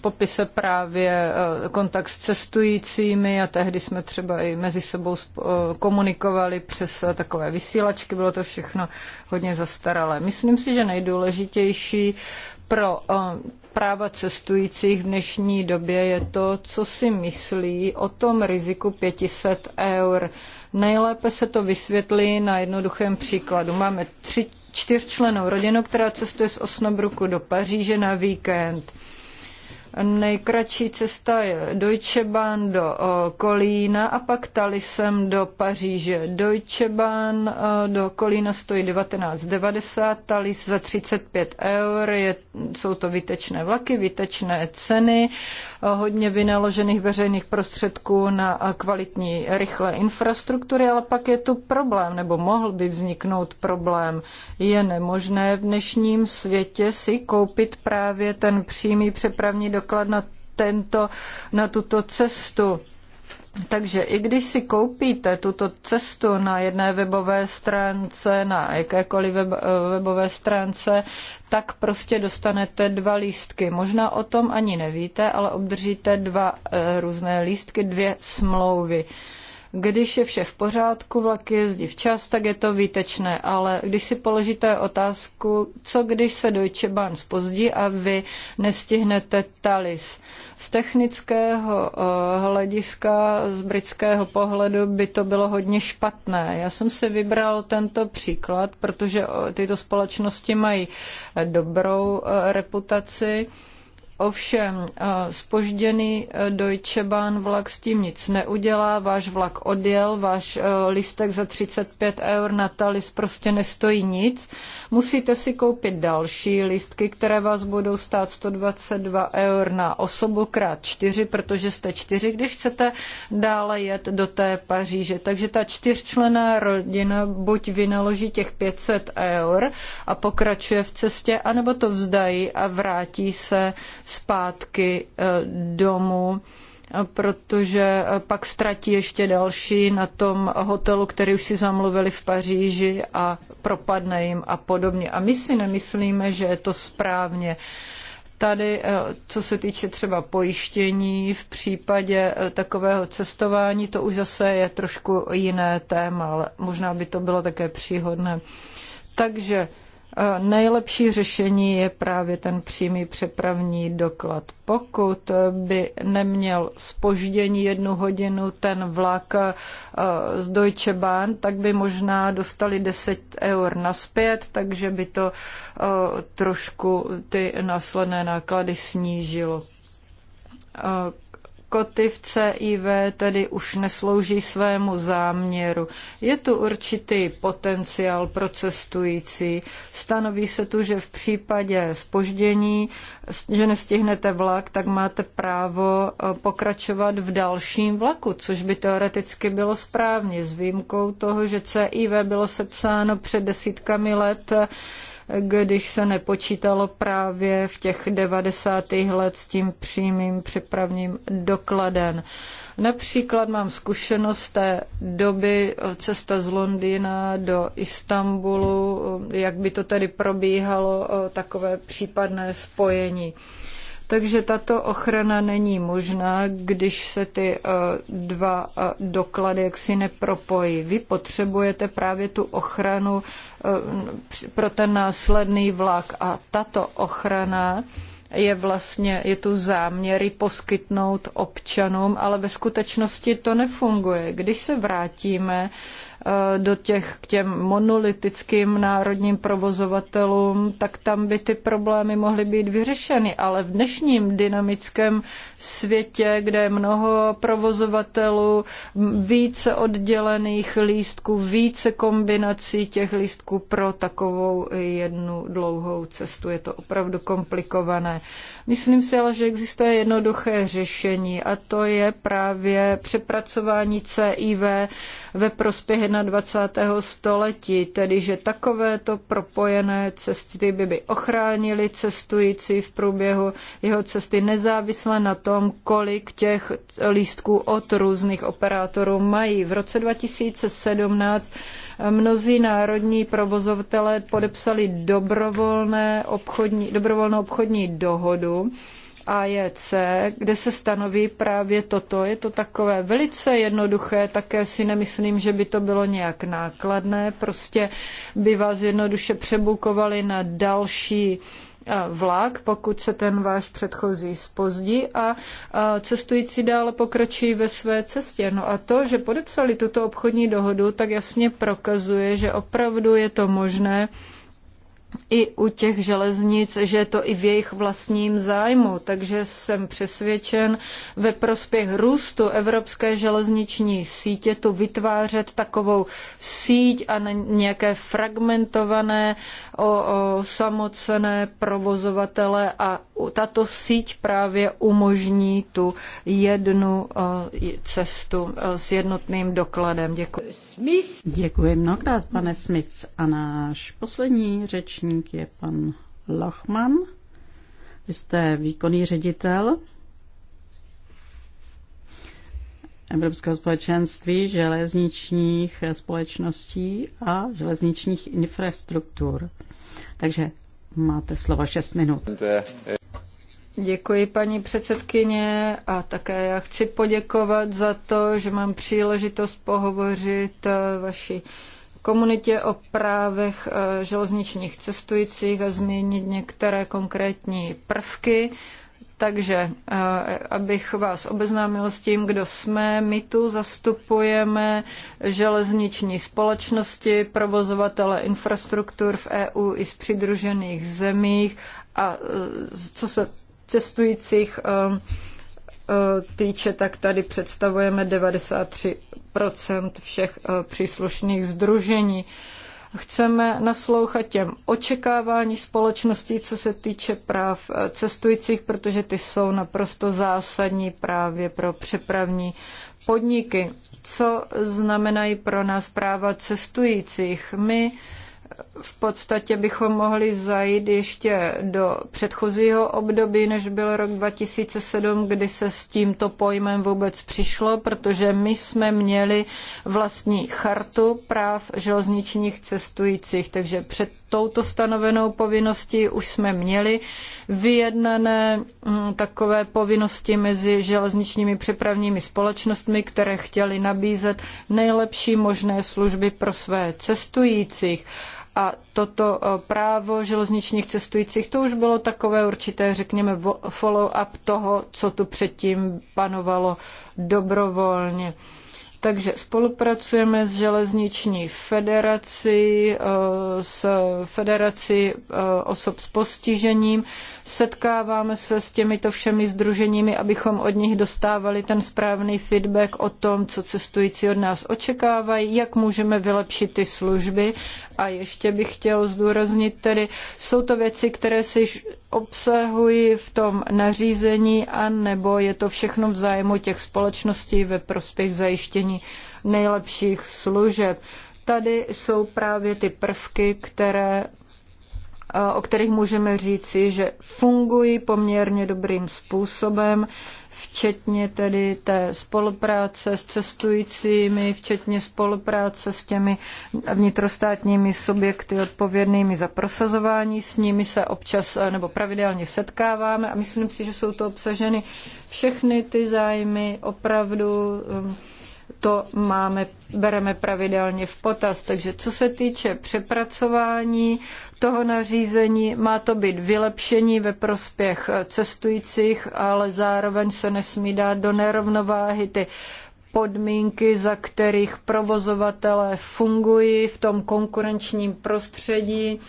[SPEAKER 2] popise právě kontakt s cestujícími a tehdy jsme třeba i mezi sebou komunikovali přes takové vysílačky, bylo to všechno hodně zastaralé. Myslím si, že nejdůležitější pro práva cestujících v dnešní době je to, co si myslí o tom riziku 500 eur. Nejlépe se to vysvětlí na jednoduchém příkladu. Máme tři, čtyřčlenou rodinu, která cestuje z Osnabrucku do Paříže na víkend. Nejkratší cesta je Deutsche Bahn do eh, Kolína a pak Talisem do Paříže. Deutsche Bahn eh, do Kolína stojí 19,90, Talis za 35 eur, je, jsou to výtečné vlaky, výtečné ceny, eh, hodně vynaložených veřejných prostředků na kvalitní rychlé infrastruktury, ale pak je tu problém, nebo mohl by vzniknout problém. Je nemožné v dnešním světě si koupit právě ten přímý přepravní do doklad na, tento, na tuto cestu. Takže i když si koupíte tuto cestu na jedné webové stránce, na jakékoliv web, eh, webové stránce, tak prostě dostanete dva lístky. Možná o tom ani nevíte, ale obdržíte dva eh, různé lístky, dvě smlouvy. Když je vše v pořádku, vlak jezdí včas, tak je to výtečné, ale když si položíte otázku, co když se Deutsche Bahn spozdí a vy nestihnete TALIS. Z technického eh, hlediska, z britského pohledu by to bylo hodně špatné. Já jsem si vybral tento příklad, protože tyto společnosti mají eh, dobrou eh, reputaci. Ovšem, spožděný eh, eh, Deutsche Bahn vlak s tím nic neudělá, váš vlak odjel, váš eh, listek za 35 eur na talis prostě nestojí nic. Musíte si koupit další listky, které vás budou stát 122 eur na osobu krát 4, protože jste 4, když chcete dále jet do té Paříže. Takže ta čtyřčlenná rodina buď vynaloží těch 500 eur a pokračuje v cestě, anebo to vzdají a vrátí se zpátky eh, domů, protože pak ztratí ještě další na tom hotelu, který už si zamluvili v Paříži a propadne jim a podobně. A my si nemyslíme, že je to správně tady, eh, co se týče třeba pojištění, v případě eh, takového cestování, to už zase je trošku jiné téma, ale možná by to bylo také příhodné. Takže Nejlepší řešení je právě ten přímý přepravní doklad. Pokud by neměl spoždění jednu hodinu ten vlak z Deutsche Bahn, tak by možná dostali 10 eur naspět, takže by to trošku ty následné náklady snížilo koty v CIV tedy už neslouží svému záměru. Je tu určitý potenciál pro cestující. Stanoví se tu, že v případě spoždění, že nestihnete vlak, tak máte právo eh, pokračovat v dalším vlaku, což by teoreticky bylo správně, s výjimkou toho, že CIV bylo sepsáno před desítkami let když se nepočítalo právě v těch 90. let s tím přímým přepravním dokladem. Například mám zkušenost té doby cesta z Londýna do Istanbulu, jak by to tedy probíhalo, takové případné spojení. Takže tato ochrana není možná, když se ty eh, dva eh, doklady jaksi nepropojí. Vy potřebujete právě tu ochranu eh, pro ten následný vlak a tato ochrana je vlastně, je tu záměry poskytnout občanům, ale ve skutečnosti to nefunguje. Když se vrátíme Eh, do těch k těm monolitickým národním provozovatelům, tak tam by ty problémy mohly být vyřešeny. Ale v dnešním dynamickém světě, kde je mnoho provozovatelů, více oddělených lístků, více kombinací těch lístků pro takovou jednu dlouhou cestu, je to opravdu komplikované. Myslím si ale, že existuje jednoduché řešení a to je právě přepracování CIV ve prospěch 21. století, tedy že takovéto propojené cesty by, by ochránili cestující v průběhu jeho cesty nezávisle na tom, kolik těch lístků od různých operátorů mají. V roce 2017 mnozí národní provozovatelé podepsali dobrovolné obchodní, dobrovolnou obchodní dohodu, a je c, kde se stanoví právě toto. Je to takové velice jednoduché, také si nemyslím, že by to bylo nějak nákladné. Prostě by vás jednoduše přebukovali na další eh, vlak, pokud se ten váš předchozí spozdí a eh, cestující dále pokračují ve své cestě. No a to, že podepsali tuto obchodní dohodu, tak jasně prokazuje, že opravdu je to možné i u těch železnic, že je to i v jejich vlastním zájmu. Takže jsem přesvědčen ve prospěch růstu evropské železniční sítě tu vytvářet takovou síť a ne nějaké fragmentované, o, o, samocené provozovatele a tato síť právě umožní tu jednu eh, cestu eh, s jednotným dokladem. Děkuji.
[SPEAKER 1] Děkuji mnohokrát, pane Smith. A náš poslední řečník je pan Lochman. Vy jste výkonný ředitel Evropského společenství železničních společností a železničních infrastruktur. Takže Máte slovo 6 minut.
[SPEAKER 2] Děkuji, paní předsedkyně, a také já chci poděkovat za to, že mám příležitost pohovořit eh, vaši komunitě o právech eh, železničních cestujících a zmínit některé konkrétní prvky, takže, eh, abych vás obeznámil s tím, kdo jsme, my tu zastupujeme železniční společnosti, provozovatele infrastruktur v EU i z přidružených zemích a eh, co se cestujících eh, týče, tak tady představujeme 93 všech příslušných združení. Chceme naslouchat těm očekávání společnosti, co se týče práv eh, cestujících, protože ty jsou naprosto zásadní právě pro přepravní podniky. Co znamenají pro nás práva cestujících? My v podstatě bychom mohli zajít ještě do předchozího období, než byl rok 2007, kdy se s tímto pojmem vůbec přišlo, protože my jsme měli vlastní chartu práv železničních cestujících, takže před touto stanovenou povinností už jsme měli vyjednané mm, takové povinnosti mezi železničními přepravními společnostmi, které chtěly nabízet nejlepší možné služby pro své cestujících. A toto eh, právo železničních cestujících, to už bylo takové určité, řekněme, follow-up toho, co tu předtím panovalo dobrovolně. Takže spolupracujeme s železniční federací, eh, s federací eh, osob s postižením, setkáváme se s těmito všemi združeními, abychom od nich dostávali ten správný feedback o tom, co cestující od nás očekávají, jak můžeme vylepšit ty služby. A ještě bych chtěl zdůraznit tedy, jsou to věci, které se již obsahují v tom nařízení a nebo je to všechno v zájmu těch společností ve prospěch zajištění nejlepších služeb. Tady jsou právě ty prvky, které, eh, o kterých můžeme říci, že fungují poměrně dobrým způsobem včetně tedy té spolupráce s cestujícími, včetně spolupráce s těmi vnitrostátními subjekty odpovědnými za prosazování. S nimi se občas eh, nebo pravidelně setkáváme a myslím si, že jsou to obsaženy všechny ty zájmy opravdu hm, to máme, bereme pravidelně v potaz. Takže co se týče přepracování toho nařízení, má to být vylepšení ve prospěch cestujících, ale zároveň se nesmí dát do nerovnováhy ty podmínky, za kterých provozovatelé fungují v tom konkurenčním prostředí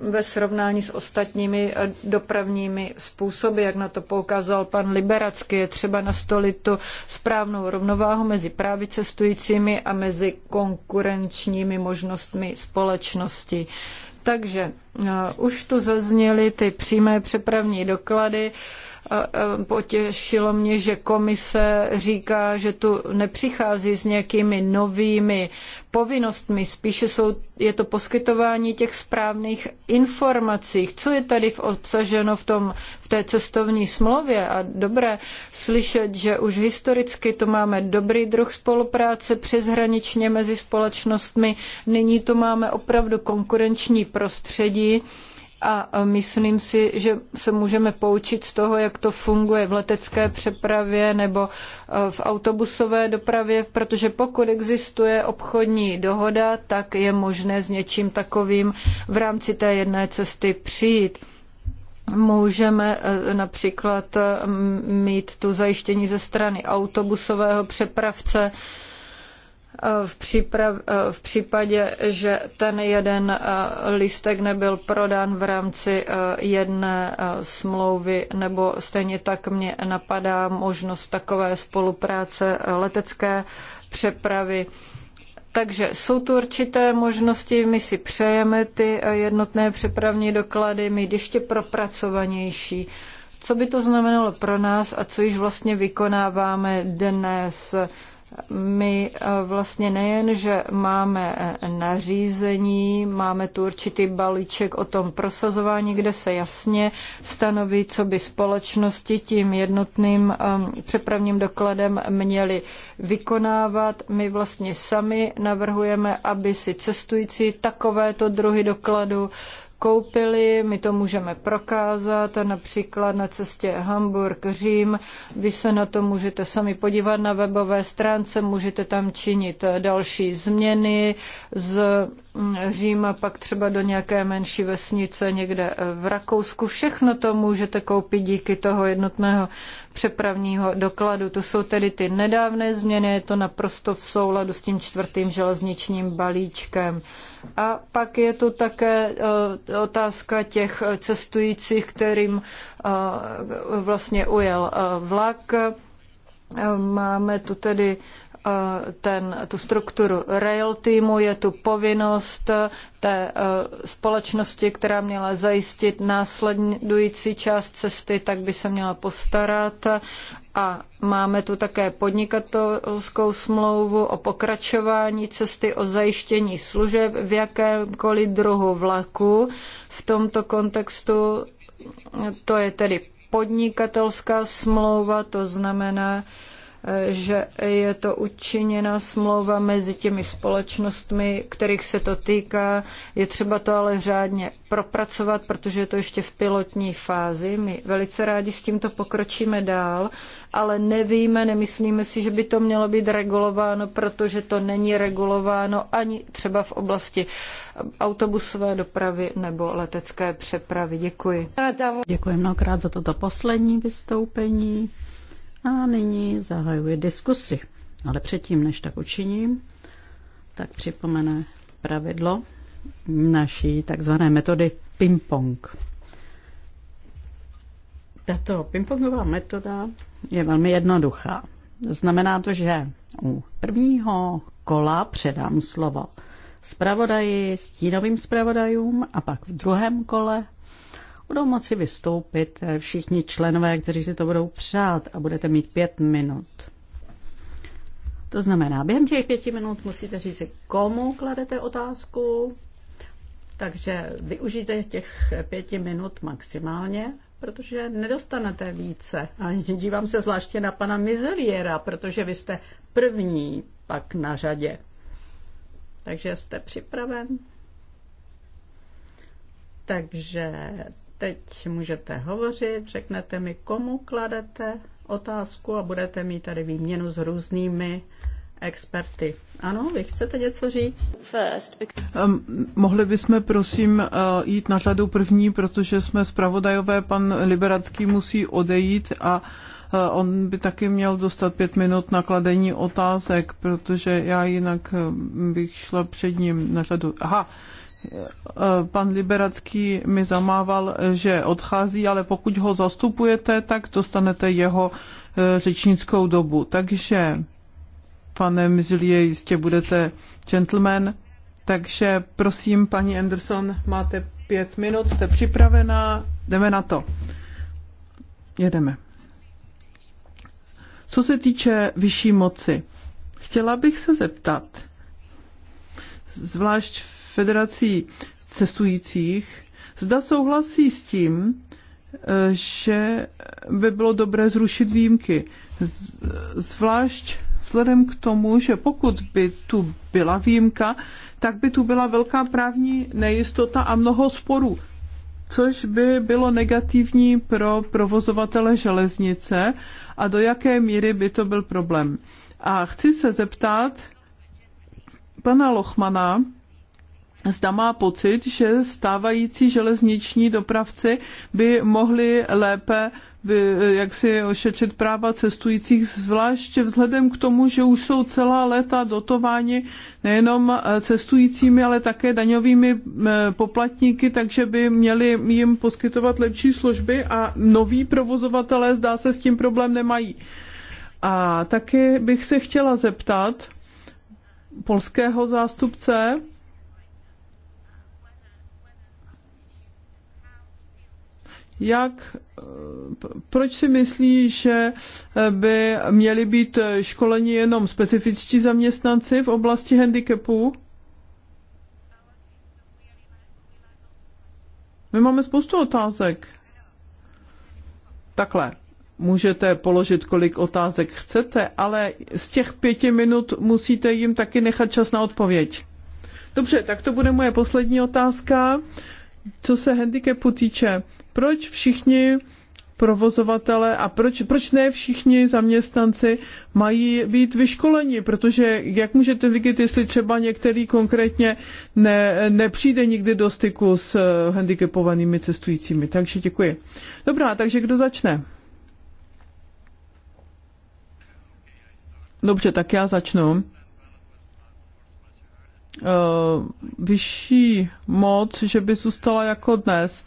[SPEAKER 2] ve srovnání s ostatními eh, dopravními způsoby, jak na to poukázal pan Liberacký, Je třeba nastolit tu správnou rovnováhu mezi právě cestujícími a mezi konkurenčními možnostmi společnosti. Takže uh, už tu zazněly ty přímé přepravní doklady. Uh, Potěšilo mě, že komise říká, že tu nepřichází s nějakými novými povinnostmi, spíše jsou, je to poskytování těch správných informací. Co je tady obsaženo v, tom, v té cestovní smlouvě? A dobré slyšet, že už historicky to máme dobrý druh spolupráce přeshraničně mezi společnostmi. Nyní to máme opravdu konkurenční prostředí a myslím si, že se můžeme poučit z toho, jak to funguje v letecké přepravě nebo e, v autobusové dopravě, protože pokud existuje obchodní dohoda, tak je možné s něčím takovým v rámci té jedné cesty přijít. Můžeme e, například mít tu zajištění ze strany autobusového přepravce, v, eh, v případě, že ten jeden eh, lístek nebyl prodán v rámci eh, jedné smlouvy, nebo stejně tak mě napadá možnost takové spolupráce letecké přepravy. Takže jsou tu určité možnosti, my si přejeme ty jednotné přepravní doklady mít ještě propracovanější. Co by to znamenalo pro nás a co již vlastně vykonáváme dnes? my eh, vlastně nejen, že máme eh, nařízení, máme tu určitý balíček o tom prosazování, kde se jasně stanoví, co by společnosti tím jednotným ehm, přepravním dokladem měly vykonávat. My vlastně sami navrhujeme, aby si cestující takovéto druhy dokladu koupili, my to můžeme prokázat, například na cestě Hamburg-Řím, vy se na to můžete sami podívat na webové stránce, můžete tam činit další změny z Řím, pak třeba do nějaké menší vesnice někde v Rakousku. Všechno to můžete koupit díky toho jednotného přepravního dokladu. To jsou tedy ty nedávné změny, je to naprosto v souladu s tím čtvrtým železničním balíčkem. A pak je tu také eh, otázka těch cestujících, kterým eh, vlastně ujel eh, vlak. Máme tu tedy Eh, ten, tu strukturu rail týmu, je tu povinnost té eh, společnosti, která měla zajistit následující část cesty, tak by se měla postarat. A máme tu také podnikatelskou smlouvu o pokračování cesty, o zajištění služeb v jakémkoliv druhu vlaku. V tomto kontextu to je tedy podnikatelská smlouva, to znamená, že je to učiněna smlouva mezi těmi společnostmi, kterých se to týká. Je třeba to ale řádně propracovat, protože je to ještě v pilotní fázi. My velice rádi s tímto pokročíme dál, ale nevíme, nemyslíme si, že by to mělo být regulováno, protože to není regulováno ani třeba v oblasti autobusové dopravy nebo letecké přepravy. Děkuji.
[SPEAKER 1] Děkuji mnohokrát za toto poslední vystoupení. A nyní zahajuji diskusi. Ale předtím, než tak učiním, tak připomene pravidlo naší takzvané metody ping-pong. Tato pingpongová metoda je velmi jednoduchá. Znamená to, že u prvního kola předám slovo zpravodaji, stínovým zpravodajům a pak v druhém kole budou moci vystoupit eh, všichni členové, kteří si to budou přát a budete mít pět minut. To znamená, během těch pěti minut musíte říct, komu kladete otázku, takže využijte těch pěti minut maximálně, protože nedostanete více. A dívám se zvláště na pana Mizeliera, protože vy jste první pak na řadě. Takže jste připraven? Takže Teď můžete hovořit, řeknete mi, komu kladete otázku a budete mít tady výměnu s různými experty. Ano, vy chcete něco říct? First, because...
[SPEAKER 3] um, mohli bychom prosím uh, jít na řadu první, protože jsme zpravodajové, pan Liberacký musí odejít a uh, on by taky měl dostat pět minut na kladení otázek, protože já jinak eh, bych šla před ním na řadu. Aha, Pan Liberacký mi zamával, že odchází, ale pokud ho zastupujete, tak dostanete jeho eh, řečnickou dobu. Takže, pane Mizilie, jistě budete gentleman. Takže prosím, paní Anderson, máte pět minut, jste připravená, jdeme na to. Jedeme. Co se týče vyšší moci, chtěla bych se zeptat, zvlášť v federací cestujících, zda souhlasí s tím, e, že by bylo dobré zrušit výjimky. Zvlášť vzhledem k tomu, že pokud by tu byla výjimka, tak by tu byla velká právní nejistota a mnoho sporů, což by bylo negativní pro provozovatele železnice a do jaké míry by to byl problém. A chci se zeptat pana Lochmana, zda má pocit, že stávající železniční dopravci by mohli lépe jak si ošetřit práva cestujících, zvláště vzhledem k tomu, že už jsou celá léta dotováni nejenom cestujícími, ale také daňovými eh, poplatníky, takže by měli jim poskytovat lepší služby a noví provozovatelé zdá se s tím problém nemají. A taky bych se chtěla zeptat polského zástupce, jak, eh, proč si myslí, že eh, by měli být eh, školeni jenom specifičtí zaměstnanci v oblasti handicapů? My máme spoustu otázek. Takhle, můžete položit kolik otázek chcete, ale z těch pěti minut musíte jim taky nechat čas na odpověď. Dobře, tak to bude moje poslední otázka. Co se handicapu týče, proč všichni provozovatele a proč, proč ne všichni zaměstnanci mají být vyškoleni, protože jak můžete vidět, jestli třeba některý konkrétně ne, nepřijde nikdy do styku s eh, handicapovanými cestujícími. Takže děkuji. Dobrá, takže kdo začne? Dobře, tak já začnu. Uh, vyšší moc, že by zůstala jako dnes. Uh,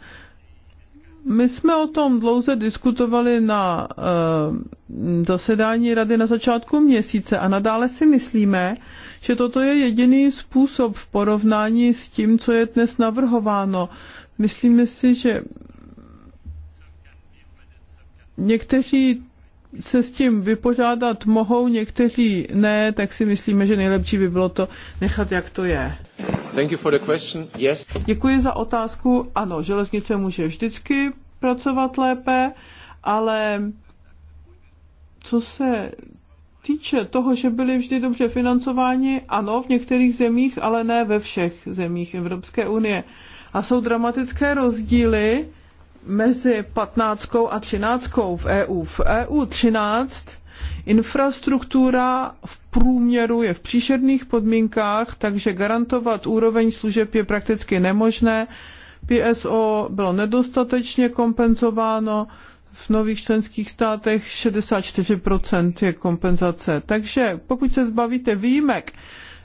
[SPEAKER 3] my jsme o tom dlouze diskutovali na uh, zasedání rady na začátku měsíce a nadále si myslíme, že toto je jediný způsob v porovnání s tím, co je dnes navrhováno. Myslíme si, že někteří se s tím vypořádat mohou, někteří ne, tak si myslíme, že nejlepší by bylo to nechat, jak to je.
[SPEAKER 2] Thank you for the question.
[SPEAKER 3] Yes. Děkuji za otázku. Ano, železnice může vždycky pracovat lépe, ale co se týče toho, že byli vždy dobře financováni, ano, v některých zemích, ale ne ve všech zemích Evropské unie. A jsou dramatické rozdíly mezi 15 a 13 v EU. V EU 13 infrastruktura v průměru je v příšerných podmínkách, takže garantovat úroveň služeb je prakticky nemožné. PSO bylo nedostatečně kompenzováno, v nových členských státech 64% je kompenzace. Takže pokud se zbavíte výjimek,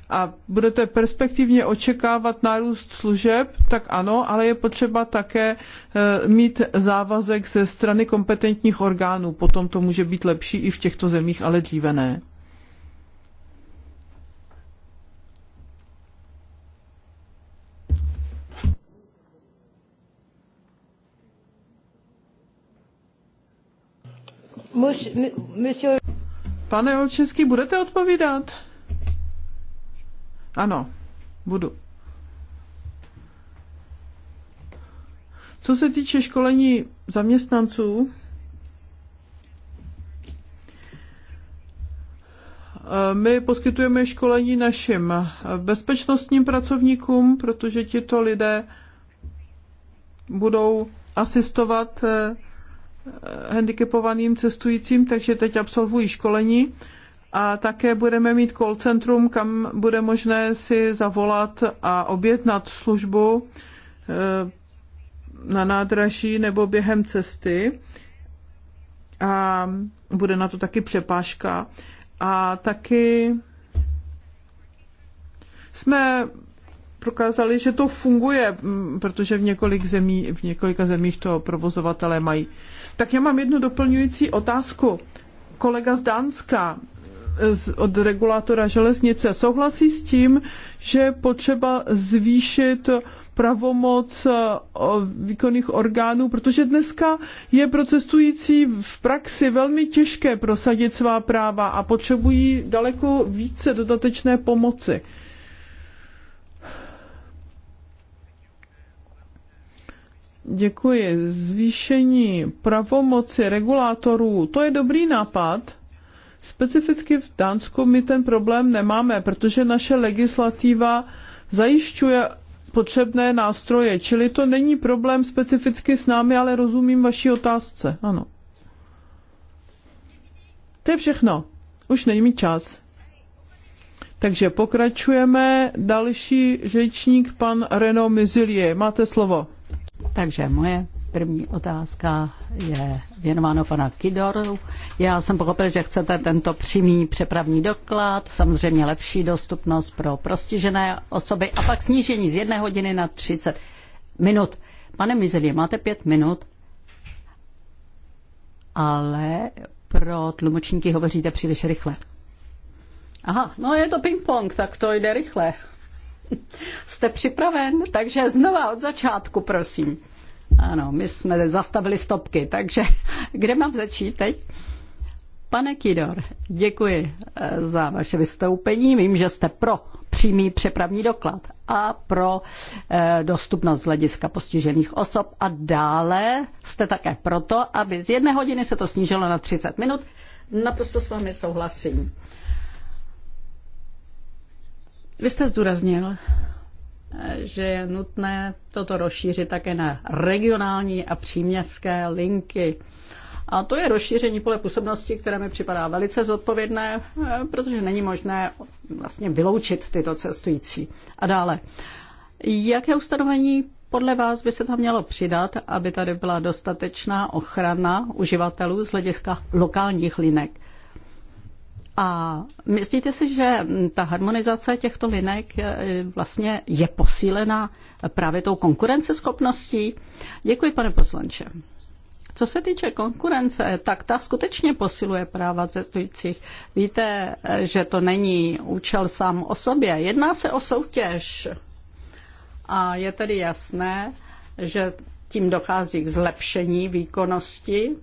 [SPEAKER 3] a budete perspektivně očekávat nárůst služeb, tak ano, ale je potřeba také eh, mít závazek ze strany kompetentních orgánů. Potom to může být lepší i v těchto zemích, ale dříve ne. Pane Olčeský, budete odpovídat? Ano, budu. Co se týče školení zaměstnanců, eh, My poskytujeme školení našim bezpečnostním pracovníkům, protože tito lidé budou asistovat eh, eh, handicapovaným cestujícím, takže teď absolvují školení a také budeme mít call centrum, kam bude možné si zavolat a objednat službu eh, na nádraží nebo během cesty. A bude na to taky přepážka. A taky jsme prokázali, že to funguje, mm, protože v, několik zemí, v několika zemích to provozovatelé mají. Tak já mám jednu doplňující otázku. Kolega z Dánska od regulátora železnice souhlasí s tím, že je potřeba zvýšit pravomoc eh, výkonných orgánů, protože dneska je pro cestující v praxi velmi těžké prosadit svá práva a potřebují daleko více dodatečné pomoci. Děkuji. Zvýšení pravomoci regulátorů, to je dobrý nápad Specificky v Dánsku my ten problém nemáme, protože naše legislativa zajišťuje potřebné nástroje, čili to není problém specificky s námi, ale rozumím vaší otázce. Ano. To je všechno. Už není čas. Takže pokračujeme. Další řečník, pan Reno Mizilie. Máte slovo.
[SPEAKER 1] Takže moje První otázka je věnována pana Kidoru. Já jsem pochopil, že chcete tento přímý přepravní doklad, samozřejmě lepší dostupnost pro prostižené osoby a pak snížení z jedné hodiny na 30 minut. Pane Mizeli, máte pět minut, ale pro tlumočníky hovoříte příliš rychle. Aha, no je to ping-pong, tak to jde rychle. Jste připraven? Takže znova od začátku, prosím. Ano, my jsme zastavili stopky, takže kde mám začít teď? Pane Kidor, děkuji eh, za vaše vystoupení. Vím, že jste pro přímý přepravní doklad a pro eh, dostupnost z hlediska postižených osob a dále jste také proto, aby z jedné hodiny se to snížilo na 30 minut. Naprosto s vámi souhlasím. Vy jste zdůraznil, že je nutné toto rozšířit také na regionální a příměstské linky. A to je rozšíření pole působnosti, které mi připadá velice zodpovědné, eh, protože není možné vlastně vyloučit tyto cestující. A dále, jaké ustanovení podle vás by se tam mělo přidat, aby tady byla dostatečná ochrana uživatelů z hlediska lokálních linek? A myslíte si, že ta harmonizace těchto linek eh, vlastně je posílena právě tou konkurenceschopností? Děkuji, pane poslanče. Co se týče konkurence, tak ta skutečně posiluje práva cestujících. Víte, eh, že to není účel sám o sobě. Jedná se o soutěž. A je tedy jasné, že tím dochází k zlepšení výkonnosti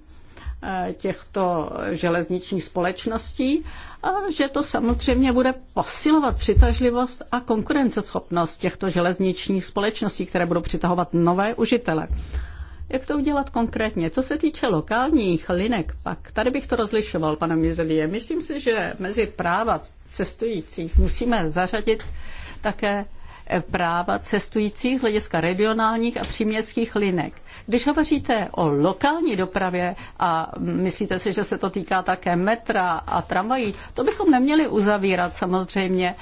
[SPEAKER 1] Eh, těchto železničních společností a že to samozřejmě bude posilovat přitažlivost a konkurenceschopnost těchto železničních společností, které budou přitahovat nové užitele. Jak to udělat konkrétně? Co se týče lokálních linek, pak tady bych to rozlišoval, pane Mizelie. Myslím si, že mezi práva cestujících musíme zařadit také práva cestujících z hlediska regionálních a příměstských linek. Když hovoříte o lokální dopravě a myslíte si, že se to týká také metra a tramvají, to bychom neměli uzavírat samozřejmě.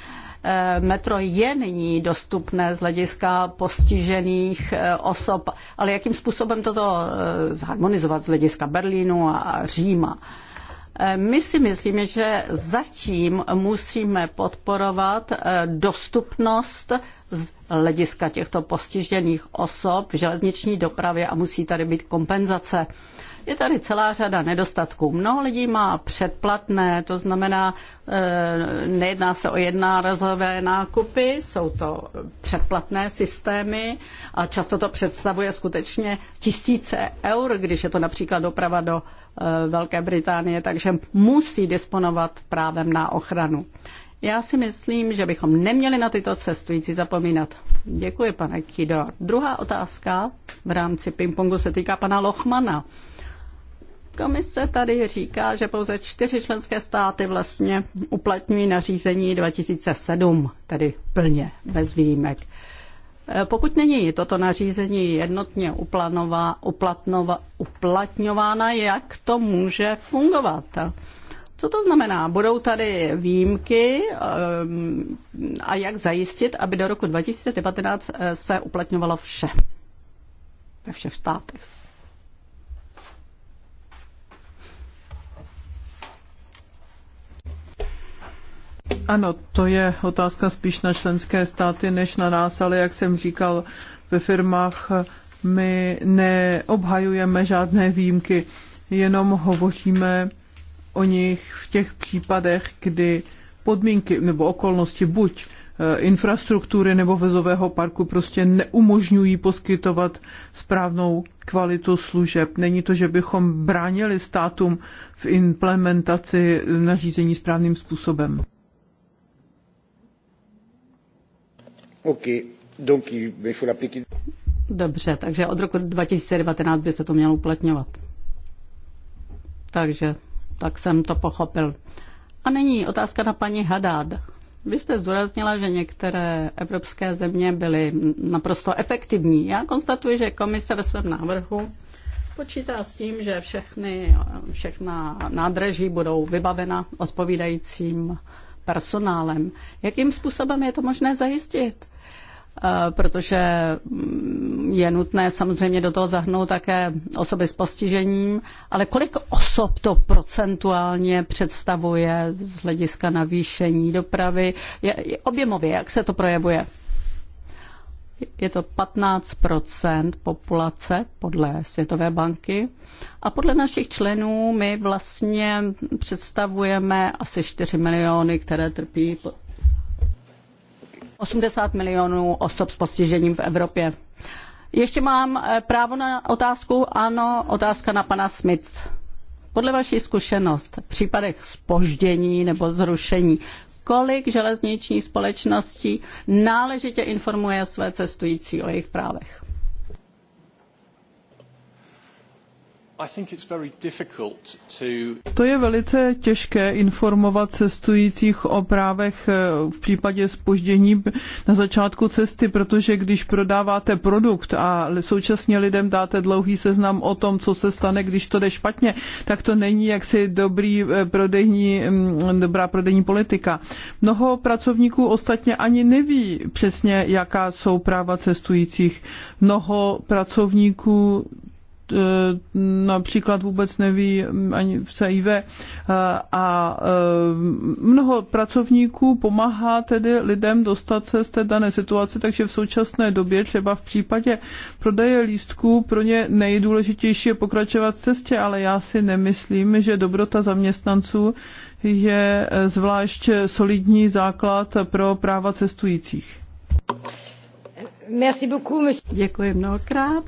[SPEAKER 1] Eh, metro je nyní dostupné z hlediska postižených eh, osob, ale jakým způsobem toto eh, zharmonizovat z hlediska Berlínu a Říma? My si myslíme, že zatím musíme podporovat dostupnost hlediska těchto postižených osob v železniční dopravě a musí tady být kompenzace. Je tady celá řada nedostatků. Mnoho lidí má předplatné, to znamená, eh, nejedná se o jednárazové nákupy, jsou to předplatné systémy a často to představuje skutečně tisíce eur, když je to například doprava do eh, Velké Británie, takže musí disponovat právem na ochranu. Já si myslím, že bychom neměli na tyto cestující zapomínat. Děkuji, pane Kidor. Druhá otázka v rámci pingpongu se týká pana Lochmana. Komise tady říká, že pouze čtyři členské státy vlastně uplatňují nařízení 2007, tedy plně, bez výjimek. E, pokud není toto nařízení jednotně uplatňováno, uplatňována, jak to může fungovat? Co to znamená? Budou tady výjimky ehm, a jak zajistit, aby do roku 2019 eh, se uplatňovalo vše ve všech státech?
[SPEAKER 3] Ano, to je otázka spíš na členské státy než na nás, ale jak jsem říkal, ve firmách my neobhajujeme žádné výjimky, jenom hovoříme o nich v těch případech, kdy podmínky nebo okolnosti buď e, infrastruktury nebo vezového parku prostě neumožňují poskytovat správnou kvalitu služeb. Není to, že bychom bránili státům v implementaci nařízení správným způsobem. Okay. Donc, il faut
[SPEAKER 2] l'appliquer.
[SPEAKER 1] Dobře, takže od roku 2019 by se to mělo uplatňovat. Takže tak jsem to pochopil. A nyní otázka na paní Hadád. Vy jste zdůraznila, že některé evropské země byly naprosto efektivní. Já konstatuji, že komise ve svém návrhu počítá s tím, že všechny, všechna nádraží budou vybavena odpovídajícím personálem. Jakým způsobem je to možné zajistit? Eh, protože mm, je nutné samozřejmě do toho zahrnout také osoby s postižením, ale kolik osob to procentuálně představuje z hlediska navýšení dopravy, je, je objemově, jak se to projevuje? Je to 15 populace podle Světové banky a podle našich členů my vlastně představujeme asi 4 miliony, které trpí 80 milionů osob s postižením v Evropě. Ještě mám eh, právo na otázku? Ano, otázka na pana Smith. Podle vaší zkušenost v případech spoždění nebo zrušení, kolik železniční společností náležitě informuje své cestující o
[SPEAKER 3] jejich právech? To je velice těžké informovat cestujících o právech eh, v případě spoždění na začátku cesty, protože když prodáváte produkt a současně lidem dáte dlouhý seznam o tom, co se stane, když to jde špatně, tak to není jaksi dobrý eh, prodejní, mm, dobrá prodejní politika. Mnoho pracovníků ostatně ani neví přesně, jaká jsou práva cestujících. Mnoho pracovníků Eh, například vůbec neví ani v CIV eh, a eh, mnoho pracovníků pomáhá tedy lidem dostat se z té dané situace, takže v současné době třeba v případě prodeje lístků pro ně nejdůležitější je pokračovat v cestě, ale já si nemyslím, že dobrota zaměstnanců je zvlášť solidní základ pro práva cestujících.
[SPEAKER 2] Merci
[SPEAKER 1] beaucoup, Děkuji mnohokrát.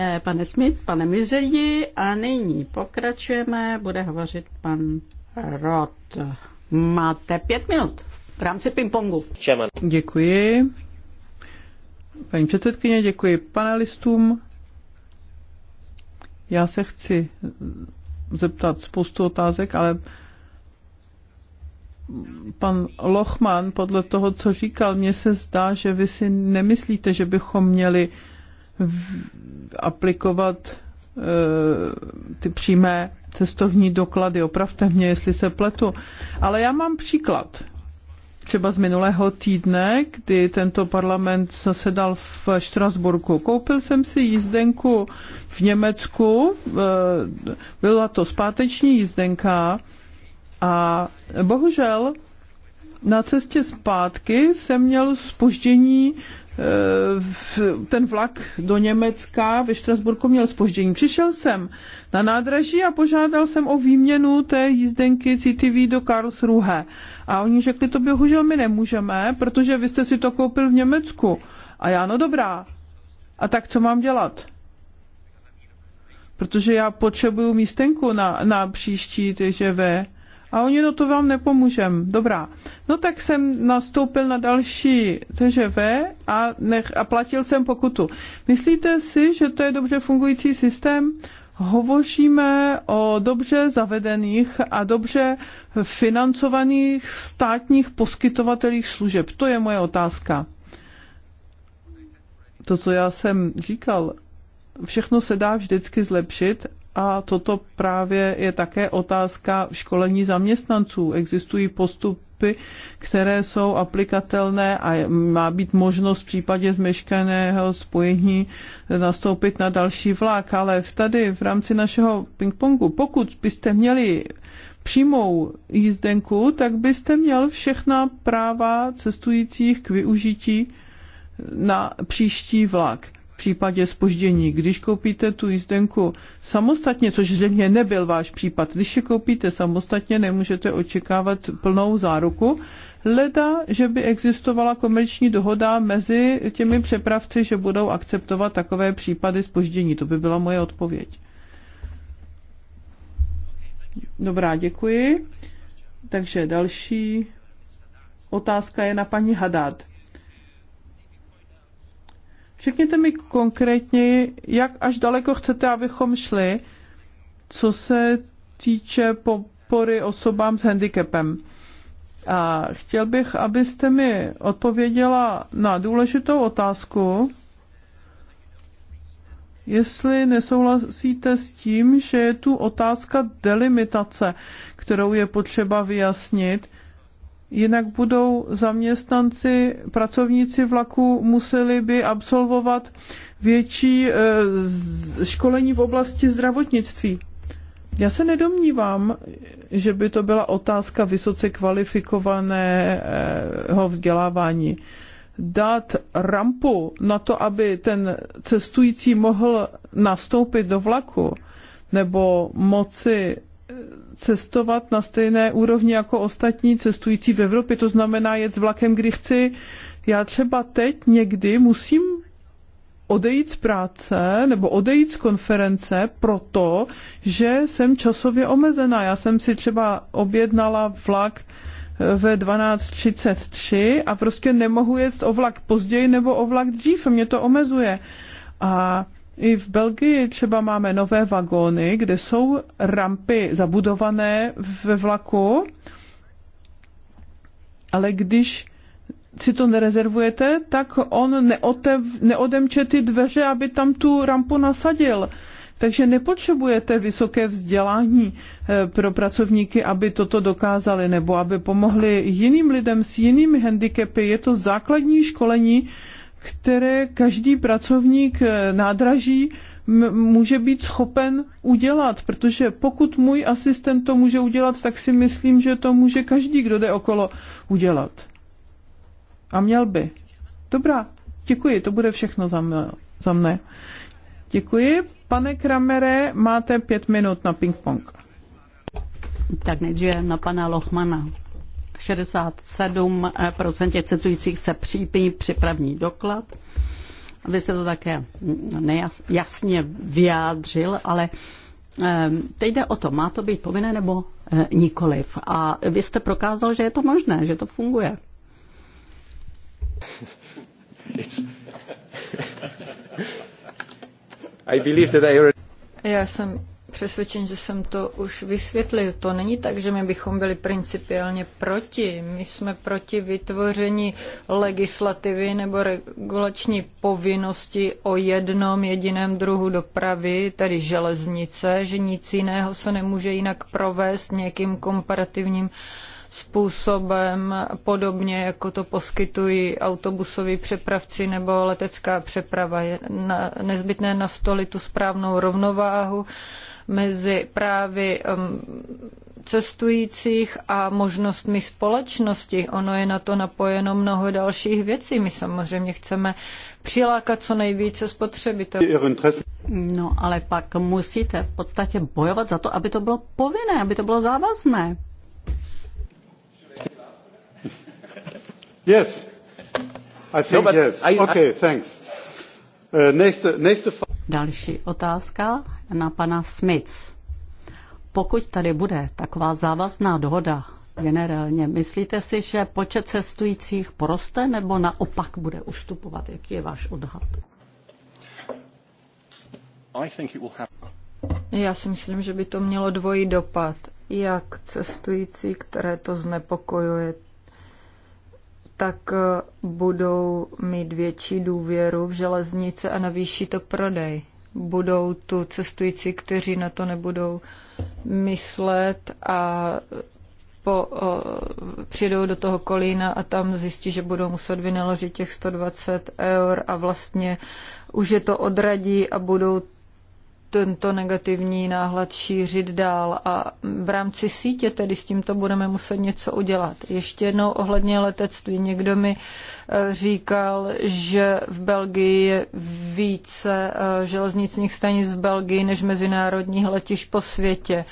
[SPEAKER 1] Eh, pane Smith, pane Mizeli a nyní pokračujeme, bude hovořit pan Rod. Máte pět
[SPEAKER 3] minut v rámci pingpongu. Děkuji. Paní předsedkyně, děkuji panelistům. Já se chci zeptat spoustu otázek, ale pan Lochman, podle toho, co říkal, mně se zdá, že vy si nemyslíte, že bychom měli aplikovat eh, ty přímé cestovní doklady. Opravte mě, jestli se pletu. Ale já mám příklad. Třeba z minulého týdne, kdy tento parlament zasedal v Štrasburku. Koupil jsem si jízdenku v Německu, eh, byla to zpáteční jízdenka a bohužel na cestě zpátky jsem měl spoždění Eh, ten vlak do Německa ve Štrasburku měl spoždění. Přišel jsem na nádraží a požádal jsem o výměnu té jízdenky CTV do Karlsruhe. A oni řekli, to bohužel my nemůžeme, protože vy jste si to koupil v Německu. A já, no dobrá. A tak co mám dělat? Protože já potřebuju místenku na, na příští TŽV. A oni, no to vám nepomůžem. Dobrá. No tak jsem nastoupil na další TŽV a, nech, a platil jsem pokutu. Myslíte si, že to je dobře fungující systém? Hovoříme o dobře zavedených a dobře financovaných státních poskytovatelích služeb. To je moje otázka. To, co já jsem říkal, všechno se dá vždycky zlepšit a toto právě je také otázka školení zaměstnanců. Existují postupy, které jsou aplikatelné a má být možnost v případě zmeškaného spojení nastoupit na další vlak. Ale tady v rámci našeho pingpongu, pokud byste měli přímou jízdenku, tak byste měl všechna práva cestujících k využití na příští vlak případě spoždění. Když koupíte tu jízdenku samostatně, což zřejmě nebyl váš případ, když je koupíte samostatně, nemůžete očekávat plnou záruku, leda, že by existovala komerční dohoda mezi těmi přepravci, že budou akceptovat takové případy spoždění. To by byla moje odpověď. Dobrá, děkuji. Takže další otázka je na paní Hadad. Řekněte mi konkrétně, jak až daleko chcete, abychom šli, co se týče podpory osobám s handicapem. A chtěl bych, abyste mi odpověděla na důležitou otázku, jestli nesouhlasíte s tím, že je tu otázka delimitace, kterou je potřeba vyjasnit, jinak budou zaměstnanci, pracovníci vlaku museli by absolvovat větší eh, školení v oblasti zdravotnictví. Já se nedomnívám, že by to byla otázka vysoce kvalifikovaného vzdělávání. Dát rampu na to, aby ten cestující mohl nastoupit do vlaku, nebo moci cestovat na stejné úrovni jako ostatní cestující v Evropě. To znamená jet s vlakem, kdy chci. Já třeba teď někdy musím odejít z práce nebo odejít z konference proto, že jsem časově omezená. Já jsem si třeba objednala vlak eh, ve 12.33 a prostě nemohu jet o vlak později nebo o vlak dřív. Mě to omezuje. A i v Belgii třeba máme nové vagóny, kde jsou rampy zabudované ve vlaku, ale když si to nerezervujete, tak on neotev, neodemče ty dveře, aby tam tu rampu nasadil. Takže nepotřebujete vysoké vzdělání eh, pro pracovníky, aby toto dokázali nebo aby pomohli jiným lidem s jinými handicapy. Je to základní školení, které každý pracovník eh, nádraží může být schopen udělat, protože pokud můj asistent to může udělat, tak si myslím, že to může každý, kdo jde okolo, udělat. A měl by. Dobrá, děkuji, to bude všechno za, mne. za mne. Děkuji. Pane Kramere, máte pět minut na ping-pong.
[SPEAKER 1] Tak nejdříve na pana Lochmana. 67% těch cestujících chce přípí připravní doklad. Vy jste to také jasně vyjádřil, ale ehm, teď jde o to, má to být povinné nebo eh, nikoliv. A vy jste prokázal, že je to možné, že to
[SPEAKER 2] funguje. It's...
[SPEAKER 3] I believe that I already...
[SPEAKER 2] Já jsem přesvědčen, že jsem to už vysvětlil. To není tak, že my bychom byli principiálně proti. My jsme proti vytvoření legislativy nebo regulační povinnosti o jednom jediném druhu dopravy, tedy železnice, že nic jiného se nemůže jinak provést nějakým komparativním způsobem, podobně jako to poskytují autobusoví přepravci nebo letecká přeprava. Je nezbytné nastolit tu správnou rovnováhu mezi právy um, cestujících a možnostmi společnosti. Ono je na to napojeno mnoho dalších věcí. My samozřejmě chceme přilákat co nejvíce spotřebitelů. No ale pak musíte v podstatě bojovat za to,
[SPEAKER 1] aby to bylo povinné, aby to bylo závazné. Yes. I think no, yes. I, okay, I... thanks. Uh, next, next... Další otázka na pana Smic. Pokud tady bude taková závazná dohoda generálně, myslíte si, že počet cestujících poroste nebo naopak bude ustupovat? Jaký je váš odhad?
[SPEAKER 2] Já si myslím, že by to mělo dvojí dopad. Jak cestující, které to znepokojuje, tak eh, budou mít větší důvěru v železnice a navýší to prodej. Budou tu cestující, kteří na to nebudou myslet a po, o, eh, přijdou do toho kolína a tam zjistí, že budou muset vynaložit těch 120 eur a vlastně už je to odradí a budou tento negativní náhled šířit dál a v rámci sítě tedy s tímto budeme muset něco udělat. Ještě jednou ohledně letectví. Někdo mi eh, říkal, že v Belgii je více eh, železničních stanic v Belgii než mezinárodních letišť po světě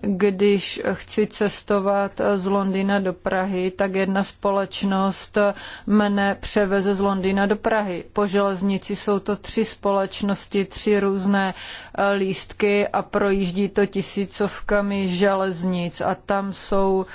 [SPEAKER 2] když chci cestovat z Londýna do Prahy, tak jedna společnost mne převeze z Londýna do Prahy. Po železnici jsou to tři společnosti, tři různé eh, lístky a projíždí to tisícovkami železnic a tam jsou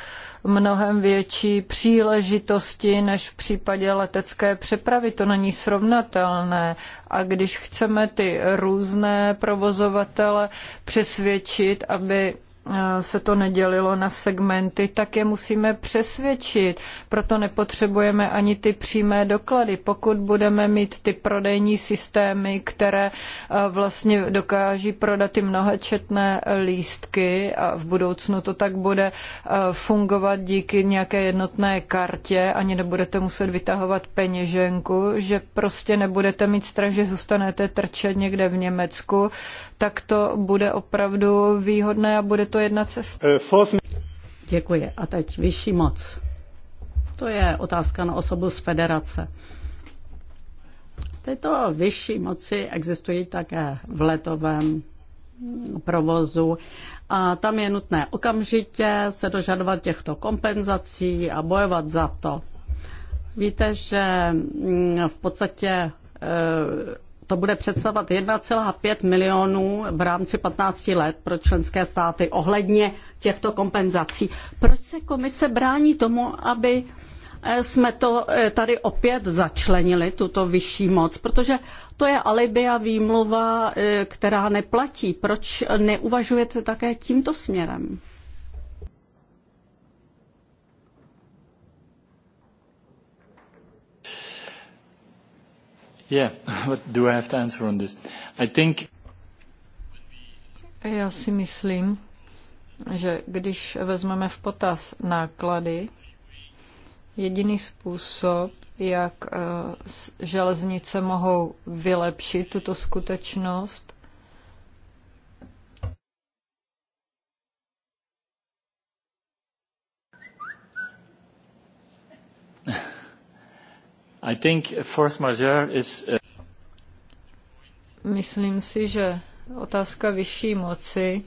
[SPEAKER 2] mnohem větší příležitosti než v případě letecké přepravy. To není srovnatelné. A když chceme ty různé provozovatele přesvědčit, aby Eh, se to nedělilo na segmenty, tak je musíme přesvědčit. Proto nepotřebujeme ani ty přímé doklady. Pokud budeme mít ty prodejní systémy, které eh, vlastně dokáží prodat i mnohačetné lístky a v budoucnu to tak bude eh, fungovat díky nějaké jednotné kartě, ani nebudete muset vytahovat peněženku, že prostě nebudete mít strach, že zůstanete trčet někde v Německu, tak to bude opravdu výhodné a bude to jedna cesta. Eh, Děkuji. A teď vyšší moc.
[SPEAKER 1] To je otázka na osobu z federace.
[SPEAKER 2] Tyto vyšší
[SPEAKER 1] moci existují také v letovém provozu a tam je nutné okamžitě se dožadovat těchto kompenzací a bojovat za to. Víte, že mm, v podstatě eh, to bude představovat 1,5 milionů v rámci 15 let pro členské státy ohledně těchto kompenzací. Proč se komise brání tomu, aby eh, jsme to eh, tady opět začlenili, tuto vyšší moc, protože to je alibi a výmluva, eh, která neplatí. Proč neuvažujete také tímto směrem?
[SPEAKER 2] Yeah, what do I have to answer on this? I think... Já si myslím, že když vezmeme v potaz náklady, jediný způsob, jak eh, železnice mohou vylepšit tuto skutečnost, Uh, Myslím si, že otázka vyšší moci,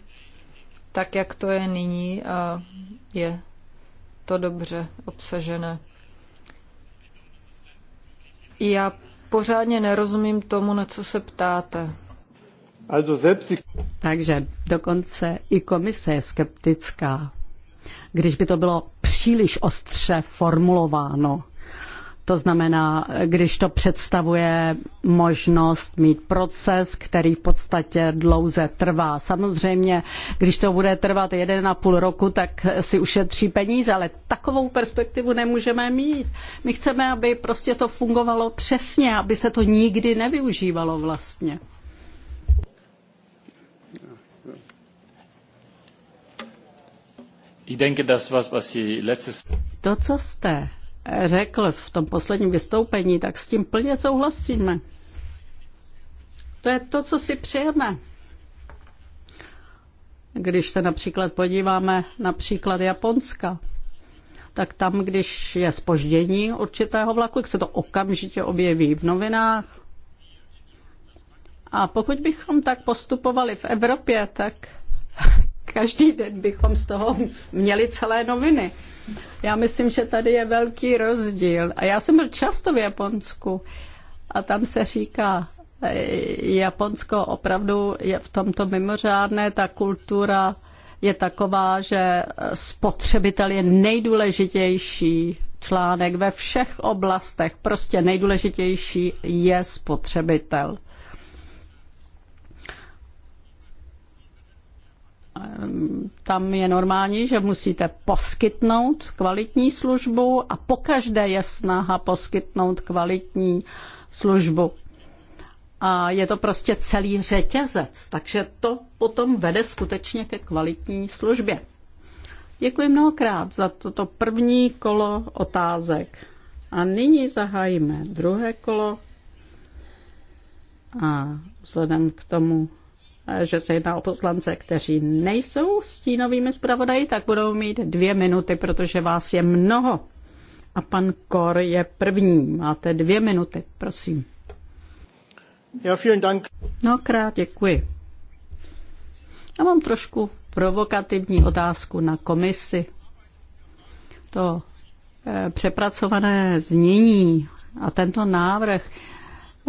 [SPEAKER 2] tak jak to je nyní, a je to dobře obsažené. Já pořádně nerozumím tomu, na co se ptáte.
[SPEAKER 1] Takže dokonce i komise je skeptická, když by to bylo příliš ostře formulováno. To znamená, když to představuje možnost mít proces, který v podstatě dlouze trvá. Samozřejmě, když to bude trvat jeden a půl roku, tak si ušetří peníze, ale takovou perspektivu nemůžeme mít. My chceme, aby prostě to fungovalo přesně, aby se to nikdy nevyužívalo vlastně. To, co jste řekl v tom posledním vystoupení, tak s tím plně souhlasíme. To je to, co si přejeme. Když se například podíváme na příklad Japonska, tak tam, když je spoždění určitého vlaku, tak se to okamžitě objeví v novinách. A pokud bychom tak postupovali v Evropě, tak každý den bychom z toho měli celé noviny. Já myslím, že tady je velký rozdíl. A já jsem byl často v Japonsku a tam se říká, e, Japonsko opravdu je v tomto mimořádné, ta kultura je taková, že spotřebitel je nejdůležitější článek ve všech oblastech. Prostě nejdůležitější je spotřebitel. tam je normální, že musíte poskytnout kvalitní službu a pokaždé je snaha poskytnout kvalitní službu. A je to prostě celý řetězec, takže to potom vede skutečně ke kvalitní službě. Děkuji mnohokrát za toto první kolo otázek. A nyní zahájíme druhé kolo. A vzhledem k tomu, že se jedná o poslance, kteří nejsou stínovými zpravodaji, tak budou mít dvě minuty, protože vás je mnoho. A pan Kor je první. Máte dvě minuty, prosím. Já vielen Dank. No, krát děkuji. Já mám trošku provokativní otázku na komisi. To eh, přepracované znění a tento návrh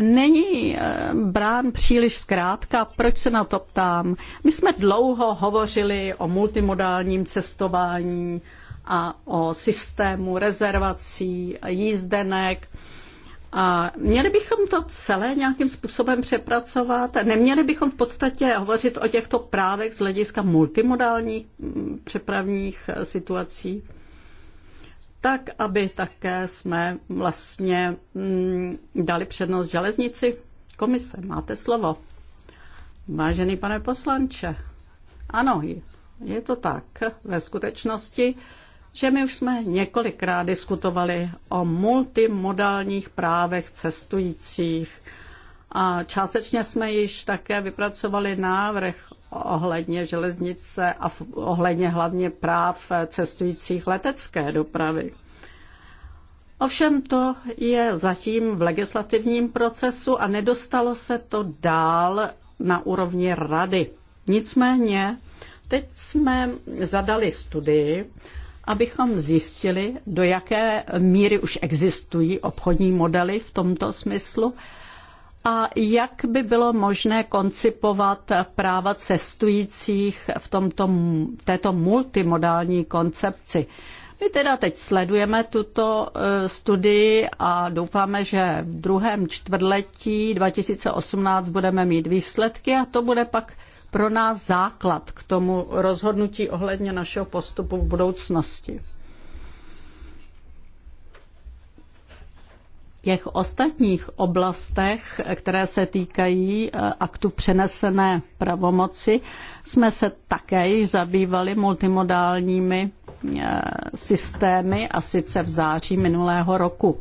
[SPEAKER 1] není eh, brán příliš zkrátka. Proč se na to ptám? My jsme dlouho hovořili o multimodálním cestování a o systému rezervací, jízdenek. A měli bychom to celé nějakým způsobem přepracovat? Neměli bychom v podstatě hovořit o těchto právech z hlediska multimodálních mm, přepravních eh, situací? tak aby také jsme vlastně mm, dali přednost železnici. Komise, máte slovo. Vážený pane poslanče, ano, je to tak. Ve skutečnosti, že my už jsme několikrát diskutovali o multimodálních právech cestujících. A částečně jsme již také vypracovali návrh ohledně železnice a ohledně hlavně práv cestujících letecké dopravy. Ovšem to je zatím v legislativním procesu a nedostalo se to dál na úrovni rady. Nicméně teď jsme zadali studii, abychom zjistili, do jaké míry už existují obchodní modely v tomto smyslu a jak by bylo možné koncipovat práva cestujících v tomto, této multimodální koncepci. My teda teď sledujeme tuto eh, studii a doufáme, že v druhém čtvrtletí 2018 budeme mít výsledky a to bude pak pro nás základ k tomu rozhodnutí ohledně našeho postupu v budoucnosti. těch ostatních oblastech, které se týkají eh, aktu přenesené pravomoci, jsme se také již zabývali multimodálními eh, systémy a sice v září minulého roku.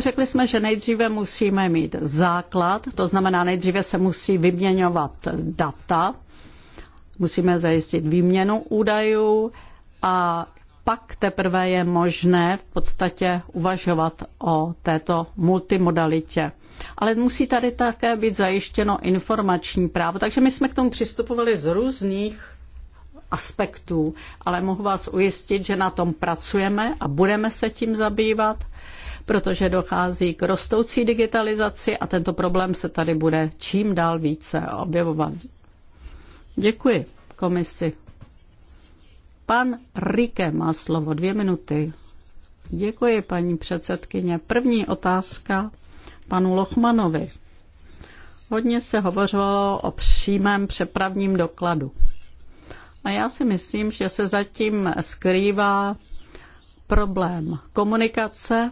[SPEAKER 1] Řekli jsme, že nejdříve musíme mít základ, to znamená nejdříve se musí vyměňovat data, musíme zajistit výměnu údajů a pak teprve je možné v podstatě uvažovat o této multimodalitě. Ale musí tady také být zajištěno informační právo. Takže my jsme k tomu přistupovali z různých aspektů, ale mohu vás ujistit, že na tom pracujeme a budeme se tím zabývat, protože dochází k rostoucí digitalizaci a tento problém se tady bude čím dál více objevovat. Děkuji komisi Pan Rike má slovo dvě minuty. Děkuji, paní předsedkyně. První otázka panu Lochmanovi. Hodně se hovořilo o přímém přepravním dokladu. A já si myslím, že se zatím skrývá problém komunikace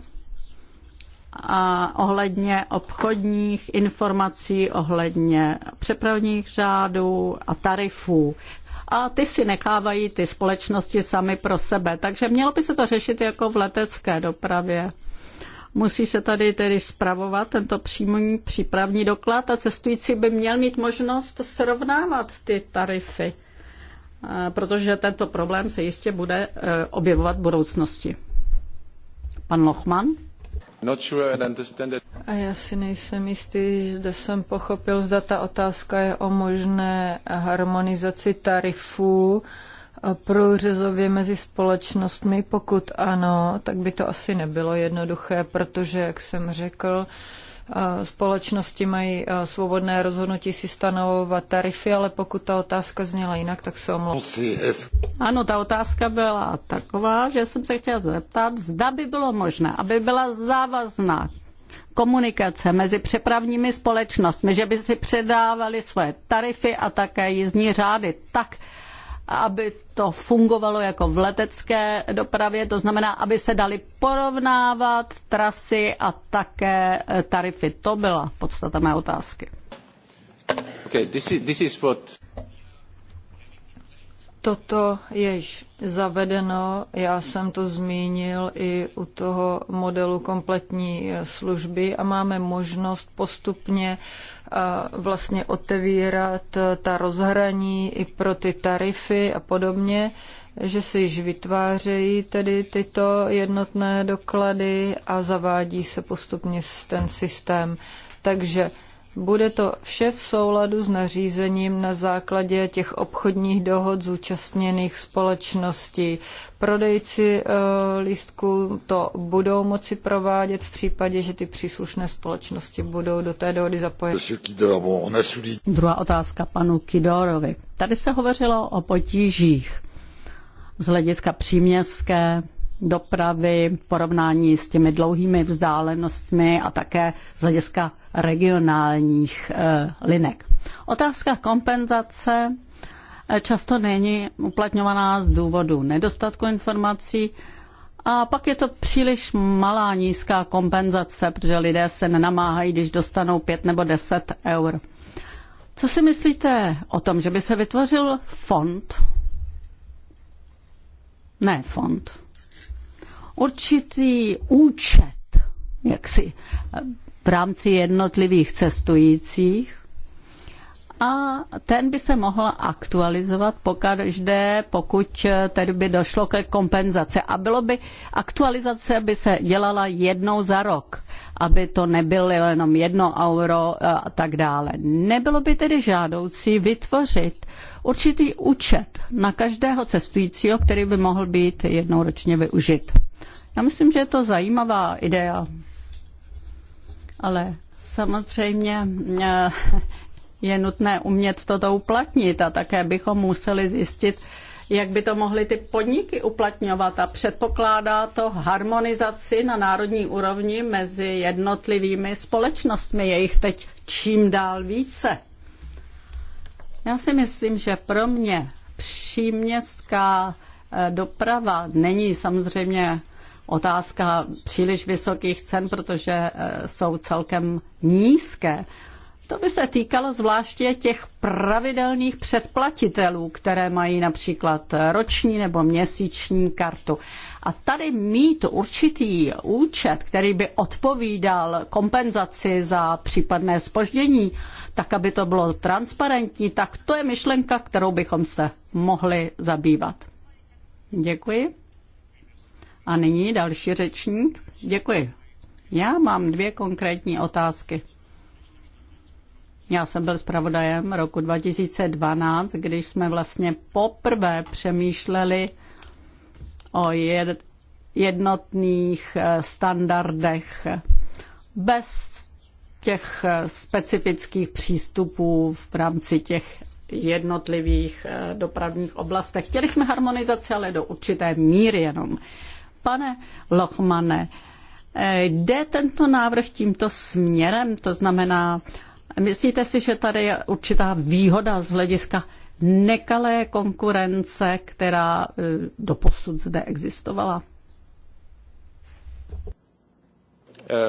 [SPEAKER 1] a ohledně obchodních informací, ohledně přepravních řádů a tarifů a ty si nechávají ty společnosti sami pro sebe. Takže mělo by se to řešit jako v letecké dopravě. Musí se tady tedy spravovat tento přímý přípravní doklad a cestující by měl mít možnost srovnávat ty tarify, eh, protože tento problém se jistě bude eh, objevovat v budoucnosti. Pan Lochman?
[SPEAKER 2] A já si nejsem jistý, zda jsem pochopil, zda ta otázka je o možné harmonizaci tarifů eh, průřezově mezi společnostmi. Pokud ano, tak by to asi nebylo jednoduché, protože, jak jsem řekl, společnosti mají svobodné rozhodnutí si stanovovat tarify, ale pokud ta otázka zněla jinak, tak se omlouvám. Ano, ta otázka byla taková, že jsem se chtěla zeptat, zda by bylo možné, aby byla
[SPEAKER 1] závazná komunikace mezi přepravními společnostmi, že by si předávali své tarify a také jízdní řády tak, aby to fungovalo jako v letecké dopravě, to znamená, aby se dali porovnávat trasy a také eh, tarify. To byla podstata mé otázky.
[SPEAKER 2] Okay, this is, this is what... Toto je již zavedeno, já jsem to zmínil i u toho modelu kompletní eh, služby a máme možnost postupně vlastně otevírat ta rozhraní i pro ty tarify a podobně, že se již vytvářejí tedy tyto jednotné doklady a zavádí se postupně ten systém. Takže bude to vše v souladu s nařízením na základě těch obchodních dohod zúčastněných společností. Prodejci eh, lístků to budou moci provádět v případě, že ty příslušné společnosti budou do té dohody zapojeny.
[SPEAKER 1] Druhá otázka panu Kidorovi. Tady se hovořilo o potížích z hlediska příměstské dopravy v porovnání s těmi dlouhými vzdálenostmi a také z hlediska regionálních eh, linek. Otázka kompenzace eh, často není uplatňovaná z důvodu nedostatku informací a pak je to příliš malá nízká kompenzace, protože lidé se nenamáhají, když dostanou 5 nebo 10 eur. Co si myslíte o tom, že by se vytvořil fond? Ne fond, určitý účet jak si, v rámci jednotlivých cestujících a ten by se mohl aktualizovat pokaždé, pokud eh, tedy by došlo ke kompenzaci. A bylo by, aktualizace by se dělala jednou za rok, aby to nebylo jenom jedno euro eh, a tak dále. Nebylo by tedy žádoucí vytvořit určitý účet na každého cestujícího, který by mohl být jednou ročně využit. Já myslím, že je to zajímavá idea, ale samozřejmě eh, je nutné umět toto uplatnit a také bychom museli zjistit, jak by to mohly ty podniky uplatňovat a předpokládá to harmonizaci na národní úrovni mezi jednotlivými společnostmi. Je teď čím dál více. Já si myslím, že pro mě příměstská eh, doprava není samozřejmě otázka příliš vysokých cen, protože eh, jsou celkem nízké. To by se týkalo zvláště těch pravidelných předplatitelů, které mají například roční nebo měsíční kartu. A tady mít určitý účet, který by odpovídal kompenzaci za případné spoždění, tak aby to bylo transparentní, tak to je myšlenka, kterou bychom se mohli zabývat. Děkuji. A nyní další řečník. Děkuji. Já mám dvě konkrétní otázky. Já jsem byl zpravodajem roku 2012, když jsme vlastně poprvé přemýšleli o jednotných eh, standardech bez těch eh, specifických přístupů v rámci těch jednotlivých eh, dopravních oblastech. Chtěli jsme harmonizaci, ale do určité míry jenom. Pane Lochmane, jde tento návrh tímto směrem? To znamená, myslíte si, že tady je určitá výhoda z hlediska nekalé konkurence, která
[SPEAKER 2] eh, do posud zde existovala?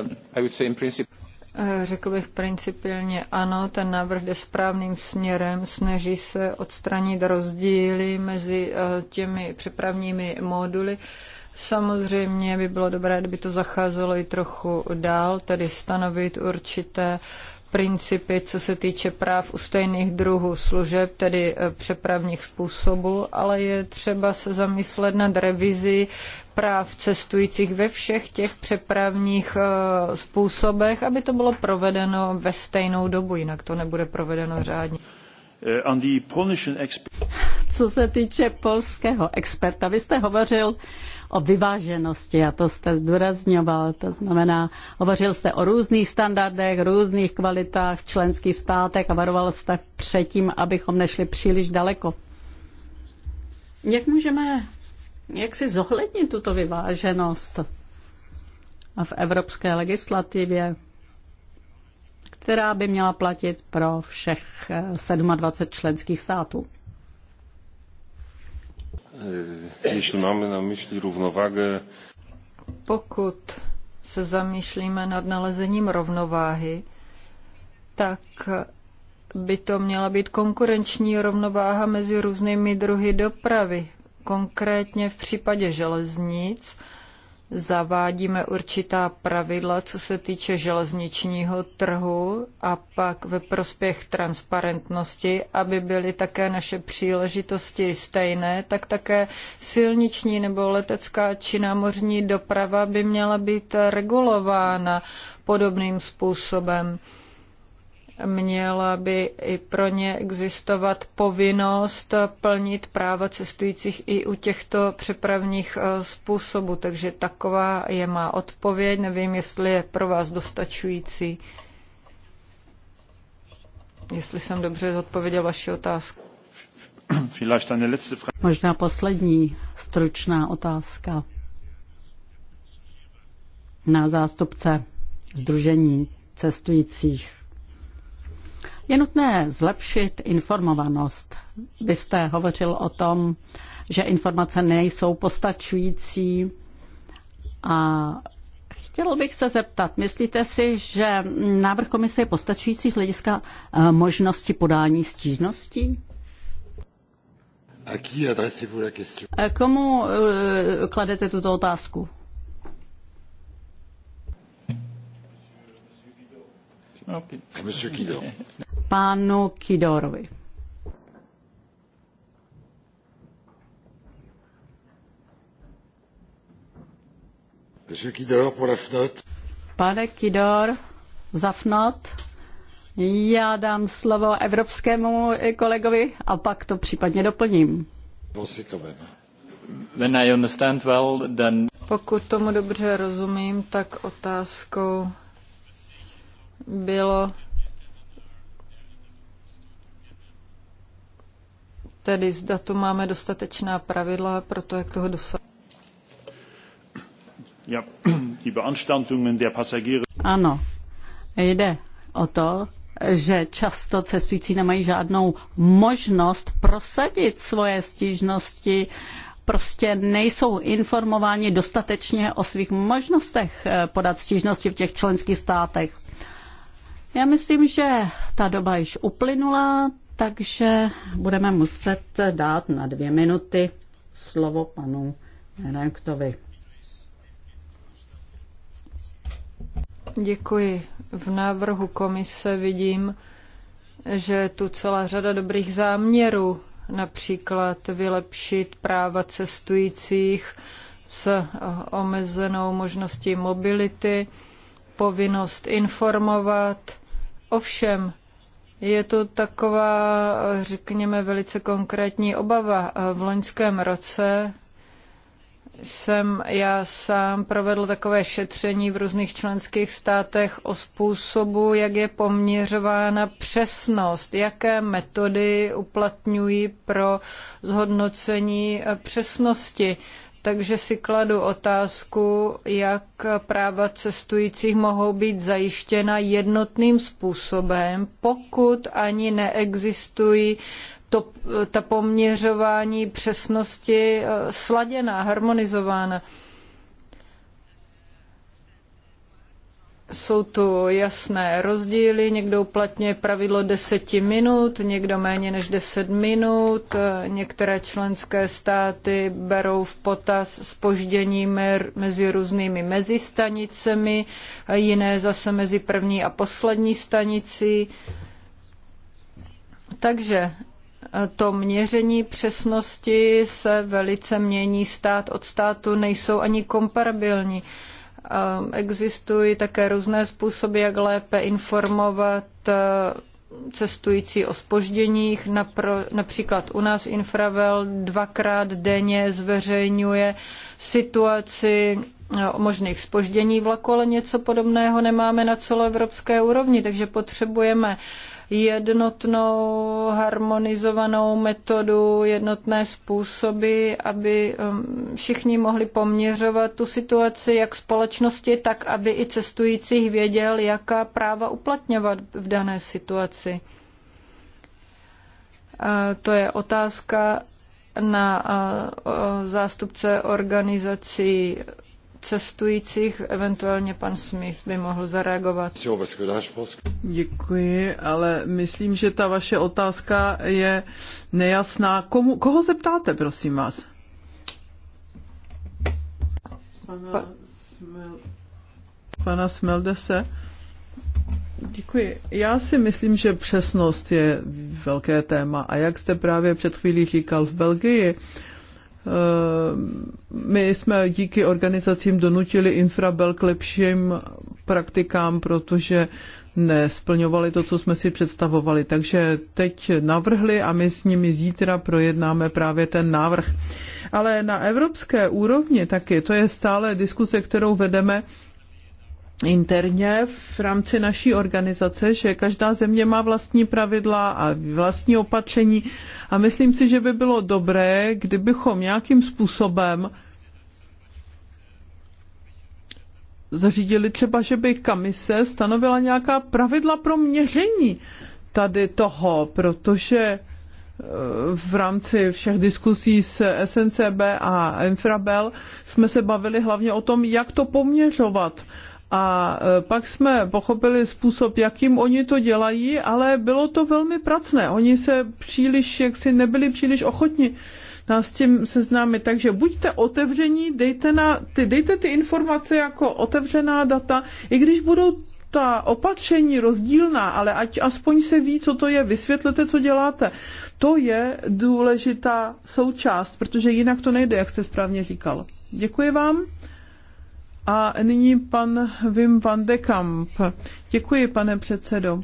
[SPEAKER 2] Um, eh, řekl bych principiálně ano, ten návrh jde správným směrem, snaží se odstranit rozdíly mezi eh, těmi přepravními moduly Samozřejmě by bylo dobré, kdyby to zacházelo i trochu dál, tedy stanovit určité principy, co se týče práv u stejných druhů služeb, tedy eh, přepravních způsobů, ale je třeba se zamyslet nad revizi práv cestujících ve všech těch přepravních eh, způsobech, aby to bylo provedeno ve stejnou dobu, jinak to nebude provedeno řádně. Eh, co se týče polského
[SPEAKER 1] experta, vy jste hovořil o vyváženosti a to jste zdůrazňoval. To znamená, hovořil jste o různých standardech, různých kvalitách v členských státech a varoval jste předtím, abychom nešli příliš daleko. Jak můžeme, jak si zohlednit tuto vyváženost a v evropské legislativě, která by měla platit pro všech eh, 27 členských států?
[SPEAKER 2] E, jeśli na Pokud se zamýšlíme nad nalezením rovnováhy, tak by to měla být konkurenční rovnováha mezi různými druhy dopravy. Konkrétně v případě železnic zavádíme určitá pravidla, co se týče železničního trhu a pak ve prospěch transparentnosti, aby byly také naše příležitosti stejné, tak také silniční nebo letecká či námořní doprava by měla být regulována podobným způsobem. Měla by i pro ně existovat povinnost plnit práva cestujících i u těchto přepravních eh, způsobů. Takže taková je má odpověď. Nevím, jestli je pro vás dostačující. Jestli jsem dobře zodpověděl vaši otázku.
[SPEAKER 1] Možná poslední stručná otázka na zástupce Združení cestujících. Je nutné zlepšit informovanost. Vy jste hovořil o tom, že informace nejsou postačující a Chtěl bych se zeptat, myslíte si, že návrh komise je postačující z hlediska eh, možnosti podání stížností? Eh, komu eh, kladete tuto otázku? Okay pánu Kidorovi. Pane Kidor, za já dám slovo
[SPEAKER 2] evropskému kolegovi a pak to případně doplním. Pokud tomu dobře rozumím, tak otázkou bylo tedy zda to máme dostatečná pravidla pro to, jak toho dosáhnout.
[SPEAKER 1] Ano, jde o to, že často cestující nemají žádnou možnost prosadit svoje stížnosti, prostě nejsou informováni dostatečně o svých možnostech eh, podat stížnosti v těch členských státech. Já myslím, že ta doba již uplynula, takže budeme muset dát na dvě minuty slovo panu Renektovi.
[SPEAKER 2] Děkuji. V návrhu komise vidím, že je tu celá řada dobrých záměrů, například vylepšit práva cestujících s eh, omezenou možností mobility, povinnost informovat. Ovšem, je to taková, řekněme, velice konkrétní obava. V loňském roce jsem já sám provedl takové šetření v různých členských státech o způsobu, jak je poměřována přesnost, jaké metody uplatňují pro zhodnocení přesnosti takže si kladu otázku, jak práva cestujících mohou být zajištěna jednotným způsobem, pokud ani neexistují to, ta poměřování přesnosti eh, sladěná, harmonizována. Jsou tu jasné rozdíly, někdo uplatňuje pravidlo deseti minut, někdo méně než deset minut, některé členské státy berou v potaz spoždění mezi různými mezistanicemi, jiné zase mezi první a poslední stanicí. Takže eh, to měření přesnosti se velice mění stát od státu, nejsou ani komparabilní. Ehm, existují také různé způsoby, jak lépe informovat ehm, cestující o spožděních. Například u nás Infravel dvakrát denně zveřejňuje situaci ehm, o možných spoždění vlaku, ale něco podobného nemáme na celoevropské úrovni, takže potřebujeme jednotnou harmonizovanou metodu, jednotné způsoby, aby um, všichni mohli poměřovat tu situaci jak společnosti, tak aby i cestujících věděl, jaká práva uplatňovat v dané situaci. A to je otázka na zástupce organizací cestujících. Eventuálně pan Smith
[SPEAKER 3] by mohl zareagovat. Děkuji, ale myslím, že ta vaše otázka je nejasná. Komu, koho se ptáte, prosím vás? Pana, pa... Smel... Pana Smeldese. Děkuji. Já si myslím, že přesnost je velké téma. A jak jste právě před chvílí říkal v Belgii, Eh, my jsme díky organizacím donutili Infrabel k lepším praktikám, protože nesplňovali to, co jsme si představovali. Takže teď navrhli a my s nimi zítra projednáme právě ten návrh. Ale na evropské úrovni taky, to je stále diskuse, kterou vedeme, interně v rámci naší organizace, že každá země má vlastní pravidla a vlastní opatření a myslím si, že by bylo dobré, kdybychom nějakým způsobem zařídili třeba, že by kamise stanovila nějaká pravidla pro měření tady toho, protože eh, v rámci všech diskusí s SNCB a Infrabel jsme se bavili hlavně o tom, jak to poměřovat. A e, pak jsme pochopili způsob, jakým oni to dělají, ale bylo to velmi pracné. Oni se příliš, jak si nebyli příliš ochotni nás s tím seznámit. Takže buďte otevření, dejte, na, ty, dejte ty informace jako otevřená data, i když budou ta opatření rozdílná, ale ať aspoň se ví, co to je, vysvětlete, co děláte. To je důležitá součást, protože jinak to nejde, jak jste správně říkal. Děkuji vám. A nyní pan Wim van de Kamp. Děkuji, pane předsedo.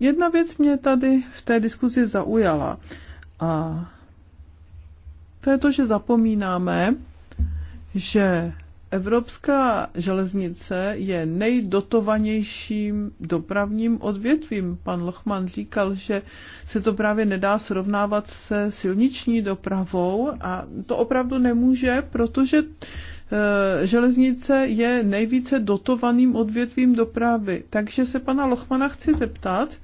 [SPEAKER 3] Jedna věc mě tady v té diskuzi zaujala. A to je to, že zapomínáme, že Evropská železnice je nejdotovanějším dopravním odvětvím. Pan Lochman říkal, že se to právě nedá srovnávat se silniční dopravou a to opravdu nemůže, protože Eh, železnice je nejvíce dotovaným odvětvím dopravy. Takže se pana Lochmana chci zeptat,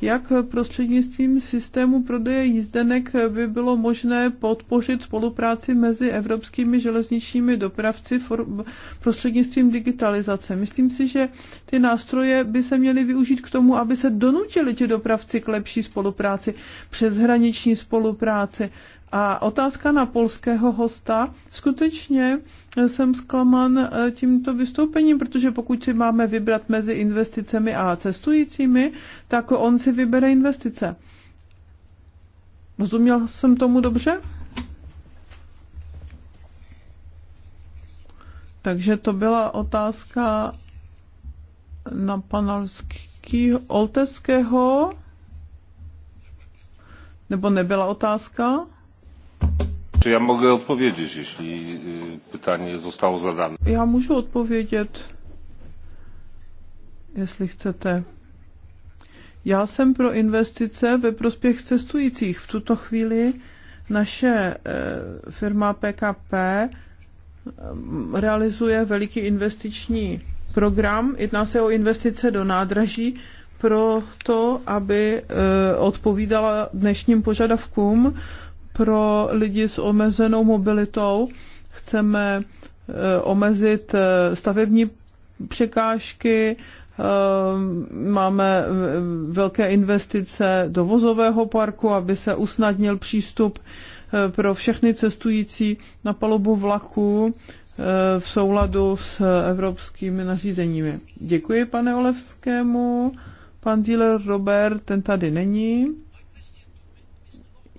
[SPEAKER 3] jak prostřednictvím systému prodeje jízdenek by bylo možné podpořit spolupráci mezi evropskými železničními dopravci prostřednictvím digitalizace. Myslím si, že ty nástroje by se měly využít k tomu, aby se donutili ti dopravci k lepší spolupráci, přeshraniční spolupráci, a otázka na polského hosta. Skutečně jsem zklaman eh, tímto vystoupením, protože pokud si máme vybrat mezi investicemi a cestujícími, tak on si vybere investice. Rozuměl jsem tomu dobře? Takže to byla otázka na pana Olteského. Nebo nebyla otázka?
[SPEAKER 2] Já mohu odpovědět, jestli pytanie zostało zadáno.
[SPEAKER 3] Já muszę odpovědět, jestli chcete. Já jsem pro investice ve prospěch cestujících. V tuto chvíli naše e, firma PKP e, realizuje veliký investiční program. Jedná se o investice do nádraží pro to, aby e, odpovídala dnešním požadavkům pro lidi s omezenou mobilitou. Chceme eh, omezit eh, stavební překážky, eh, máme velké investice do vozového parku, aby se usnadnil přístup pro všechny cestující na palubu vlaku v souladu s evropskými nařízeními. Děkuji, pane Olevskému. Pan díler Robert, ten tady není.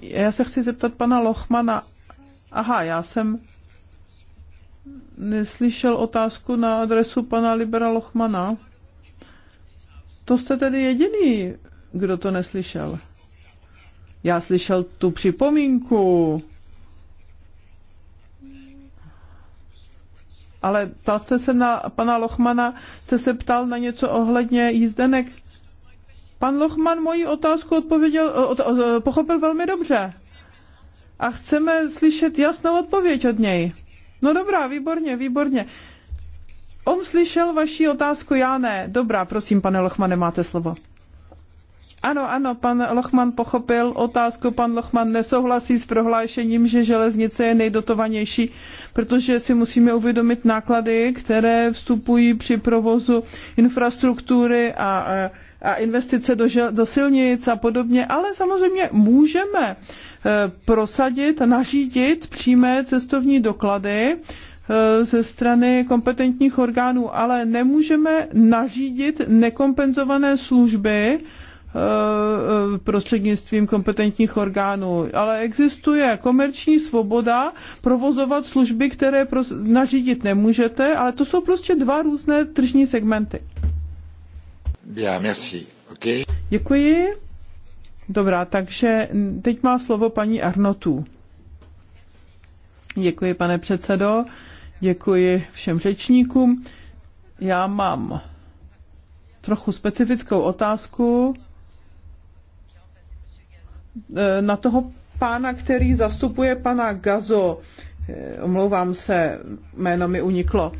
[SPEAKER 3] Já se chci zeptat pana Lochmana. Aha, já jsem neslyšel otázku na adresu pana Libera Lochmana. To jste tedy jediný, kdo to neslyšel. Já slyšel tu připomínku. Ale ptal jste se na pana Lochmana, jste se ptal na něco ohledně jízdenek. Pan Lochman moji otázku odpověděl, od, od, pochopil velmi dobře. A chceme slyšet jasnou odpověď od něj. No dobrá, výborně, výborně. On slyšel vaši otázku, já ne. Dobrá, prosím, pane Lochmane, máte slovo. Ano, ano, pan Lochman pochopil otázku. Pan Lochman nesouhlasí s prohlášením, že železnice je nejdotovanější, protože si musíme uvědomit náklady, které vstupují při provozu infrastruktury a, a a investice do, do silnic a podobně, ale samozřejmě můžeme eh, prosadit, nařídit přímé cestovní doklady eh, ze strany kompetentních orgánů, ale nemůžeme nařídit nekompenzované služby, eh, prostřednictvím kompetentních orgánů. Ale existuje komerční svoboda provozovat služby, které nařídit nemůžete, ale to jsou prostě dva různé tržní segmenty. Bien, merci. Okay. Děkuji. Dobrá, takže teď má slovo paní Arnotů. Děkuji, pane předsedo. Děkuji všem řečníkům. Já mám trochu specifickou otázku eh, na toho pána, který zastupuje pana Gazo. Eh, omlouvám se, jméno mi uniklo.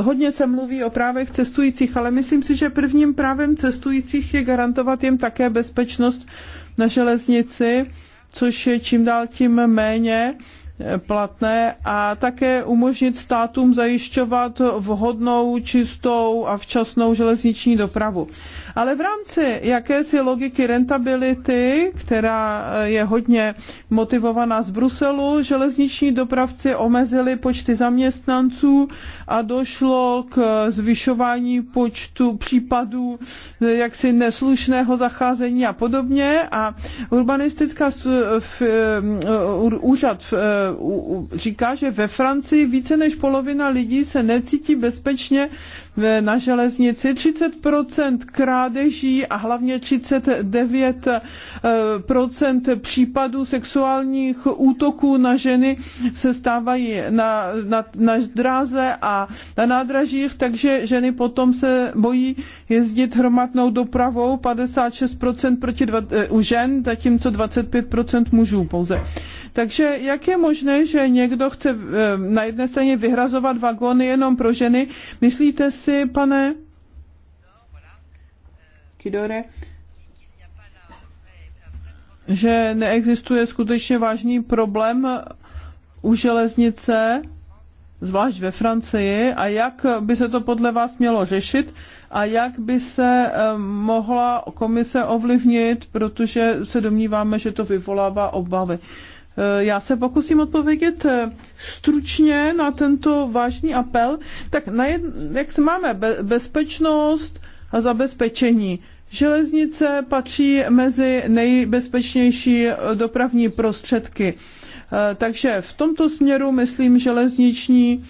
[SPEAKER 3] Hodně se mluví o právech cestujících, ale myslím si, že prvním právem cestujících je garantovat jim také bezpečnost na železnici, což je čím dál tím méně platné a také umožnit státům zajišťovat vhodnou, čistou a včasnou železniční dopravu. Ale v rámci jakési logiky rentability, která je hodně motivovaná z Bruselu, železniční dopravci omezili počty zaměstnanců a došlo k zvyšování počtu případů jaksi neslušného zacházení a podobně a urbanistická úřad v říká, že ve Francii více než polovina lidí se necítí bezpečně na železnici, 30% krádeží a hlavně 39% eh, případů sexuálních útoků na ženy se stávají na, na, na dráze a na nádražích, takže ženy potom se bojí jezdit hromadnou dopravou, 56% proti dva, eh, u žen, zatímco 25% mužů pouze. Takže jak je možné, že někdo chce eh, na jedné straně vyhrazovat vagóny jenom pro ženy? Myslíte komisi, pane Kidore, že neexistuje skutečně vážný problém u železnice, zvlášť ve Francii, a jak by se to podle vás mělo řešit a jak by se eh, mohla komise ovlivnit, protože se domníváme, že to vyvolává obavy. Eh, já se pokusím odpovědět eh, stručně na tento vážný apel. Tak na jed, jak se máme bezpečnost a zabezpečení. Železnice patří mezi nejbezpečnější eh, dopravní prostředky. Takže v tomto směru, myslím, železniční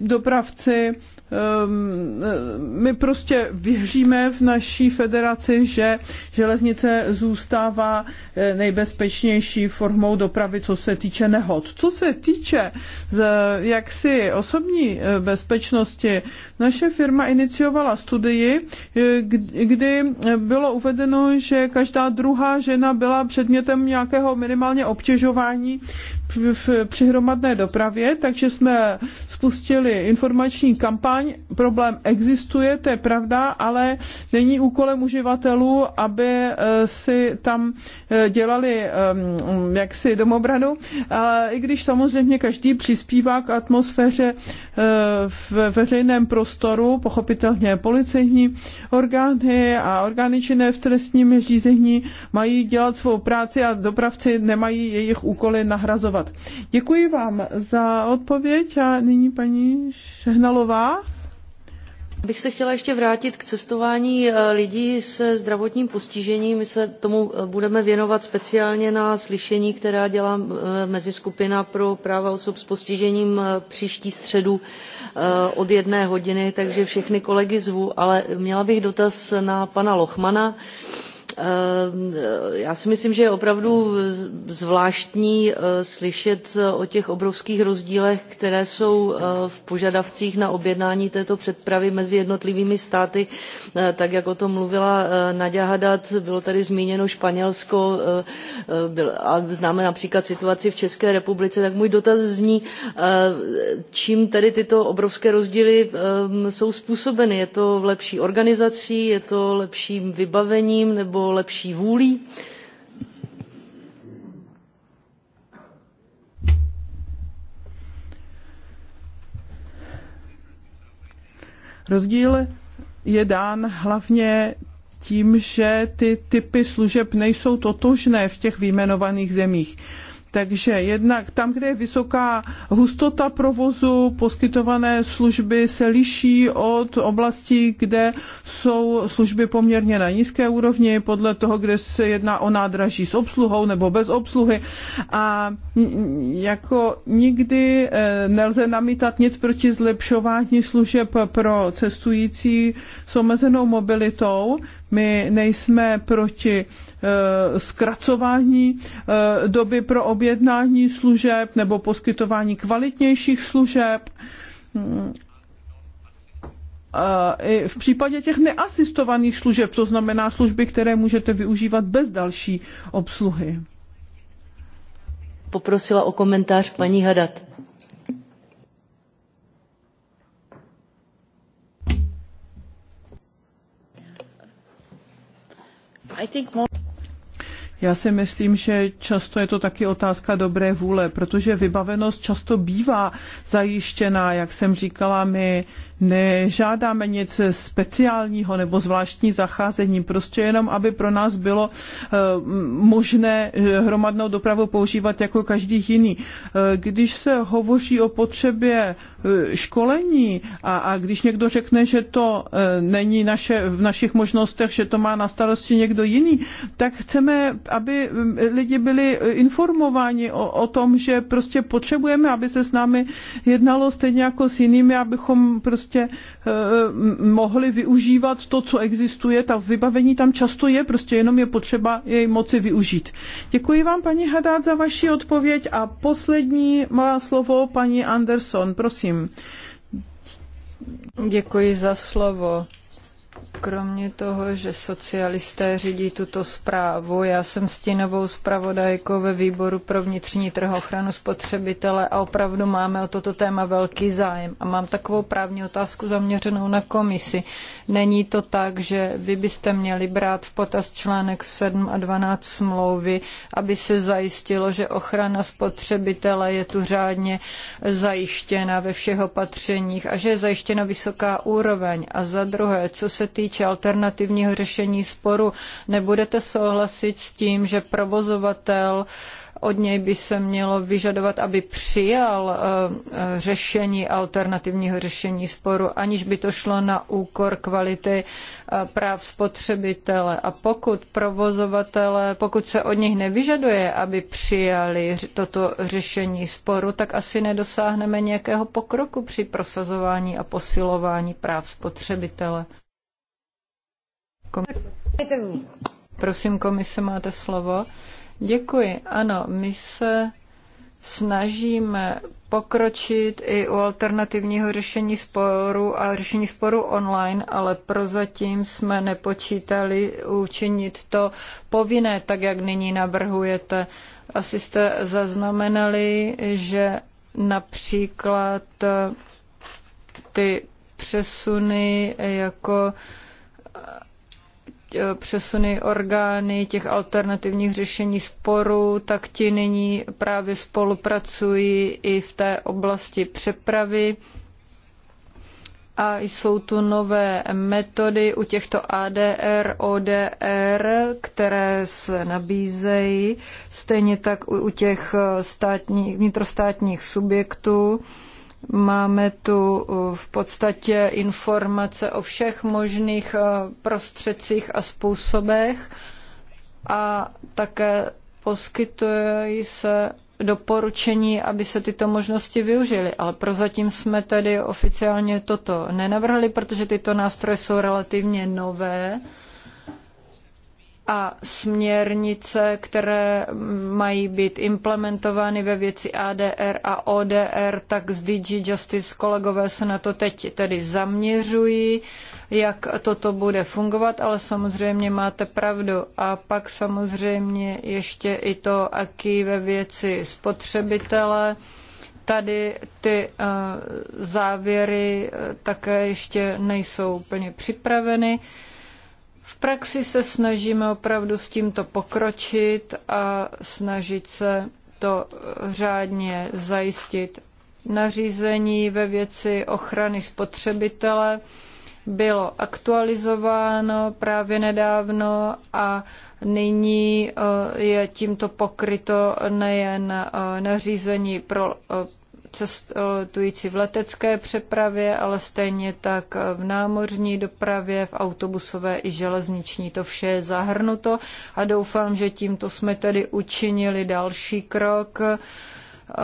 [SPEAKER 3] dopravci Ehm, ehm, my prostě věříme v naší federaci, že železnice zůstává eh, nejbezpečnější formou dopravy, co se týče nehod. Co se týče jaksi osobní eh, bezpečnosti, naše firma iniciovala studii, eh, kdy bylo uvedeno, že každá druhá žena byla předmětem nějakého minimálně obtěžování v přihromadné dopravě, takže jsme spustili informační kampaň. Problém existuje, to je pravda, ale není úkolem uživatelů, aby eh, si tam eh, dělali ehm, jaksi domobranu. I když samozřejmě každý přispívá k atmosféře eh, v veřejném prostoru, pochopitelně policejní orgány a orgány činné v trestním řízení mají dělat svou práci a dopravci nemají jejich úkoly nahrazovat zpracovat. Děkuji vám za odpověď a nyní paní Šehnalová.
[SPEAKER 2] Bych se chtěla ještě vrátit k cestování eh, lidí se zdravotním postižením. My se tomu eh, budeme věnovat speciálně na slyšení, která dělá eh, meziskupina pro práva osob s postižením příští středu od jedné hodiny, takže všechny kolegy zvu. Ale měla bych dotaz na pana Lochmana. Eh, já si myslím, že je opravdu zvláštní eh, slyšet eh, o těch obrovských rozdílech, které jsou v požadavcích na objednání této předpravy mezi jednotlivými státy, tak jak o tom mluvila Nadia Haddad, bylo tady zmíněno Španělsko a známe například situaci v České republice, tak můj dotaz zní, čím tedy tyto obrovské rozdíly jsou způsobeny. Je to lepší organizací, je to lepším vybavením nebo lepší vůlí.
[SPEAKER 3] Rozdíl je dán hlavně tím, že ty typy služeb nejsou totožné v těch vyjmenovaných zemích. Takže jednak tam, kde je vysoká hustota provozu, poskytované služby se liší od oblastí, kde jsou služby poměrně na nízké úrovni, podle toho, kde se jedná o nádraží s obsluhou nebo bez obsluhy. A jako nikdy e, nelze namítat nic proti zlepšování služeb pro cestující s omezenou mobilitou, my nejsme proti eh, zkracování eh, doby pro objednání služeb nebo poskytování kvalitnějších služeb. Eh, I v případě těch neasistovaných služeb, to znamená služby, které můžete využívat bez další obsluhy. Poprosila o komentář paní Hadat. Já si myslím, že často je to taky otázka dobré vůle, protože vybavenost často bývá zajištěná, jak jsem říkala, my nežádáme nic speciálního nebo zvláštní zacházení, prostě jenom, aby pro nás bylo eh, možné eh, hromadnou dopravu používat jako každý jiný. Eh, když se hovoří o potřebě školení a, a když někdo řekne, že to není naše, v našich možnostech, že to má na starosti někdo jiný, tak chceme, aby lidi byli informováni o, o tom, že prostě potřebujeme, aby se s námi jednalo stejně jako s jinými, abychom prostě prostě eh, mohli využívat to, co existuje, ta vybavení tam často je, prostě jenom je potřeba jej moci využít. Děkuji vám, paní Hadát, za vaši odpověď a poslední má slovo paní Anderson, prosím.
[SPEAKER 2] Děkuji za slovo. Kromě toho, že socialisté řídí tuto zprávu, já jsem stínovou zpravodajkou ve výboru pro vnitřní trh ochranu spotřebitele a opravdu máme o toto téma velký zájem. A mám takovou právní otázku zaměřenou na komisi. Není to tak, že vy byste měli brát v potaz článek 7 a 12 smlouvy, aby se zajistilo, že ochrana spotřebitele je tu řádně zajištěna ve všech opatřeních a že je zajištěna vysoká úroveň. A za druhé, co se týče týče alternativního řešení sporu, nebudete souhlasit s tím, že provozovatel od něj by se mělo vyžadovat, aby přijal eh, eh, řešení alternativního řešení sporu, aniž by to šlo na úkor kvality eh, práv spotřebitele. A pokud provozovatele, pokud se od nich nevyžaduje, aby přijali toto řešení sporu, tak asi nedosáhneme nějakého pokroku při prosazování a posilování práv spotřebitele. Komise. Prosím, komise, máte slovo. Děkuji. Ano, my se snažíme pokročit i u alternativního řešení sporu a řešení sporu online, ale prozatím jsme nepočítali učinit to povinné, tak jak nyní navrhujete. Asi jste zaznamenali, že například ty přesuny jako Eh, přesuny orgány těch alternativních řešení sporů, tak ti nyní právě spolupracují i v té oblasti přepravy. A jsou tu nové metody u těchto ADR, ODR, které se nabízejí, stejně tak u těch státních, vnitrostátních subjektů Máme tu uh, v podstatě informace o všech možných uh, prostředcích a způsobech a také poskytují se doporučení, aby se tyto možnosti využily, ale prozatím jsme tedy oficiálně toto nenavrhli, protože tyto nástroje jsou relativně nové a směrnice, které mají být implementovány ve věci ADR a ODR, tak z DG Justice kolegové se na to teď tedy zaměřují, jak toto bude fungovat, ale samozřejmě máte pravdu. A pak samozřejmě ještě i to, aký ve věci spotřebitele tady ty eh, závěry také ještě nejsou úplně připraveny. V praxi se snažíme opravdu s tímto pokročit a snažit se to řádně zajistit. Nařízení ve věci ochrany spotřebitele bylo aktualizováno právě nedávno a nyní eh, je tímto pokryto nejen eh, nařízení pro eh, cestující v letecké přepravě, ale stejně tak v námořní dopravě, v autobusové i železniční. To vše je zahrnuto a doufám, že tímto jsme tedy učinili další krok.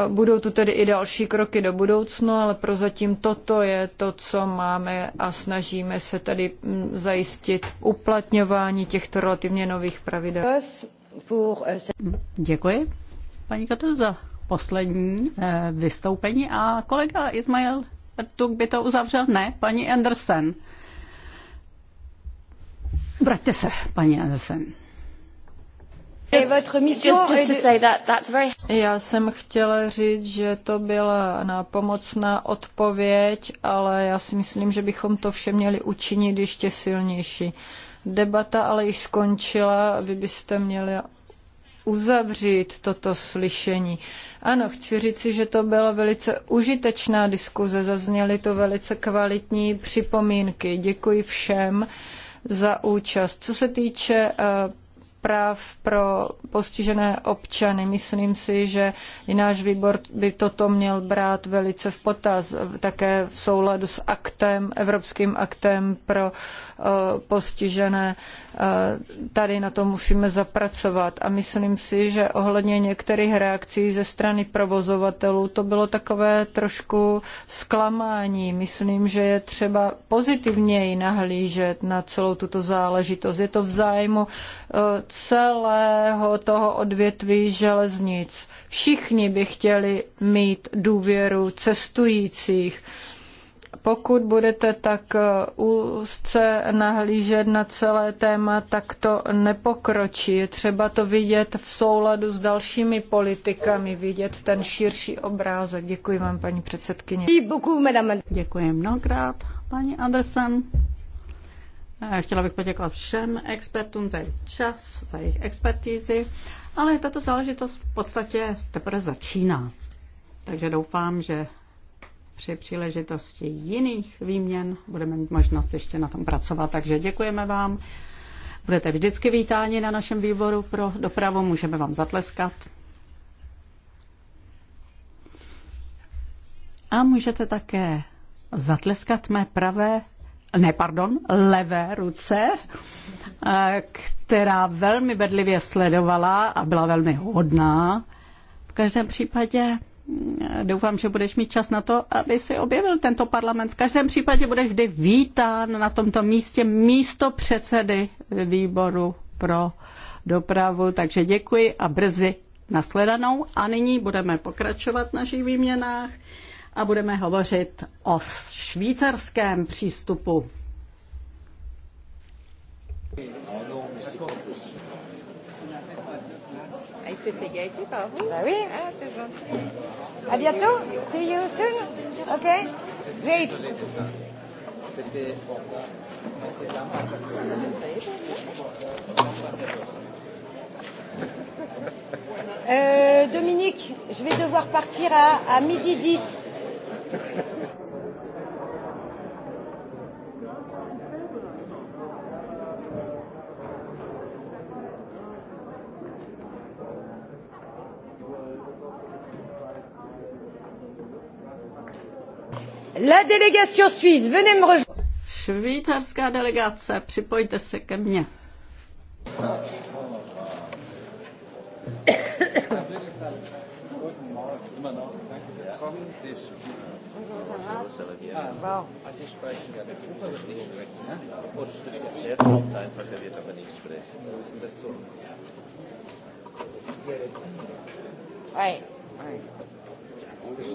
[SPEAKER 2] Budou tu tedy i další kroky do budoucna, ale prozatím toto je to, co máme a snažíme se tady mm, zajistit uplatňování těchto relativně nových pravidel. Děkuji. Paní Katalza,
[SPEAKER 1] poslední eh, vystoupení a kolega Ismail Tuk by to uzavřel. Ne, paní Andersen. Vraťte se, paní Andersen.
[SPEAKER 2] Já jsem chtěla říct, že to byla nápomocná odpověď, ale já si myslím, že bychom to vše měli učinit ještě silnější. Debata ale již skončila, vy byste měli uzavřít toto slyšení. Ano, chci říci, že to byla velice užitečná diskuze, zazněly to velice kvalitní připomínky. Děkuji všem za účast. Co se týče eh, práv pro postižené občany. Myslím si, že i náš výbor by toto měl brát velice v potaz, také v souladu s aktem, evropským aktem pro eh, postižené. Eh, tady na to musíme zapracovat a myslím si, že ohledně některých reakcí ze strany provozovatelů to bylo takové trošku zklamání. Myslím, že je třeba pozitivněji nahlížet na celou tuto záležitost. Je to v zájmu celého toho odvětví železnic. Všichni by chtěli mít důvěru cestujících pokud budete tak eh, úzce nahlížet na celé téma, tak to nepokročí. Je třeba to vidět v souladu s dalšími politikami, vidět ten širší obrázek. Děkuji vám, paní předsedkyně. Děkuji mnohokrát,
[SPEAKER 1] paní Andersen. Chtěla bych poděkovat všem expertům za jejich čas, za jejich expertízy, ale tato záležitost v podstatě teprve začíná. Takže doufám, že při příležitosti jiných výměn budeme mít možnost ještě na tom pracovat. Takže děkujeme vám. Budete vždycky vítáni na našem výboru pro dopravu, můžeme vám zatleskat. A můžete také zatleskat mé pravé ne, pardon, levé ruce, eh, která velmi bedlivě sledovala a byla velmi hodná. V každém případě eh, doufám, že budeš mít čas na to, aby si objevil tento parlament. V každém případě budeš vždy vítán na tomto místě místo předsedy výboru pro dopravu. Takže děkuji a brzy nasledanou. A nyní budeme pokračovat v našich výměnách a budeme hovořit o švýcarském přístupu. Ah,
[SPEAKER 2] Il bientôt. See you soon. OK. Great. Euh, Dominique, je vais devoir partir à, à midi 10. La délégation suisse, venez me rejoindre.
[SPEAKER 1] Švýcarská delegace, připojte se ke mně.
[SPEAKER 3] kommen. Sie ist Ah, wow. Also Sie sprechen
[SPEAKER 1] ja mit Gruppe, wird nicht sprechen. Ne? Oder stimmt der? Der kommt einfach, er wird aber nicht sprechen. Wir müssen das so. Hi. Hi.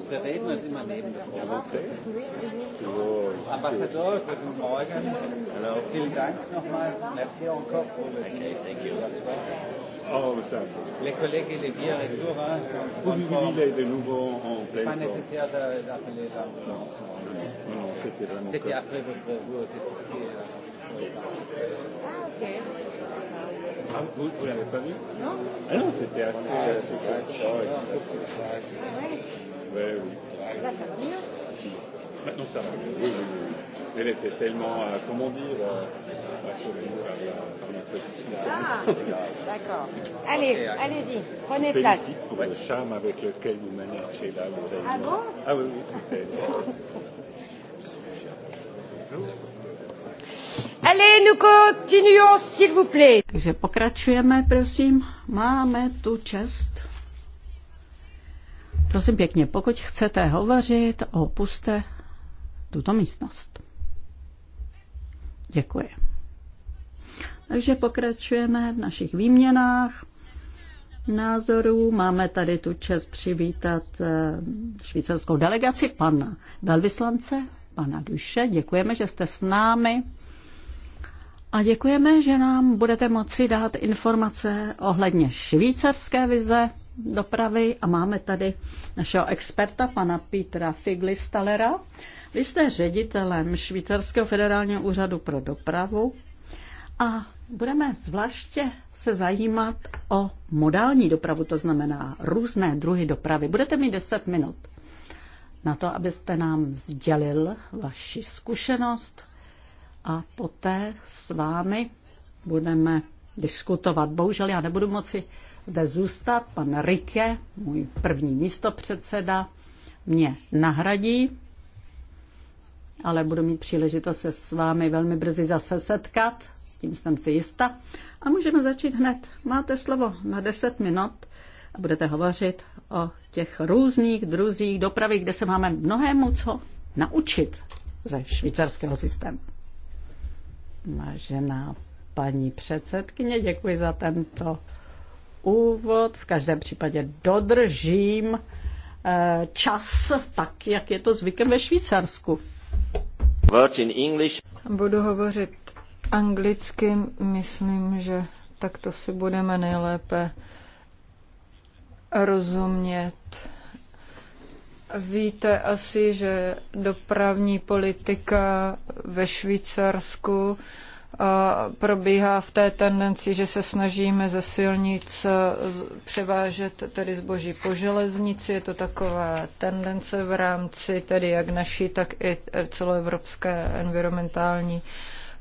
[SPEAKER 1] Der Redner ist immer neben der Frau. Okay. Oh, Ambassador, guten Morgen. Hello. Vielen Dank nochmal. Merci encore. Okay, thank you.
[SPEAKER 3] Oh, ça. Les collègues, et les bien et tout. Hein, Vous oui, oui, il de nouveau en pleine pas nécessaire
[SPEAKER 2] d'appeler là. Non, non,
[SPEAKER 3] non, c'était vraiment... C'était après
[SPEAKER 1] votre... Vous, euh, c'était... Euh, ah,
[SPEAKER 3] ok. Ah,
[SPEAKER 1] vous ne l'avez pas vu
[SPEAKER 3] Non. Ah non, c'était assez... assez ah, ouais. Ouais, oui. Là, ça va mieux Maintenant, ça va. Oui, oui, oui. Elle était tellement, euh, comment dire, euh, ah,
[SPEAKER 2] d'accord. Allez, okay, allez-y, prenez je place. Félicite pour
[SPEAKER 1] le charme avec lequel vous menez Sheila le réunion. Ah bon Ah oui, oui, c'était.
[SPEAKER 2] Allez, nous continuons, s'il vous plaît. Takže pokračujeme,
[SPEAKER 1] prosím. Máme tu čest. Prosím pěkně, pokud chcete hovořit, opuste tuto místnost. Děkuji. Takže pokračujeme v našich výměnách názorů. Máme tady tu čest přivítat eh, švýcarskou delegaci pana velvyslance, pana Duše. Děkujeme, že jste s námi. A děkujeme, že nám budete moci dát informace ohledně švýcarské vize dopravy a máme tady našeho experta, pana Petra Figlistalera. Vy jste ředitelem Švýcarského federálního úřadu pro dopravu a budeme zvláště se zajímat o modální dopravu, to znamená různé druhy dopravy. Budete mít 10 minut na to, abyste nám sdělil vaši zkušenost a poté s vámi budeme diskutovat. Bohužel já nebudu moci zde zůstat. Pan Rike, můj první místopředseda, mě nahradí, ale budu mít příležitost se s vámi velmi brzy zase setkat, tím jsem si jista. A můžeme začít hned. Máte slovo na 10 minut a budete hovořit o těch různých druzích dopravy, kde se máme mnohému co naučit ze švýcarského systému. Vážená paní předsedkyně, děkuji za tento úvod. V každém případě dodržím
[SPEAKER 2] eh, čas tak, jak je to zvykem ve Švýcarsku. Budu hovořit anglicky, myslím, že takto si budeme nejlépe rozumět. Víte asi, že dopravní politika ve Švýcarsku probíhá v té tendenci, že se snažíme ze silnic e, převážet tedy zboží po železnici. Je to taková tendence v rámci tedy jak naší, tak i e, celoevropské environmentální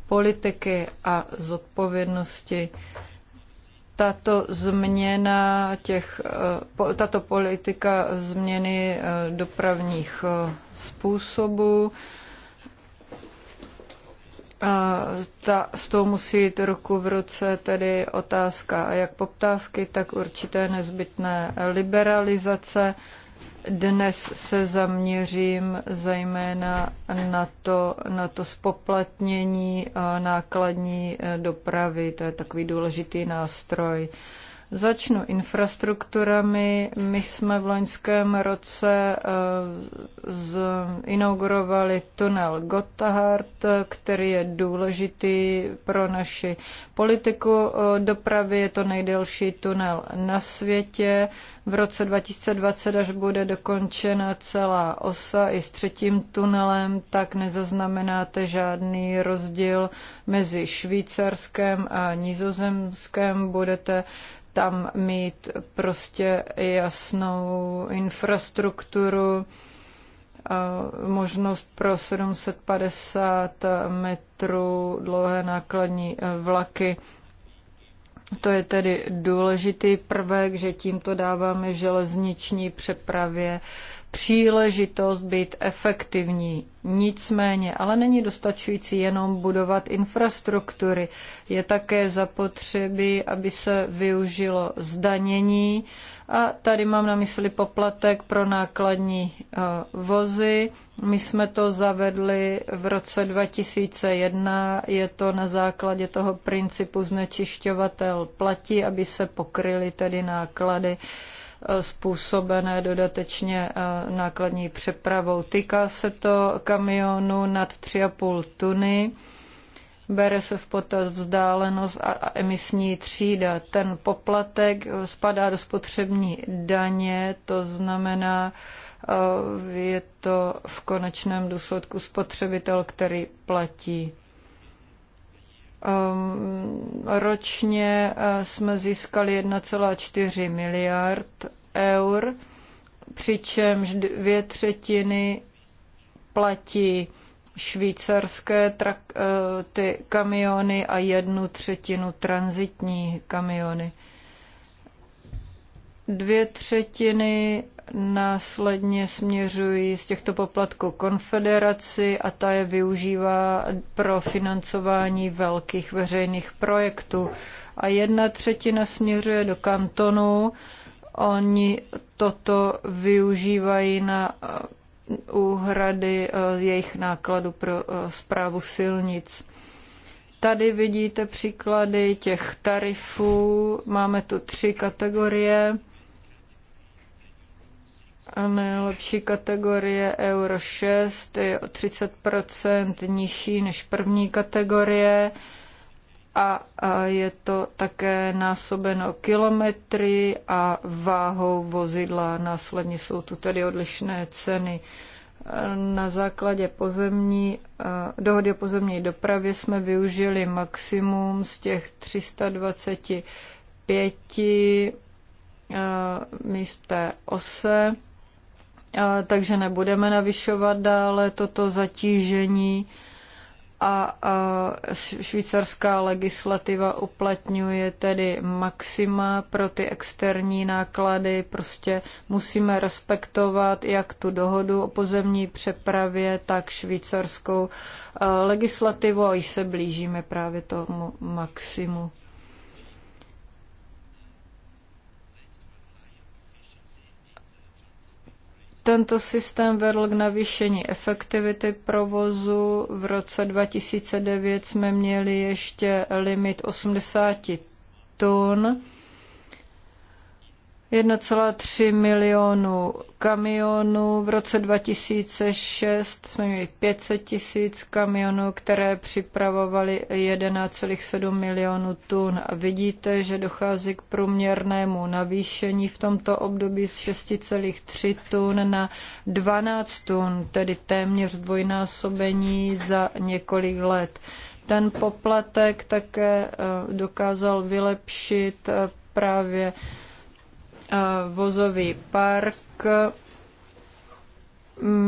[SPEAKER 2] politiky a zodpovědnosti. Tato změna těch, e, tato politika změny dopravních způsobů, ta, s tou musí jít ruku v ruce tedy otázka jak poptávky, tak určité nezbytné liberalizace. Dnes se zaměřím zejména na to, na to spoplatnění nákladní e, dopravy. To je takový důležitý nástroj. Uh, Začnu infrastrukturami. My jsme v loňském roce eh, inaugurovali tunel Gotthard, který je důležitý pro naši politiku eh, dopravy. Je to nejdelší tunel na světě. V roce 2020, až bude dokončena celá osa i s třetím tunelem, tak nezaznamenáte žádný rozdíl mezi Švýcarskem a Nizozemskem. Budete tam mít prostě jasnou infrastrukturu, možnost pro 750 metrů dlouhé nákladní e, vlaky. To je tedy důležitý prvek, že tímto dáváme železniční přepravě příležitost být efektivní. Nicméně, ale není dostačující jenom budovat infrastruktury. Je také zapotřebí, aby se využilo zdanění. A tady mám na mysli poplatek pro nákladní eh, vozy. My jsme to zavedli v roce 2001. Je to na základě toho principu znečišťovatel platí, aby se pokryly tedy náklady Eh, způsobené dodatečně eh, nákladní přepravou. Týká se to kamionu nad 3,5 tuny. Bere se v potaz vzdálenost a emisní třída. Ten poplatek eh, spadá do spotřební daně, to znamená, je to v konečném důsledku spotřebitel, který platí. Um, ročně eh, jsme získali 1,4 miliard eur, přičemž dvě třetiny platí švýcarské eh, ty kamiony a jednu třetinu transitní kamiony. Dvě třetiny následně směřují z těchto poplatků konfederaci a ta je využívá pro financování velkých veřejných projektů. A jedna třetina směřuje do kantonu. Oni toto využívají na uh, úhrady uh, jejich nákladu pro zprávu uh, silnic. Tady vidíte příklady těch tarifů. Máme tu tři kategorie a nejlepší kategorie Euro 6 je o 30 nižší než první kategorie a je to také násobeno kilometry a váhou vozidla. Následně jsou tu tedy odlišné ceny. Na základě pozemní, dohody o pozemní dopravě jsme využili maximum z těch 325 míst té ose takže nebudeme navyšovat dále toto zatížení a švýcarská legislativa uplatňuje tedy maxima pro ty externí náklady. Prostě musíme respektovat jak tu dohodu o pozemní přepravě, tak švýcarskou legislativu a již se blížíme právě tomu maximu. Tento systém vedl k navýšení efektivity provozu. V roce 2009 jsme měli ještě limit 80 tun 1,3 milionu kamionů. V roce 2006 jsme měli 500 tisíc kamionů, které připravovaly 11,7 milionů tun. A vidíte, že dochází k průměrnému navýšení v tomto období z 6,3 tun na 12 tun, tedy téměř dvojnásobení za několik let. Ten poplatek také eh, dokázal vylepšit eh, právě vozový park.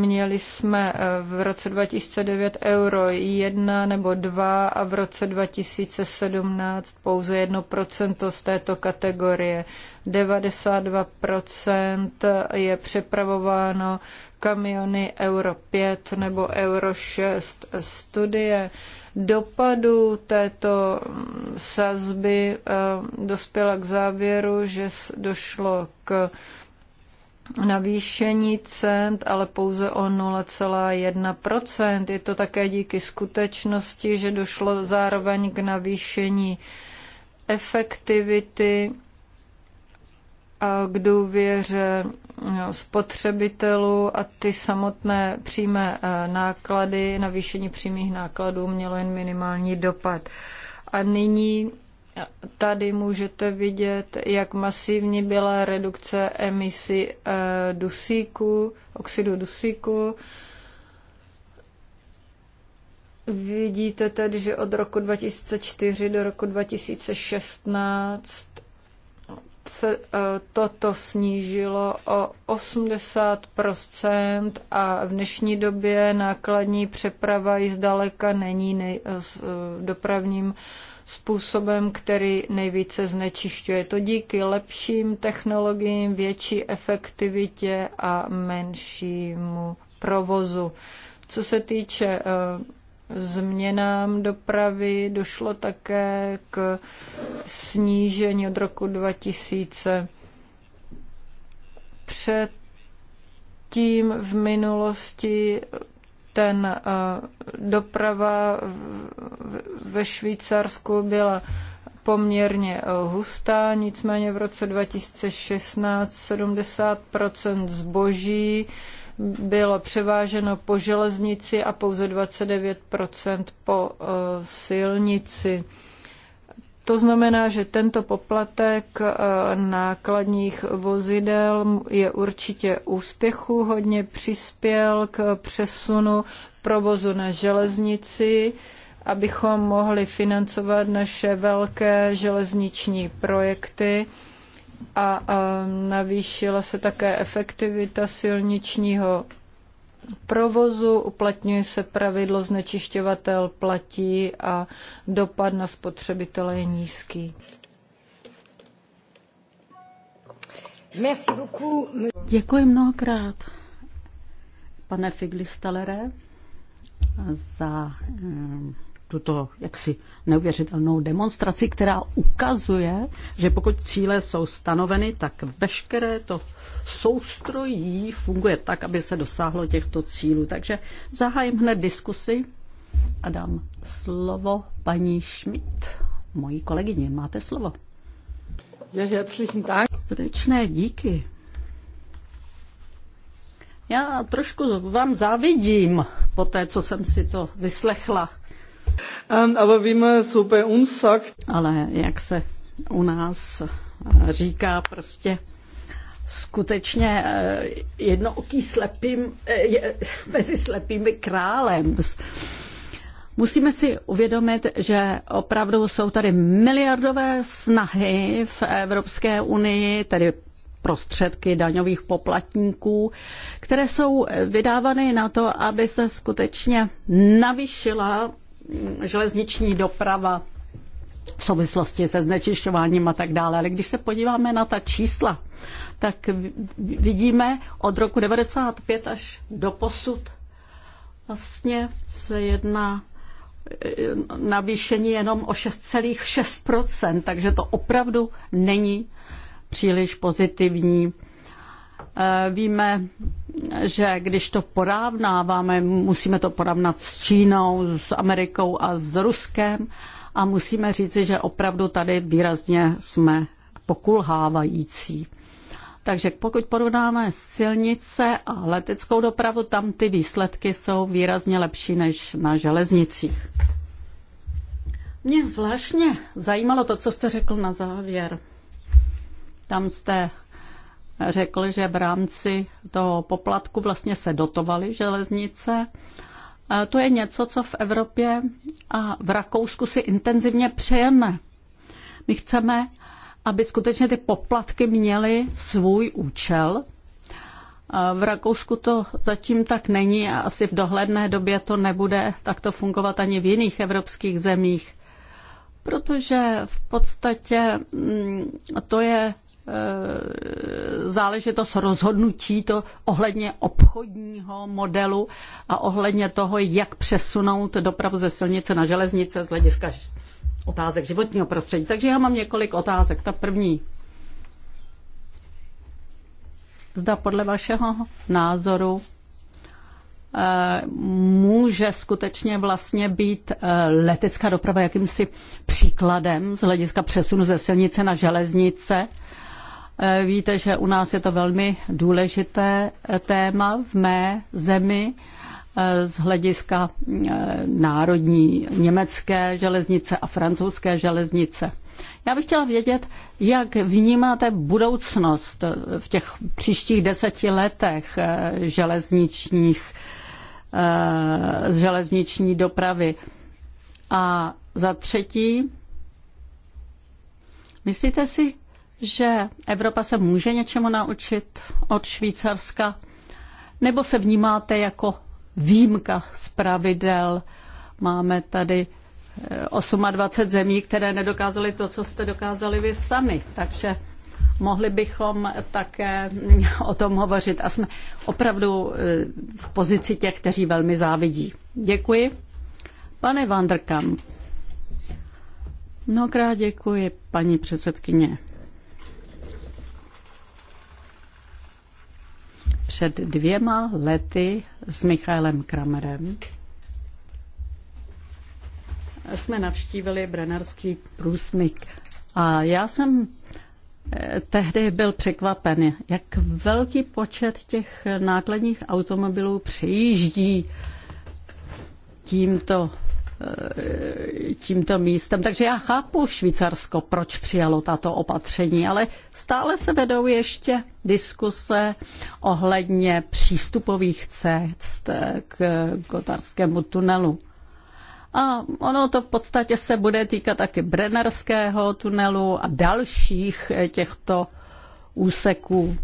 [SPEAKER 2] Měli jsme e, v roce 2009 euro 1 nebo 2 a v roce 2017 pouze 1% z této kategorie. 92% je přepravováno kamiony euro 5 nebo euro 6 studie dopadu této sazby eh, dospěla k závěru, že došlo k navýšení cent, ale pouze o 0,1%. Je to také díky skutečnosti, že došlo zároveň k navýšení efektivity k důvěře no, spotřebitelů a ty samotné přímé eh, náklady, navýšení přímých nákladů mělo jen minimální dopad. A nyní tady můžete vidět, jak masivní byla redukce emisí eh, dusíku, oxidu dusíku. Vidíte tedy, že od roku 2004 do roku 2016 se eh, toto snížilo o 80 a v dnešní době nákladní přeprava ji zdaleka není nej, eh, eh, dopravním způsobem, který nejvíce znečišťuje. To díky lepším technologiím, větší efektivitě a menšímu provozu. Co se týče změnám dopravy. Došlo také k snížení od roku 2000. Před tím v minulosti ten eh, doprava ve Švýcarsku byla poměrně eh, hustá, nicméně v roce 2016 70 zboží bylo převáženo po železnici a pouze 29 po eh, silnici. To znamená, že tento poplatek eh, nákladních vozidel je určitě úspěchu, hodně přispěl k přesunu provozu na železnici, abychom mohli financovat naše velké železniční projekty a, navýšila se také efektivita silničního provozu, uplatňuje se pravidlo znečišťovatel platí a dopad na spotřebitele je nízký. Děkuji mnohokrát,
[SPEAKER 1] pane Figlistalere, za eh, tuto jaksi neuvěřitelnou demonstraci, která ukazuje, že pokud cíle jsou stanoveny, tak veškeré to soustrojí funguje tak, aby se dosáhlo těchto cílů. Takže zahájím hned diskusy a dám slovo paní Schmidt, mojí kolegyně. Máte slovo. Ja, herzlichen Dank. Srdečné díky. Já trošku vám závidím po té, co jsem si to vyslechla. Ehm, Ale jak se u nás eh, říká prostě skutečně eh, jednooký slepým, eh, mezi slepými králem. Musíme si uvědomit, že opravdu jsou tady miliardové snahy v Evropské unii, tedy prostředky daňových poplatníků, které jsou vydávány na to, aby se skutečně navýšila železniční doprava v souvislosti se znečišťováním a tak dále. Ale když se podíváme na ta čísla, tak vidíme od roku 95 až do posud vlastně se jedná eh, navýšení jenom o 6,6%, takže to opravdu není příliš pozitivní Eh, víme, že když to porovnáváme, musíme to porovnat s Čínou, s Amerikou a s Ruskem a musíme říci, že opravdu tady výrazně jsme pokulhávající. Takže pokud porovnáme silnice a leteckou dopravu, tam ty výsledky jsou výrazně lepší než na železnicích. Mě zvláštně zajímalo to, co jste řekl na závěr. Tam jste řekl, že v rámci toho poplatku vlastně se dotovaly železnice. To je něco, co v Evropě a v Rakousku si intenzivně přejeme. My chceme, aby skutečně ty poplatky měly svůj účel. V Rakousku to zatím tak není a asi v dohledné době to nebude takto fungovat ani v jiných evropských zemích, protože v podstatě mm, to je Eh, záležitost rozhodnutí to ohledně obchodního modelu a ohledně toho, jak přesunout dopravu ze silnice na železnice z hlediska otázek životního prostředí. Takže já mám několik otázek. Ta první. Zda podle vašeho názoru eh, může skutečně vlastně být eh, letecká doprava jakýmsi příkladem z hlediska přesunu ze silnice na železnice Eh, víte, že u nás je to velmi důležité eh, téma v mé zemi eh, z hlediska národní německé železnice a francouzské železnice. Já bych chtěla vědět, jak vnímáte budoucnost v těch příštích deseti letech železničních, železniční dopravy. A za třetí, myslíte si, že Evropa se může něčemu naučit od Švýcarska, nebo se vnímáte jako výjimka z pravidel? Máme tady 28 eh, zemí, které nedokázaly to, co jste dokázali vy sami. Takže mohli bychom také o tom hovořit. A jsme opravdu eh, v pozici těch, kteří velmi závidí. Děkuji. Pane Vanderkamp, mnohokrát děkuji, paní předsedkyně. Před dvěma lety s Michaelem Kramerem jsme navštívili Brenarský průsmyk a já jsem eh, tehdy byl překvapen, jak velký počet těch nákladních automobilů přijíždí tímto Eh, tímto místem. Takže já chápu Švýcarsko, proč přijalo tato opatření, ale stále se vedou ještě diskuse ohledně přístupových cest k gotarskému tunelu. A ono to v podstatě se bude týkat taky Brennerského tunelu a dalších eh, těchto úseků.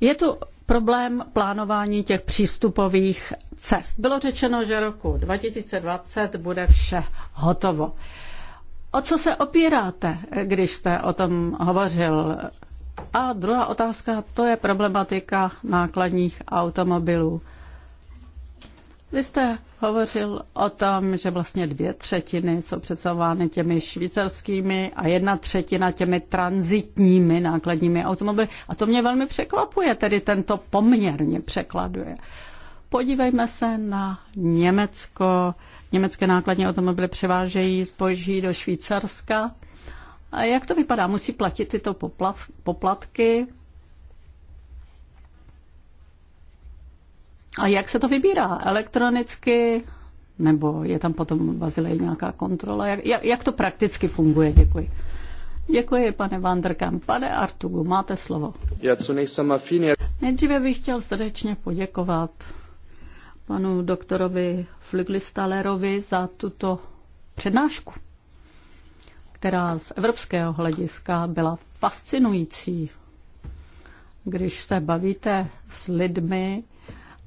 [SPEAKER 1] Je tu problém plánování těch přístupových cest. Bylo řečeno, že roku 2020 bude vše hotovo. O co se opíráte, když jste o tom hovořil? A druhá otázka, to je problematika nákladních automobilů. Vy jste hovořil o tom, že vlastně dvě třetiny jsou představovány těmi švýcarskými a jedna třetina těmi transitními nákladními automobily. A to mě velmi překvapuje, tedy tento poměrně překladuje. Podívejme se na Německo. Německé nákladní automobily převážejí zboží do Švýcarska. A jak to vypadá? Musí platit tyto poplav, poplatky? A jak se to vybírá? Elektronicky? Nebo je tam potom v nějaká kontrola? Jak, jak, jak to prakticky funguje? Děkuji. Děkuji, pane Vanderkam. Pane Artugu, máte slovo.
[SPEAKER 3] Já co nejsem afíně.
[SPEAKER 1] Nejdříve bych chtěl srdečně poděkovat panu doktorovi Fliglistalerovi za tuto přednášku, která z evropského hlediska byla fascinující. Když se bavíte s lidmi,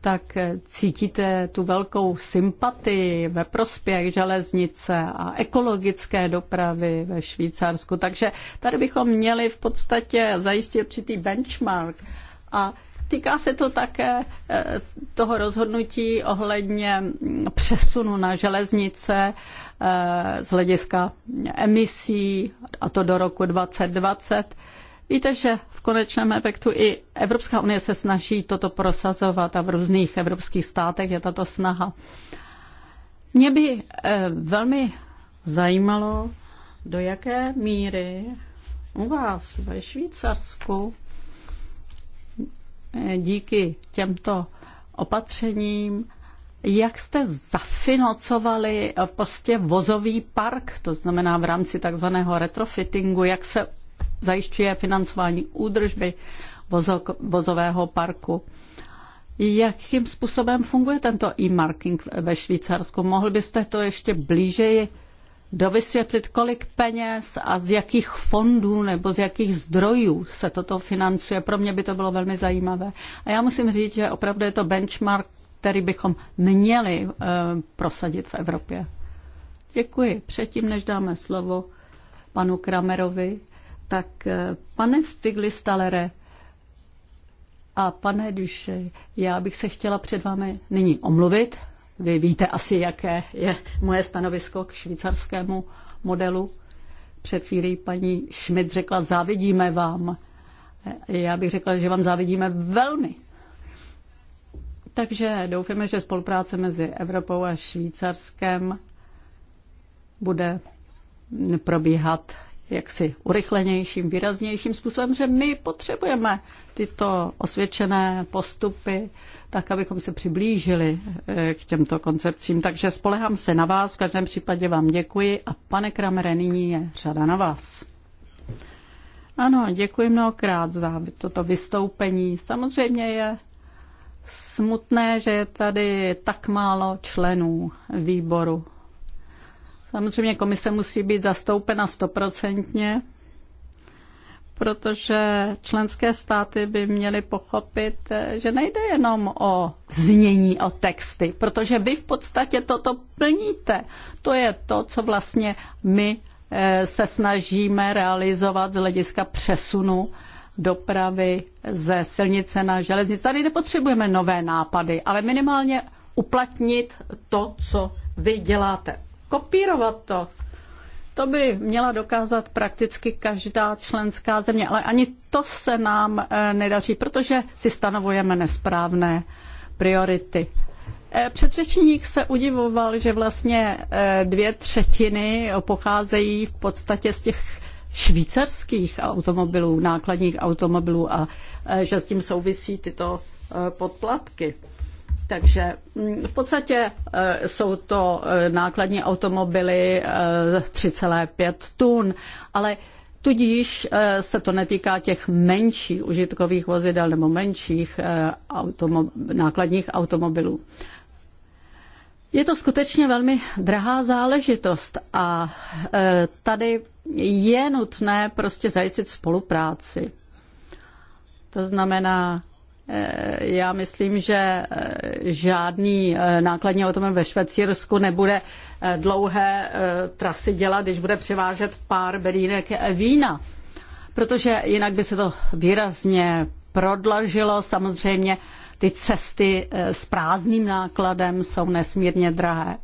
[SPEAKER 1] tak eh, cítíte tu velkou sympatii ve prospěch železnice a ekologické dopravy ve Švýcarsku. Takže tady bychom měli v podstatě zajistit určitý benchmark. A týká se to také eh, toho rozhodnutí ohledně mm, přesunu na železnice eh, z hlediska emisí, a to do roku 2020. Víte, že v konečném efektu i Evropská unie se snaží toto prosazovat a v různých evropských státech je tato snaha. Mě by eh, velmi zajímalo, do jaké míry u vás ve Švýcarsku eh, díky těmto opatřením, jak jste zafinancovali prostě vozový park, to znamená v rámci takzvaného retrofittingu, jak se zajišťuje financování údržby vozového parku. Jakým způsobem funguje tento e-marking ve Švýcarsku? Mohl byste to ještě blíže dovysvětlit, kolik peněz a z jakých fondů nebo z jakých zdrojů se toto financuje? Pro mě by to bylo velmi zajímavé. A já musím říct, že opravdu je to benchmark, který bychom měli eh, prosadit v Evropě. Děkuji. Předtím, než dáme slovo panu Kramerovi, tak eh, pane Figlistalere a pane Duše, já bych se chtěla před vámi nyní omluvit. Vy víte asi, jaké je moje stanovisko k švýcarskému modelu. Před chvílí paní Schmidt řekla, závidíme vám. Eh, já bych řekla, že vám závidíme velmi. Takže doufáme, že spolupráce mezi Evropou a Švýcarskem bude probíhat jaksi urychlenějším, výraznějším způsobem, že my potřebujeme tyto osvědčené postupy, tak abychom se přiblížili eh, k těmto koncepcím. Takže spolehám se na vás, v každém případě vám děkuji a pane Kramere, nyní je řada na vás. Ano, děkuji mnohokrát za toto vystoupení. Samozřejmě je smutné, že je tady tak málo členů výboru Samozřejmě komise musí být zastoupena stoprocentně, protože členské státy by měly pochopit, že nejde jenom o znění, o texty, protože vy v podstatě toto plníte. To je to, co vlastně my eh, se snažíme realizovat z hlediska přesunu dopravy ze silnice na železnici. Tady nepotřebujeme nové nápady, ale minimálně uplatnit to, co vy děláte kopírovat to. To by měla dokázat prakticky každá členská země, ale ani to se nám eh, nedaří, protože si stanovujeme nesprávné priority. Eh, předřečník se udivoval, že vlastně eh, dvě třetiny pocházejí v podstatě z těch švýcarských automobilů, nákladních automobilů a že s tím souvisí tyto podplatky. Takže mm, v podstatě eh, jsou to eh, nákladní automobily 3,5 eh, tun, ale tudíž se to netýká těch menších užitkových vozidel nebo menších nákladních automobilů. Je to skutečně velmi drahá záležitost a tady je nutné prostě zajistit spolupráci. To znamená, Eh, já myslím, že eh, žádný eh, nákladní automobil ve Švecírsku nebude dlouhé trasy dělat, když bude převážet pár bedínek vína, protože jinak by se to výrazně prodlažilo. Samozřejmě ty cesty s prázdným nákladem jsou nesmírně drahé.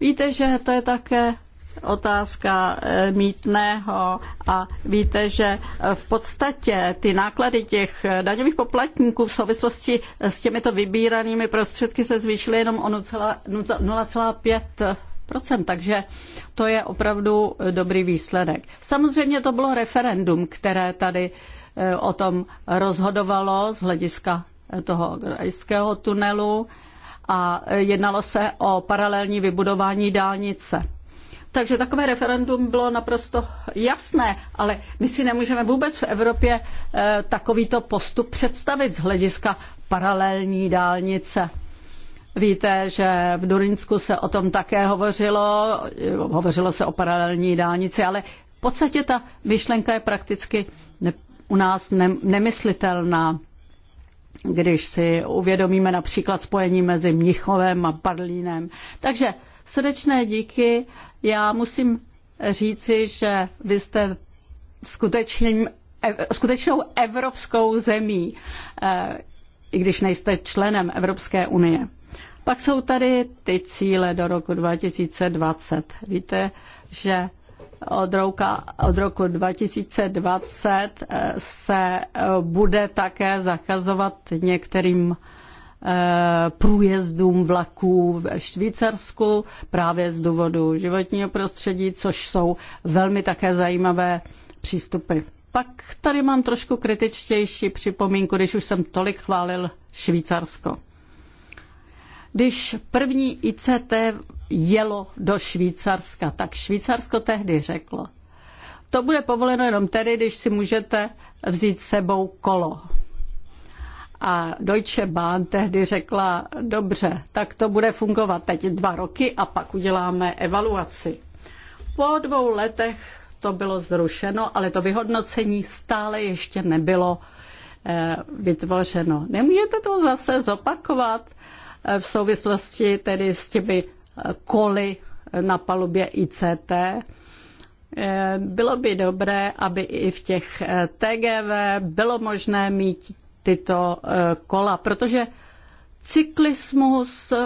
[SPEAKER 1] Víte, že to je také otázka mítného a víte, že v podstatě ty náklady těch daňových poplatníků v souvislosti s těmito vybíranými prostředky se zvýšily jenom o 0,5 takže to je opravdu dobrý výsledek. Samozřejmě to bylo referendum, které tady o tom rozhodovalo z hlediska toho grajského tunelu a jednalo se o paralelní vybudování dálnice. Takže takové referendum bylo naprosto jasné, ale my si nemůžeme vůbec v Evropě eh, takovýto postup představit z hlediska paralelní dálnice. Víte, že v Durinsku se o tom také hovořilo, eh, hovořilo se o paralelní dálnici, ale v podstatě ta myšlenka je prakticky ne, u nás ne, nemyslitelná. Když si uvědomíme například spojení mezi Mnichovem a Parlínem. Takže srdečné díky já musím říci, že vy jste skutečným, skutečnou evropskou zemí, eh, i když nejste členem Evropské unie. Pak jsou tady ty cíle do roku 2020. Víte, že od, rouka, od roku 2020 eh, se eh, bude také zakazovat některým Eh, průjezdům vlaků ve Švýcarsku právě z důvodu životního prostředí, což jsou velmi také zajímavé přístupy. Pak tady mám trošku kritičtější připomínku, když už jsem tolik chválil Švýcarsko. Když první ICT jelo do Švýcarska, tak Švýcarsko tehdy řeklo, to bude povoleno jenom tedy, když si můžete vzít sebou kolo. A Deutsche Bahn tehdy řekla, dobře, tak to bude fungovat teď dva roky a pak uděláme evaluaci. Po dvou letech to bylo zrušeno, ale to vyhodnocení stále ještě nebylo eh, vytvořeno. Nemůžete to zase zopakovat eh, v souvislosti tedy s těmi eh, koly na palubě ICT. Bylo by dobré, aby i v těch TGV bylo možné mít tyto eh, kola, protože cyklismus eh,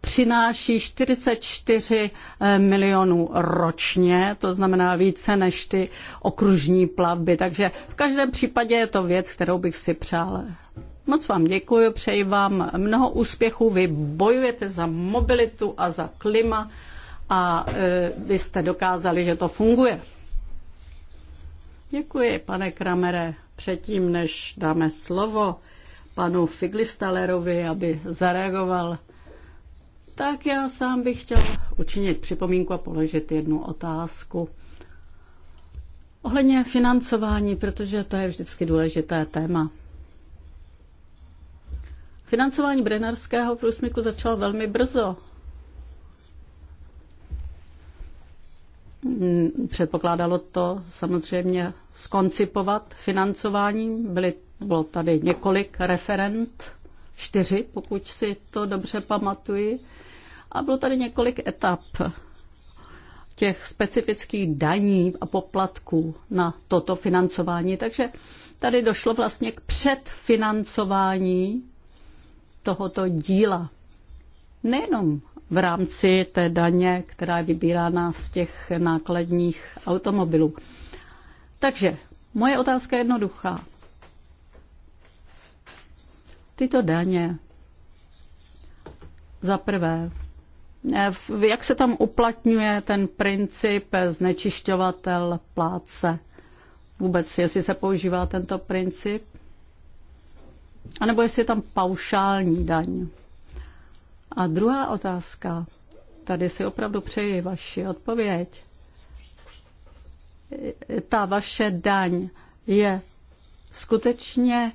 [SPEAKER 1] přináší 44 eh, milionů ročně, to znamená více než ty okružní plavby. Takže v každém případě je to věc, kterou bych si přál. Moc vám děkuji, přeji vám mnoho úspěchů. Vy bojujete za mobilitu a za klima a vy jste dokázali, že to funguje. Děkuji, pane Kramere. Předtím, než dáme slovo panu Figlistalerovi, aby zareagoval, tak já sám bych chtěl učinit připomínku a položit jednu otázku. Ohledně financování, protože to je vždycky důležité téma. Financování Brenarského průsmyku začalo velmi brzo, Mm, předpokládalo to samozřejmě skoncipovat financování. Byly, bylo tady několik referent, čtyři, pokud si to dobře pamatuji. A bylo tady několik etap těch specifických daní a poplatků na toto financování. Takže tady došlo vlastně k předfinancování tohoto díla. Nejenom v rámci té daně, která je vybírána z těch nákladních automobilů. Takže moje otázka je jednoduchá. Tyto daně za prvé, jak se tam uplatňuje ten princip znečišťovatel pláce? Vůbec, jestli se používá tento princip? A nebo jestli je tam paušální daň? A druhá otázka, tady si opravdu přeji vaši odpověď. Ta vaše daň je skutečně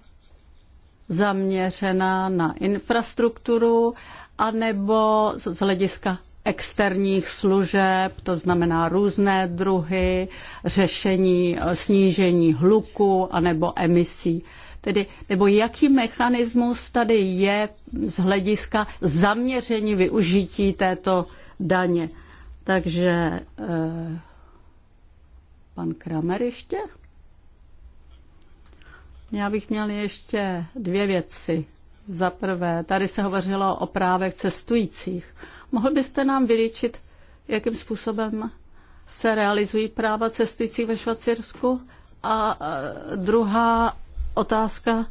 [SPEAKER 1] zaměřená na infrastrukturu anebo z hlediska externích služeb, to znamená různé druhy řešení snížení hluku anebo emisí. Tedy, nebo jaký mechanismus tady je z hlediska zaměření využití této daně. Takže eh, pan Kramer ještě? Já bych měl ještě dvě věci. Za prvé, tady se hovořilo o právech cestujících. Mohl byste nám vylíčit, jakým způsobem se realizují práva cestujících ve Švacirsku? A eh, druhá otázka,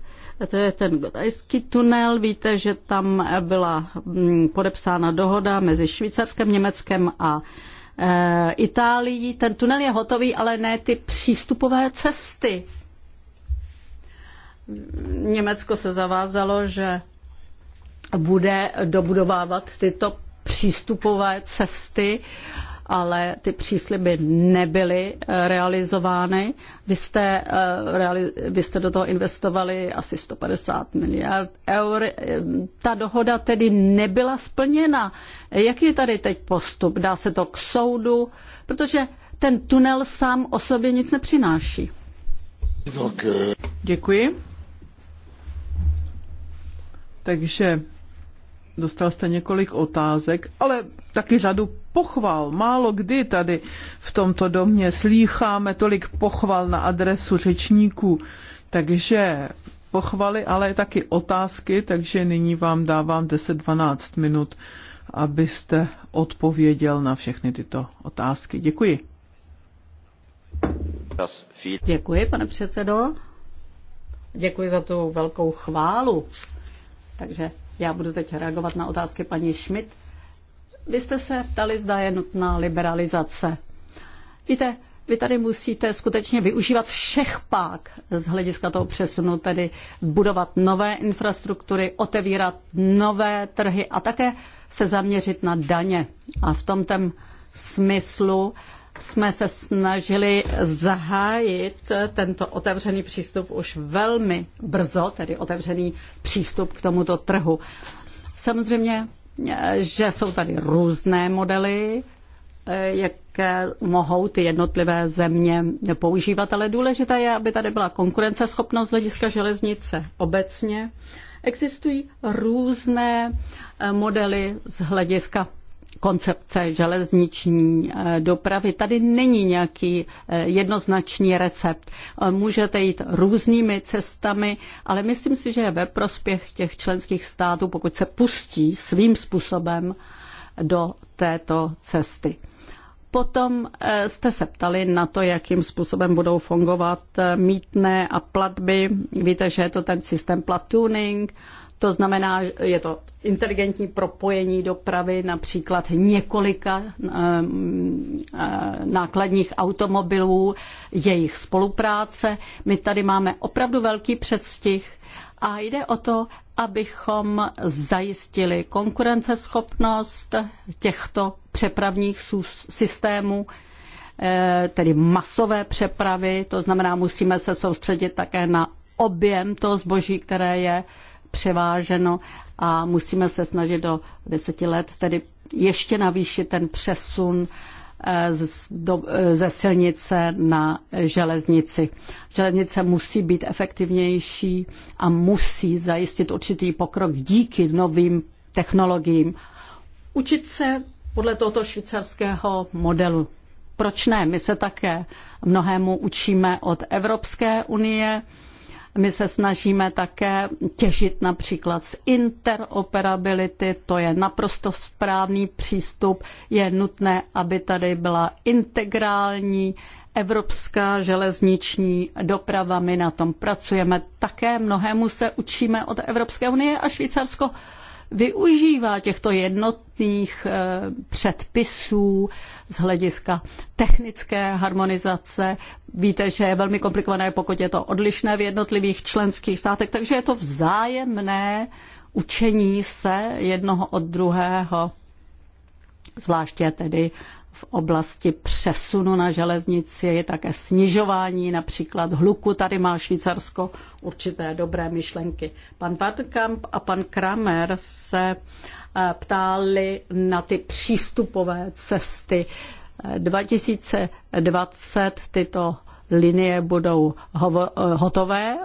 [SPEAKER 1] to je ten gotajský tunel. Víte, že tam byla mm, podepsána dohoda mezi Švýcarskem, Německem a e, Itálií. Ten tunel je hotový, ale ne ty přístupové cesty. Německo se zavázalo, že bude dobudovávat tyto přístupové cesty ale ty přísliby nebyly eh, realizovány. Vy jste, eh, vy jste do toho investovali asi 150 miliard eur. Eh, ta dohoda tedy nebyla splněna. Jaký je tady teď postup? Dá se to k soudu? Protože ten tunel sám o sobě nic nepřináší.
[SPEAKER 3] Děkuji. Takže Dostal jste několik otázek, ale taky řadu pochval. Málo kdy tady v tomto domě slýcháme tolik pochval na adresu řečníků. Takže pochvaly, ale taky otázky, takže nyní vám dávám 10-12 minut, abyste odpověděl na všechny tyto otázky. Děkuji.
[SPEAKER 1] Děkuji, pane předsedo. Děkuji za tu velkou chválu. Takže já budu teď reagovat na otázky paní Schmidt. Vy jste se ptali, zda je nutná liberalizace. Víte, vy tady musíte skutečně využívat všech pák z hlediska toho přesunu, tedy budovat nové infrastruktury, otevírat nové trhy a také se zaměřit na daně. A v tom smyslu jsme se snažili zahájit tento otevřený přístup už velmi brzo, tedy otevřený přístup k tomuto trhu. Samozřejmě, že jsou tady různé modely, jaké mohou ty jednotlivé země používat, ale důležité je, aby tady byla konkurenceschopnost z hlediska železnice obecně. Existují různé modely z hlediska koncepce železniční eh, dopravy. Tady není nějaký eh, jednoznačný recept. Eh, můžete jít různými cestami, ale myslím si, že je ve prospěch těch členských států, pokud se pustí svým způsobem do této cesty. Potom jste se ptali na to, jakým způsobem budou fungovat mítné a platby. Víte, že je to ten systém platooning. tuning to znamená, je to inteligentní propojení dopravy například několika eh, eh, nákladních automobilů, jejich spolupráce. My tady máme opravdu velký předstih a jde o to, abychom zajistili konkurenceschopnost těchto přepravních systémů, eh, tedy masové přepravy, to znamená, musíme se soustředit také na objem toho zboží, které je převáženo a musíme se snažit do deseti let tedy ještě navýšit ten přesun eh, eh, ze silnice na železnici. Železnice musí být efektivnější a musí zajistit určitý pokrok díky novým technologiím. Učit se podle tohoto švýcarského modelu. Proč ne? My se také mnohému učíme od Evropské unie. My se snažíme také těžit například z interoperability, to je naprosto správný přístup. Je nutné, aby tady byla integrální evropská železniční doprava. My na tom pracujeme také, mnohému se učíme od Evropské unie a Švýcarsko využívá těchto jednotných eh, předpisů z hlediska technické harmonizace. Víte, že je velmi komplikované, pokud je to odlišné v jednotlivých členských státech, takže je to vzájemné učení se jednoho od druhého, zvláště tedy v oblasti přesunu na železnici, je také snižování například hluku. Tady má Švýcarsko určité dobré myšlenky. Pan Vatkamp a pan Kramer se eh, ptáli na ty přístupové cesty. 2020 eh, tyto linie budou eh, hotové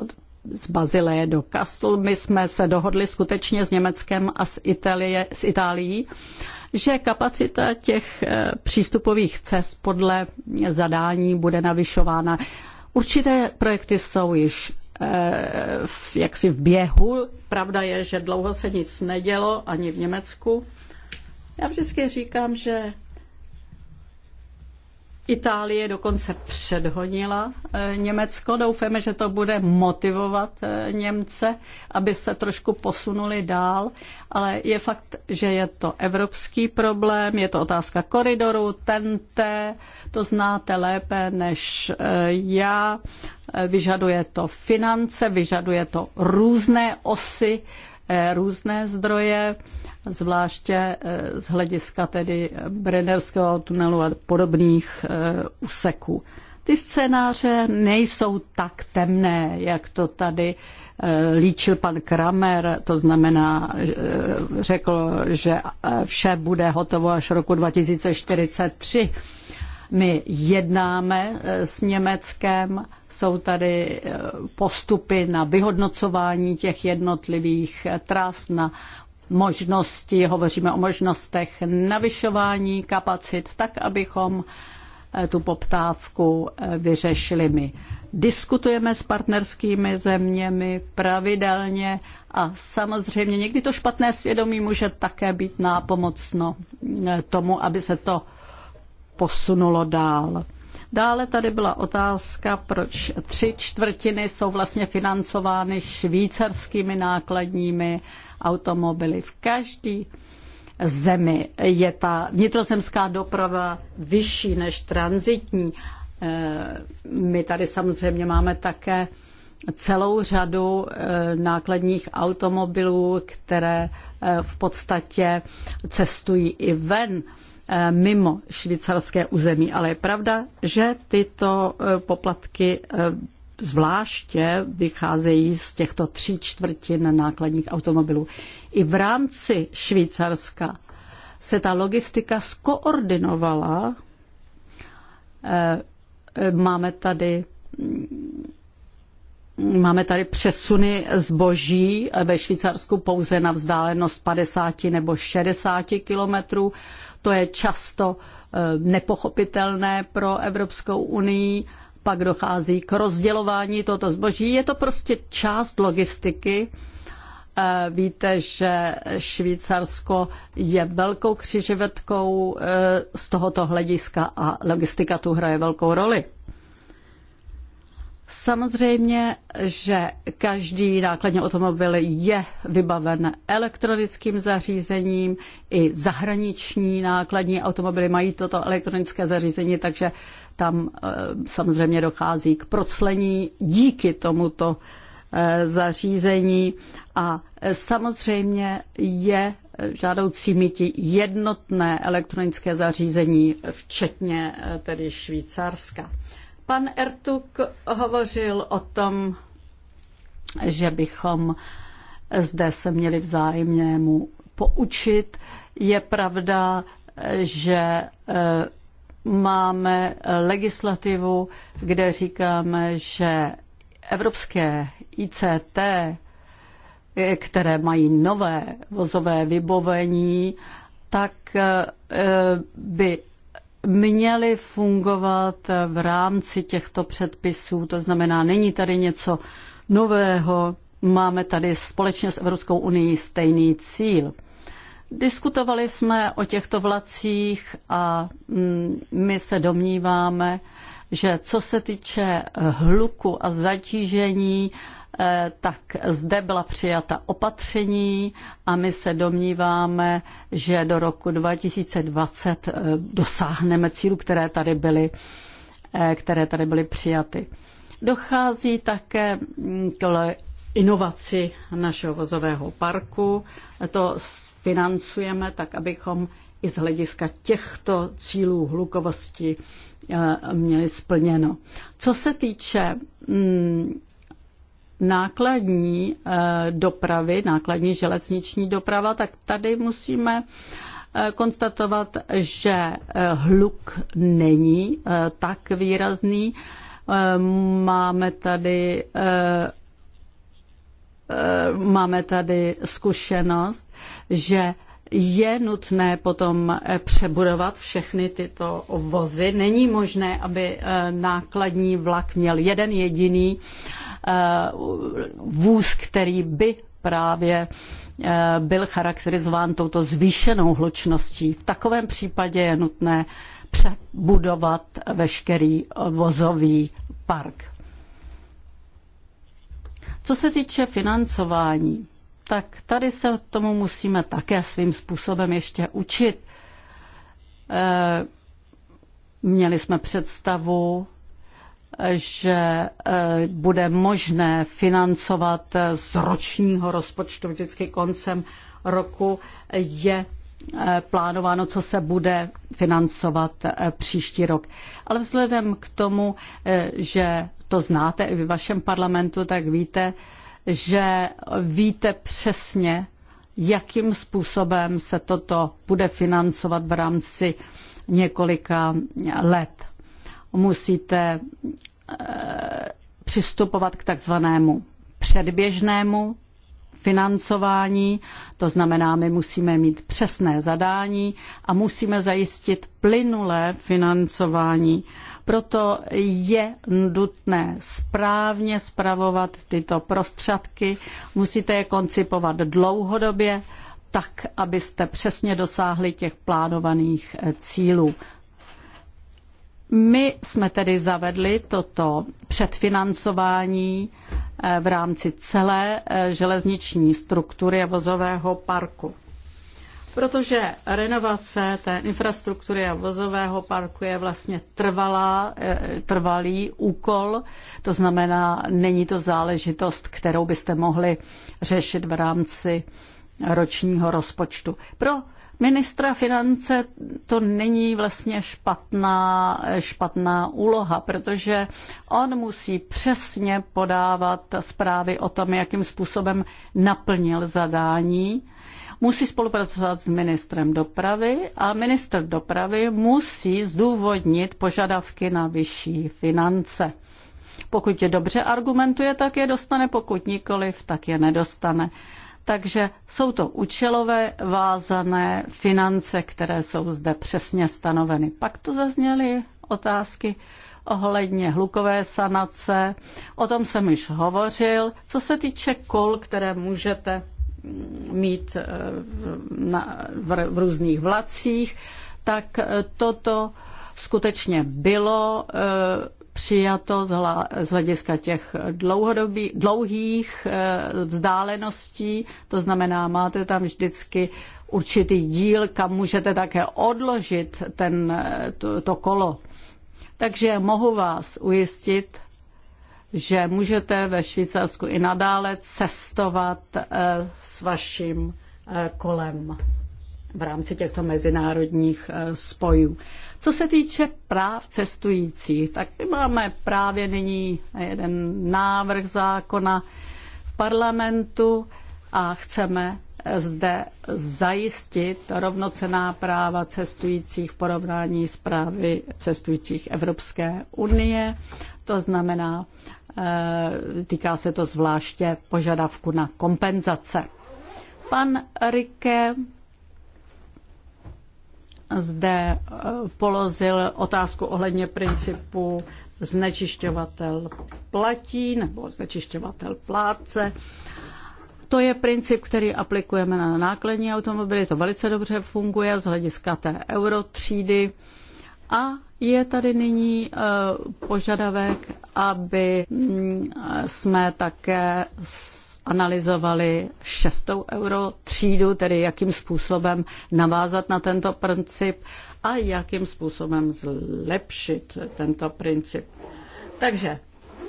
[SPEAKER 1] od z Bazileje do Kassel. My jsme se dohodli skutečně s Německem a s, Itálie, s Itálií, že kapacita těch eh, přístupových cest podle zadání bude navyšována. Určité projekty jsou již eh, v, jaksi v běhu. Pravda je, že dlouho se nic nedělo ani v Německu. Já vždycky říkám, že Itálie dokonce předhonila eh, Německo. Doufáme, že to bude motivovat eh, Němce, aby se trošku posunuli dál, ale je fakt, že je to evropský problém, je to otázka koridoru, tente, to znáte lépe než eh, já. Vyžaduje to finance, vyžaduje to různé osy, různé zdroje zvláště eh, z hlediska tedy Brennerského tunelu a podobných eh, úseků. Ty scénáře nejsou tak temné, jak to tady eh, líčil pan Kramer, to znamená, řekl, že vše bude hotovo až roku 2043. My jednáme s Německem, jsou tady postupy na vyhodnocování těch jednotlivých tras, na možnosti, hovoříme o možnostech navyšování kapacit, tak abychom eh, tu poptávku eh, vyřešili my. Diskutujeme s partnerskými zeměmi pravidelně a samozřejmě někdy to špatné svědomí může také být nápomocno eh, tomu, aby se to posunulo dál. Dále tady byla otázka, proč tři čtvrtiny jsou vlastně financovány švýcarskými nákladními automobily. V každé zemi je ta vnitrozemská doprava vyšší než transitní. Eh, my tady samozřejmě máme také celou řadu eh, nákladních automobilů, které eh, v podstatě cestují i ven mimo švýcarské území. Ale je pravda, že tyto poplatky zvláště vycházejí z těchto tří čtvrtin nákladních automobilů. I v rámci Švýcarska se ta logistika skoordinovala. Eh, eh, máme tady mm, Máme tady přesuny zboží ve Švýcarsku pouze na vzdálenost 50 nebo 60 kilometrů. To je často eh, nepochopitelné pro Evropskou unii pak dochází k rozdělování tohoto zboží. Je to prostě část logistiky. Eh, víte, že Švýcarsko je velkou křižovatkou eh, z tohoto hlediska a logistika tu hraje velkou roli. Samozřejmě, že každý nákladní automobil je vybaven elektronickým zařízením, i zahraniční nákladní automobily mají toto elektronické zařízení, takže tam eh, samozřejmě dochází k proclení díky tomuto eh, zařízení a eh, samozřejmě je žádoucí mít jednotné elektronické zařízení, včetně tedy Švýcarska. Pan Ertuk hovořil o tom, že bychom zde se měli vzájemnému poučit. Je pravda, že máme legislativu, kde říkáme, že evropské ICT, které mají nové vozové vybavení, tak eh, by měly fungovat v rámci těchto předpisů. To znamená, není tady něco nového, máme tady společně s Evropskou unii stejný cíl. Diskutovali jsme o těchto vlacích a mm, my se domníváme, že co se týče eh, hluku a zatížení, eh, tak zde byla přijata opatření a my se domníváme, že do roku 2020 eh, dosáhneme cílů, které tady byly, které tady byly přijaty. Dochází také mm, k inovaci našeho vozového parku. To financujeme, tak abychom i z hlediska těchto cílů hlukovosti eh, měli splněno. Co se týče mm, nákladní eh, dopravy, nákladní železniční doprava, tak tady musíme eh, konstatovat, že hluk není tak výrazný. Máme tady Eh, máme tady zkušenost, že je nutné potom eh, přebudovat všechny tyto vozy. Není možné, aby eh, nákladní vlak měl jeden jediný vůz, který by právě byl charakterizován touto zvýšenou hlučností. V takovém případě je nutné přebudovat veškerý vozový park. Co se týče financování, tak tady se tomu musíme také svým způsobem ještě učit. Eh, měli jsme představu, že eh, bude možné financovat eh, z ročního rozpočtu vždycky koncem roku je plánováno, co se bude financovat příští rok. Ale vzhledem k tomu, že to znáte i v vašem parlamentu, tak víte, že víte přesně, jakým způsobem se toto bude financovat v rámci několika let. Musíte eh, přistupovat k takzvanému předběžnému financování, to znamená, my musíme mít přesné zadání a musíme zajistit plynulé financování proto je nutné správně spravovat tyto prostředky, musíte je koncipovat dlouhodobě, tak, abyste přesně dosáhli těch plánovaných eh, cílů. My jsme tedy zavedli toto předfinancování eh, v rámci celé eh, železniční struktury vozového parku protože renovace té infrastruktury a vozového parku je vlastně trvalá, e, trvalý úkol, to znamená, není to záležitost, kterou byste mohli řešit v rámci ročního rozpočtu. Pro ministra finance to není vlastně špatná, špatná úloha, protože on musí přesně podávat zprávy o tom, jakým způsobem naplnil zadání musí spolupracovat s ministrem dopravy a minister dopravy musí zdůvodnit požadavky na vyšší finance. Pokud je dobře argumentuje, tak je dostane, pokud nikoliv, tak je nedostane. Takže jsou to účelové vázané finance, které jsou zde přesně stanoveny. Pak tu zazněly otázky ohledně hlukové sanace. O tom jsem již hovořil. Co se týče kol, které můžete mít eh, na, v, v různých vlacích, tak eh, toto skutečně bylo eh, přijato z hlediska těch dlouhodobí, dlouhých vzdáleností, to znamená, máte tam vždycky určitý díl, kam můžete také odložit ten, to, to kolo. Takže mohu vás ujistit, že můžete ve Švýcarsku i nadále cestovat eh, s vaším eh, kolem v rámci těchto mezinárodních eh, spojů. Co se týče práv cestujících, tak my máme právě nyní jeden návrh zákona v parlamentu a chceme zde zajistit rovnocená práva cestujících v porovnání s právy cestujících Evropské unie. To znamená Eh, týká se to zvláště požadavku na kompenzace. Pan Rike zde eh, položil otázku ohledně principu znečišťovatel platí nebo znečišťovatel pláce. To je princip, který aplikujeme na nákladní automobily. To velice dobře funguje z hlediska té euro třídy. A je tady nyní eh, požadavek, aby mm, jsme také analyzovali šestou euro třídu, tedy jakým způsobem navázat na tento princip a jakým způsobem zlepšit tento princip. Takže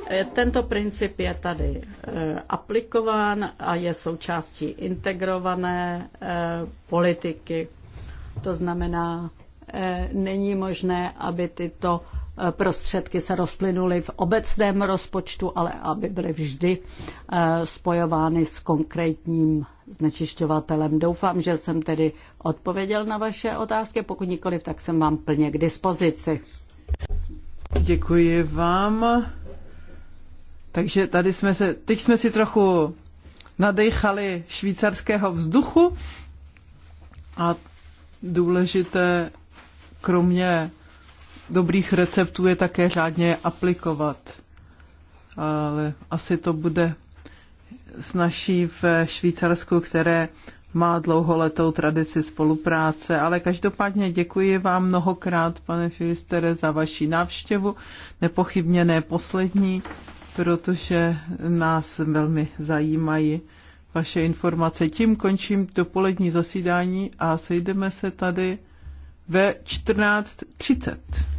[SPEAKER 1] eh, tento princip je tady eh, aplikován a je součástí integrované eh, politiky. To znamená, není možné, aby tyto prostředky se rozplynuly v obecném rozpočtu, ale aby byly vždy eh, spojovány s konkrétním znečišťovatelem. Doufám, že jsem tedy odpověděl na vaše otázky. Pokud nikoliv, tak jsem vám plně k dispozici.
[SPEAKER 3] Děkuji vám. Takže tady jsme se, teď jsme si trochu nadechali švýcarského vzduchu a důležité, kromě dobrých receptů je také řádně aplikovat. Ale asi to bude snažší v Švýcarsku, které má dlouholetou tradici spolupráce, ale každopádně děkuji vám mnohokrát, pane Filistere, za vaši návštěvu, nepochybně ne poslední, protože nás velmi zajímají vaše informace. Tím končím dopolední zasídání a sejdeme se tady ve 14.30.